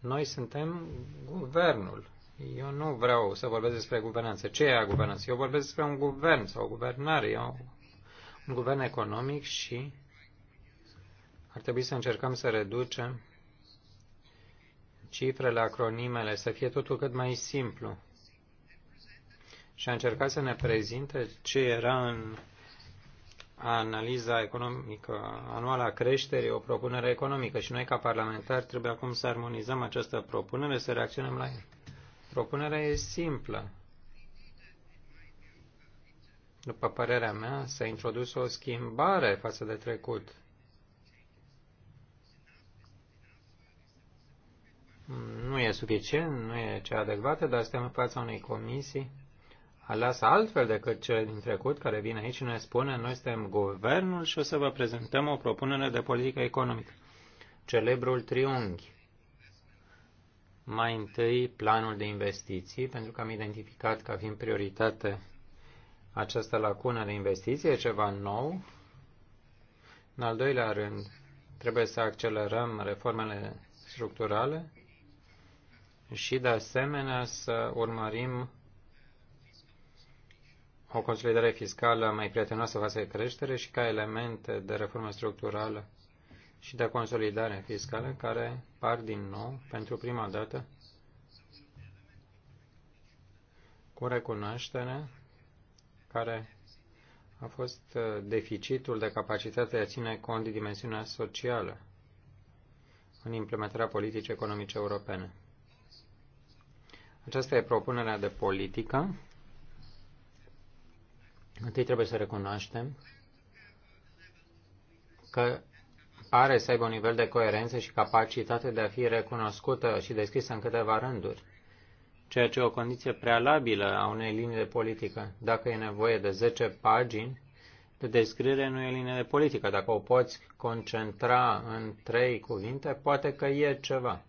noi suntem guvernul. Eu nu vreau să vorbesc despre guvernanță. Ce e guvernanță? Eu vorbesc despre un guvern sau o guvernare. E un guvern economic și ar trebui să încercăm să reducem cifrele, acronimele, să fie totul cât mai simplu și a încercat să ne prezinte ce era în analiza economică anuală a creșterii, o propunere economică și noi ca parlamentari trebuie acum să armonizăm această propunere, să reacționăm la ea. Propunerea e simplă. După părerea mea, s-a introdus o schimbare față de trecut. Nu e suficient, nu e cea adecvată, dar suntem în fața unei comisii aleasă altfel decât cel din trecut, care vine aici și ne spune, noi suntem guvernul și o să vă prezentăm o propunere de politică economică. Celebrul triunghi. Mai întâi, planul de investiții, pentru că am identificat ca fiind prioritate această lacună de investiție, e ceva nou. În al doilea rând, trebuie să accelerăm reformele structurale și, de asemenea, să urmărim o consolidare fiscală mai prietenoasă față de creștere și ca element de reformă structurală și de consolidare fiscală care par din nou pentru prima dată cu recunoaștere care a fost uh, deficitul de capacitate de a ține cont de dimensiunea socială în implementarea politicii economice europene. Aceasta e propunerea de politică Întâi trebuie să recunoaștem că pare să aibă un nivel de coerență și capacitate de a fi recunoscută și descrisă în câteva rânduri, ceea ce e o condiție prealabilă a unei linii de politică. Dacă e nevoie de 10 pagini, de descriere nu e linie de politică. Dacă o poți concentra în trei cuvinte, poate că e ceva.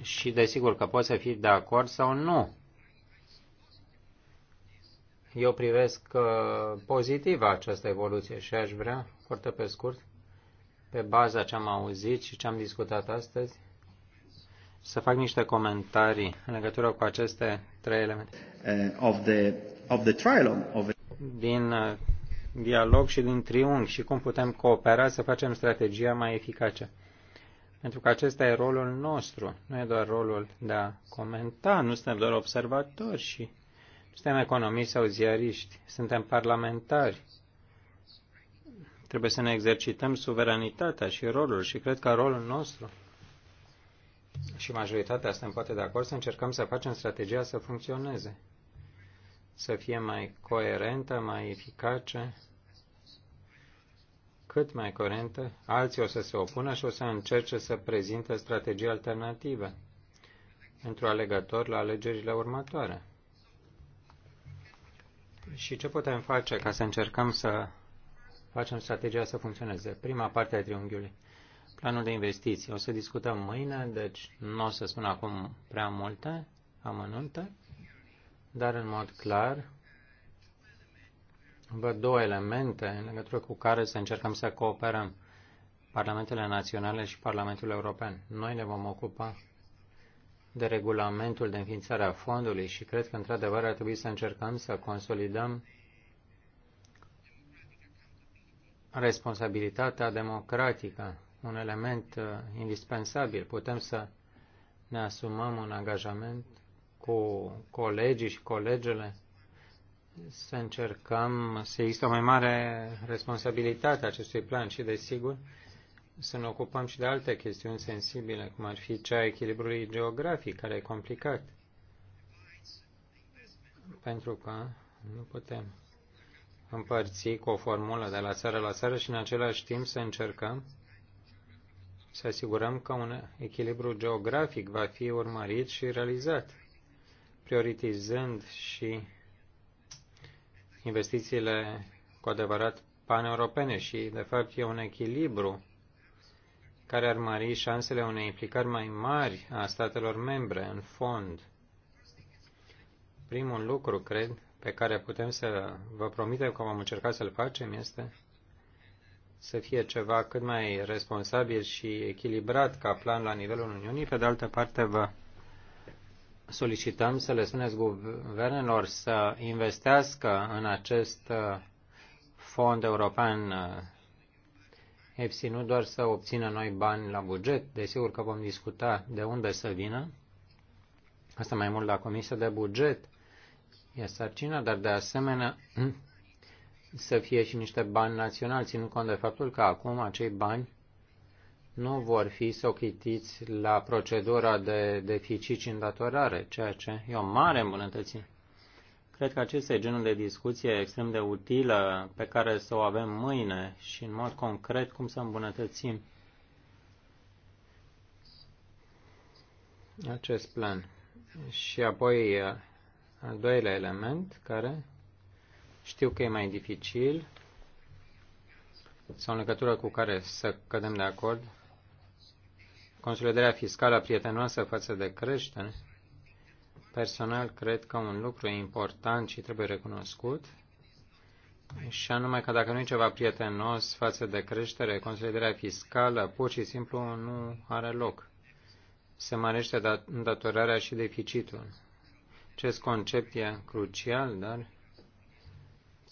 Și desigur că poți să fii de acord sau nu eu privesc uh, pozitiv această evoluție și aș vrea, foarte pe scurt, pe baza ce am auzit și ce am discutat astăzi, să fac niște comentarii în legătură cu aceste trei elemente. Uh, of the, of the trialogue, of... Din uh, dialog și din triunghi și cum putem coopera să facem strategia mai eficace. Pentru că acesta e rolul nostru, nu e doar rolul de a comenta, nu suntem doar observatori și suntem economiști sau ziariști, suntem parlamentari. Trebuie să ne exercităm suveranitatea și rolul și cred că rolul nostru și majoritatea suntem poate de acord să încercăm să facem strategia să funcționeze, să fie mai coerentă, mai eficace, cât mai coerentă, alții o să se opună și o să încerce să prezinte strategii alternative pentru alegători la alegerile următoare. Și ce putem face ca să încercăm să facem strategia să funcționeze? Prima parte a triunghiului, planul de investiții. O să discutăm mâine, deci nu o să spun acum prea multe amănunte, dar în mod clar văd două elemente în legătură cu care să încercăm să cooperăm Parlamentele Naționale și Parlamentul European. Noi ne vom ocupa de regulamentul de înființare a fondului și cred că, într-adevăr, ar trebui să încercăm să consolidăm responsabilitatea democratică, un element uh, indispensabil. Putem să ne asumăm un angajament cu colegii și colegele să încercăm să există o mai mare responsabilitate a acestui plan și, desigur, să ne ocupăm și de alte chestiuni sensibile, cum ar fi cea a echilibrului geografic, care e complicat. Pentru că nu putem împărți cu o formulă de la țară la țară și în același timp să încercăm să asigurăm că un echilibru geografic va fi urmărit și realizat, prioritizând și investițiile cu adevărat paneuropene și, de fapt, e un echilibru care ar mări șansele unei implicări mai mari a statelor membre în fond. Primul lucru, cred, pe care putem să vă promitem că vom încerca să-l facem este să fie ceva cât mai responsabil și echilibrat ca plan la nivelul Uniunii. Pe de altă parte, vă solicităm să le spuneți guvernelor să investească în acest uh, fond european uh, EFSI nu doar să obțină noi bani la buget, desigur că vom discuta de unde să vină, asta mai mult la Comisia de Buget e sarcina, dar de asemenea [clears throat] să fie și niște bani naționali, ținând cont de faptul că acum acei bani nu vor fi socritiți la procedura de deficit și îndatorare, ceea ce e o mare îmbunătățire. Cred că acesta e genul de discuție extrem de utilă pe care să o avem mâine și în mod concret cum să îmbunătățim acest plan. Și apoi al doilea element care știu că e mai dificil sau în legătură cu care să cădem de acord, consolidarea fiscală prietenoasă față de creștere, Personal, cred că un lucru important și trebuie recunoscut, și anume că dacă nu e ceva prietenos față de creștere, consolidarea fiscală pur și simplu nu are loc. Se mărește îndatorarea și deficitul. Acest concept e crucial, dar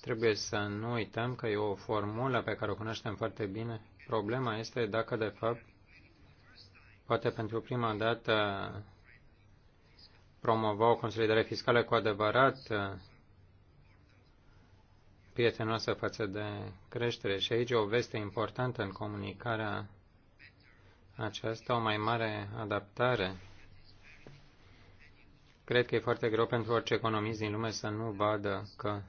trebuie să nu uităm că e o formulă pe care o cunoaștem foarte bine. Problema este dacă, de fapt, poate pentru prima dată promova o consolidare fiscală cu adevărat uh, prietenoasă față de creștere. Și aici o veste importantă în comunicarea aceasta, o mai mare adaptare. Cred că e foarte greu pentru orice economist din lume să nu vadă că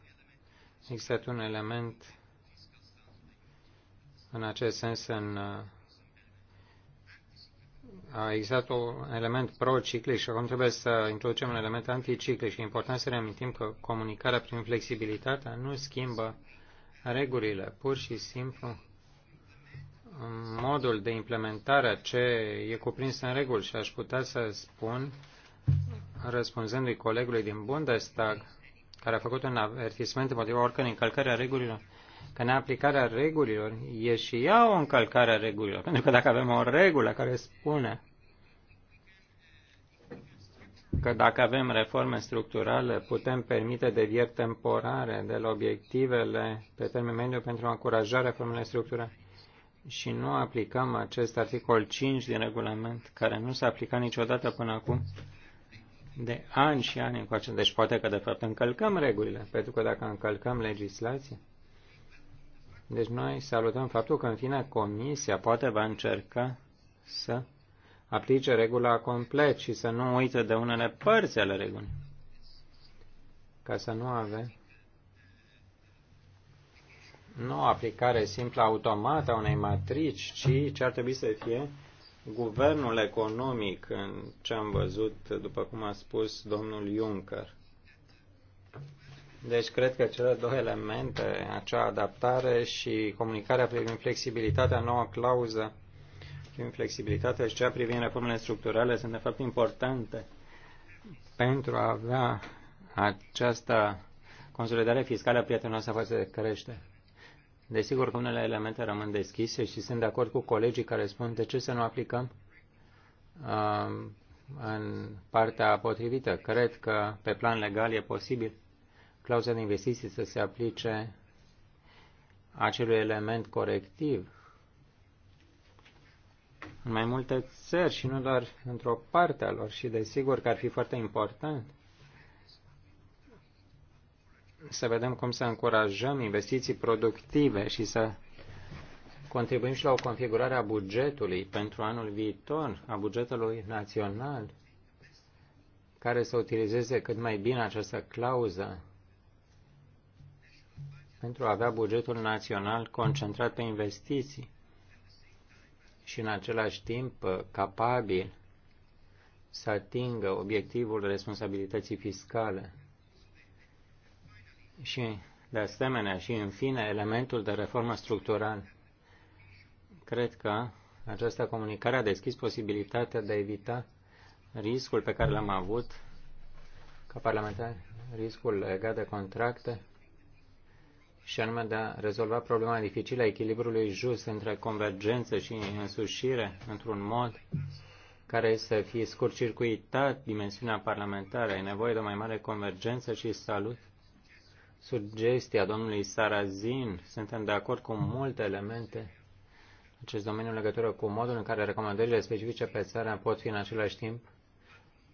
există un element în acest sens în uh, a existat un element ciclic și acum trebuie să introducem un element anticiclic și e important să reamintim că comunicarea prin flexibilitatea nu schimbă regulile, pur și simplu modul de implementare a ce e cuprins în reguli și aș putea să spun, răspunzându-i colegului din Bundestag, care a făcut un avertisment împotriva oricărei încălcări a regulilor, că neaplicarea regulilor e și ea o încălcare a regulilor. Pentru că dacă avem o regulă care spune că dacă avem reforme structurale, putem permite devieri temporare de la obiectivele pe termen mediu pentru a încuraja reformele structurale și nu aplicăm acest articol 5 din regulament, care nu s-a aplicat niciodată până acum, de ani și ani încoace. Deci poate că, de fapt, încălcăm regulile, pentru că dacă încălcăm legislația, deci noi salutăm faptul că, în fine, Comisia poate va încerca să aplice regula complet și să nu uită de unele părți ale regulii, ca să nu avem nu o aplicare simplă automată a unei matrici, ci ce ar trebui să fie guvernul economic în ce am văzut, după cum a spus domnul Juncker. Deci cred că cele două elemente, acea adaptare și comunicarea privind flexibilitatea, noua clauză privind flexibilitatea și cea privind reformele structurale sunt de fapt importante pentru a avea această consolidare fiscală prietenoasă față de creștere. Desigur că unele elemente rămân deschise și sunt de acord cu colegii care spun de ce să nu aplicăm uh, în partea potrivită. Cred că pe plan legal e posibil clauza de investiții să se aplice acelui element corectiv în mai multe țări și nu doar într-o parte a lor și desigur că ar fi foarte important să vedem cum să încurajăm investiții productive și să contribuim și la o configurare a bugetului pentru anul viitor, a bugetului național, care să utilizeze cât mai bine această clauză pentru a avea bugetul național concentrat pe investiții și în același timp uh, capabil să atingă obiectivul responsabilității fiscale. Și, de asemenea, și în fine, elementul de reformă structurală. Cred că această comunicare a deschis posibilitatea de a evita riscul pe care l-am avut ca parlamentar, riscul legat de contracte și anume de a rezolva problema dificilă a echilibrului just între convergență și însușire într-un mod care să fie scurt-circuitat dimensiunea parlamentară. E nevoie de o mai mare convergență și salut sugestia domnului Sarazin. Suntem de acord cu multe elemente în acest domeniu în legătură cu modul în care recomandările specifice pe țară pot fi în același timp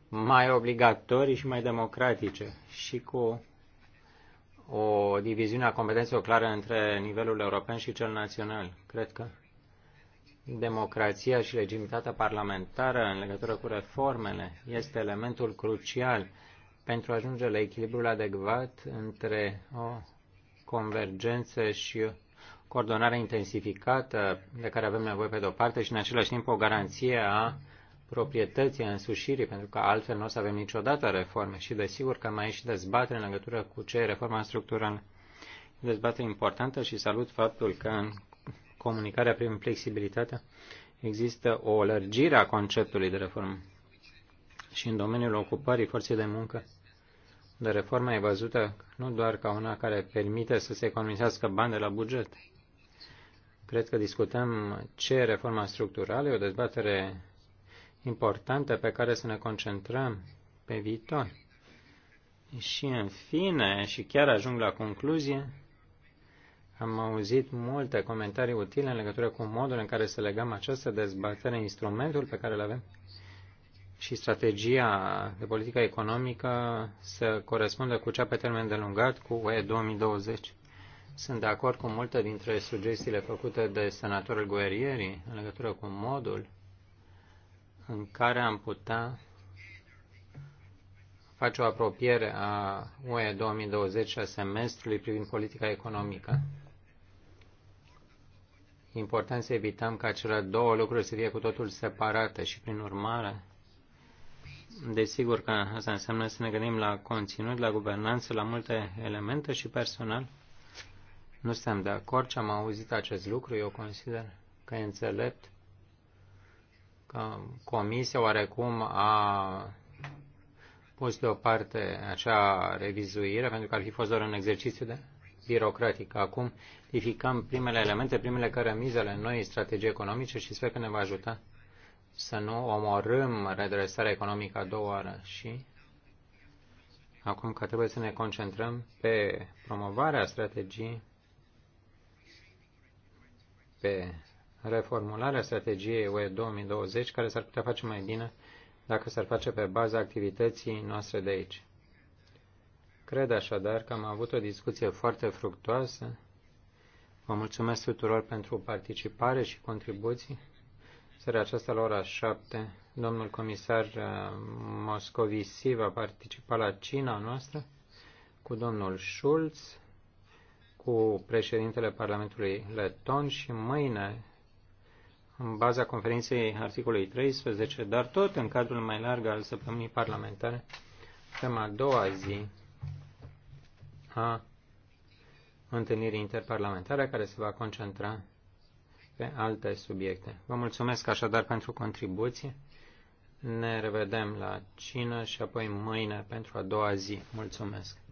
mai obligatorii și mai democratice și cu o diviziune a competențelor clară între nivelul european și cel național. Cred că democrația și legitimitatea parlamentară în legătură cu reformele este elementul crucial pentru a ajunge la echilibrul adecvat între o convergență și coordonare intensificată de care avem nevoie pe de-o parte și în același timp o garanție a proprietății însușirii, pentru că altfel nu o să avem niciodată reforme și desigur că mai e și dezbatere în legătură cu ce e reforma structurală. E dezbatere importantă și salut faptul că în comunicarea prin flexibilitate există o lărgire a conceptului de reformă și în domeniul ocupării forței de muncă, de reforma e văzută nu doar ca una care permite să se economisească bani de la buget. Cred că discutăm ce reforma structurală, e o dezbatere importante pe care să ne concentrăm pe viitor. Și în fine, și chiar ajung la concluzie, am auzit multe comentarii utile în legătură cu modul în care să legăm această dezbatere, instrumentul pe care îl avem și strategia de politică economică să corespundă cu cea pe termen delungat, cu UE 2020. Sunt de acord cu multe dintre sugestiile făcute de senatorul Guerrieri în legătură cu modul în care am putea face o apropiere a UE 2020 și a semestrului privind politica economică. E important să evităm ca cele două lucruri să fie cu totul separate și, prin urmare, desigur că asta înseamnă să ne gândim la conținut, la guvernanță, la multe elemente și personal. Nu suntem de acord ce am auzit acest lucru. Eu consider că e înțelept Comisia oarecum a pus deoparte acea revizuire, pentru că ar fi fost doar un exercițiu de birocratic. Acum edificăm primele elemente, primele cărămizele noi strategii economice și sper că ne va ajuta să nu omorâm redresarea economică a doua oară și acum că trebuie să ne concentrăm pe promovarea strategiei, pe reformularea strategiei UE 2020, care s-ar putea face mai bine dacă s-ar face pe baza activității noastre de aici. Cred așadar că am avut o discuție foarte fructoasă. Vă mulțumesc tuturor pentru participare și contribuții. Seara aceasta la ora 7, domnul comisar uh, Moscovici va participa la cina noastră cu domnul Schulz, cu președintele Parlamentului Leton și mâine în baza conferinței articolului 13, dar tot în cadrul mai larg al săptămânii parlamentare, tema a doua zi a întâlnirii interparlamentare care se va concentra pe alte subiecte. Vă mulțumesc așadar pentru contribuție. Ne revedem la cină și apoi mâine pentru a doua zi. Mulțumesc!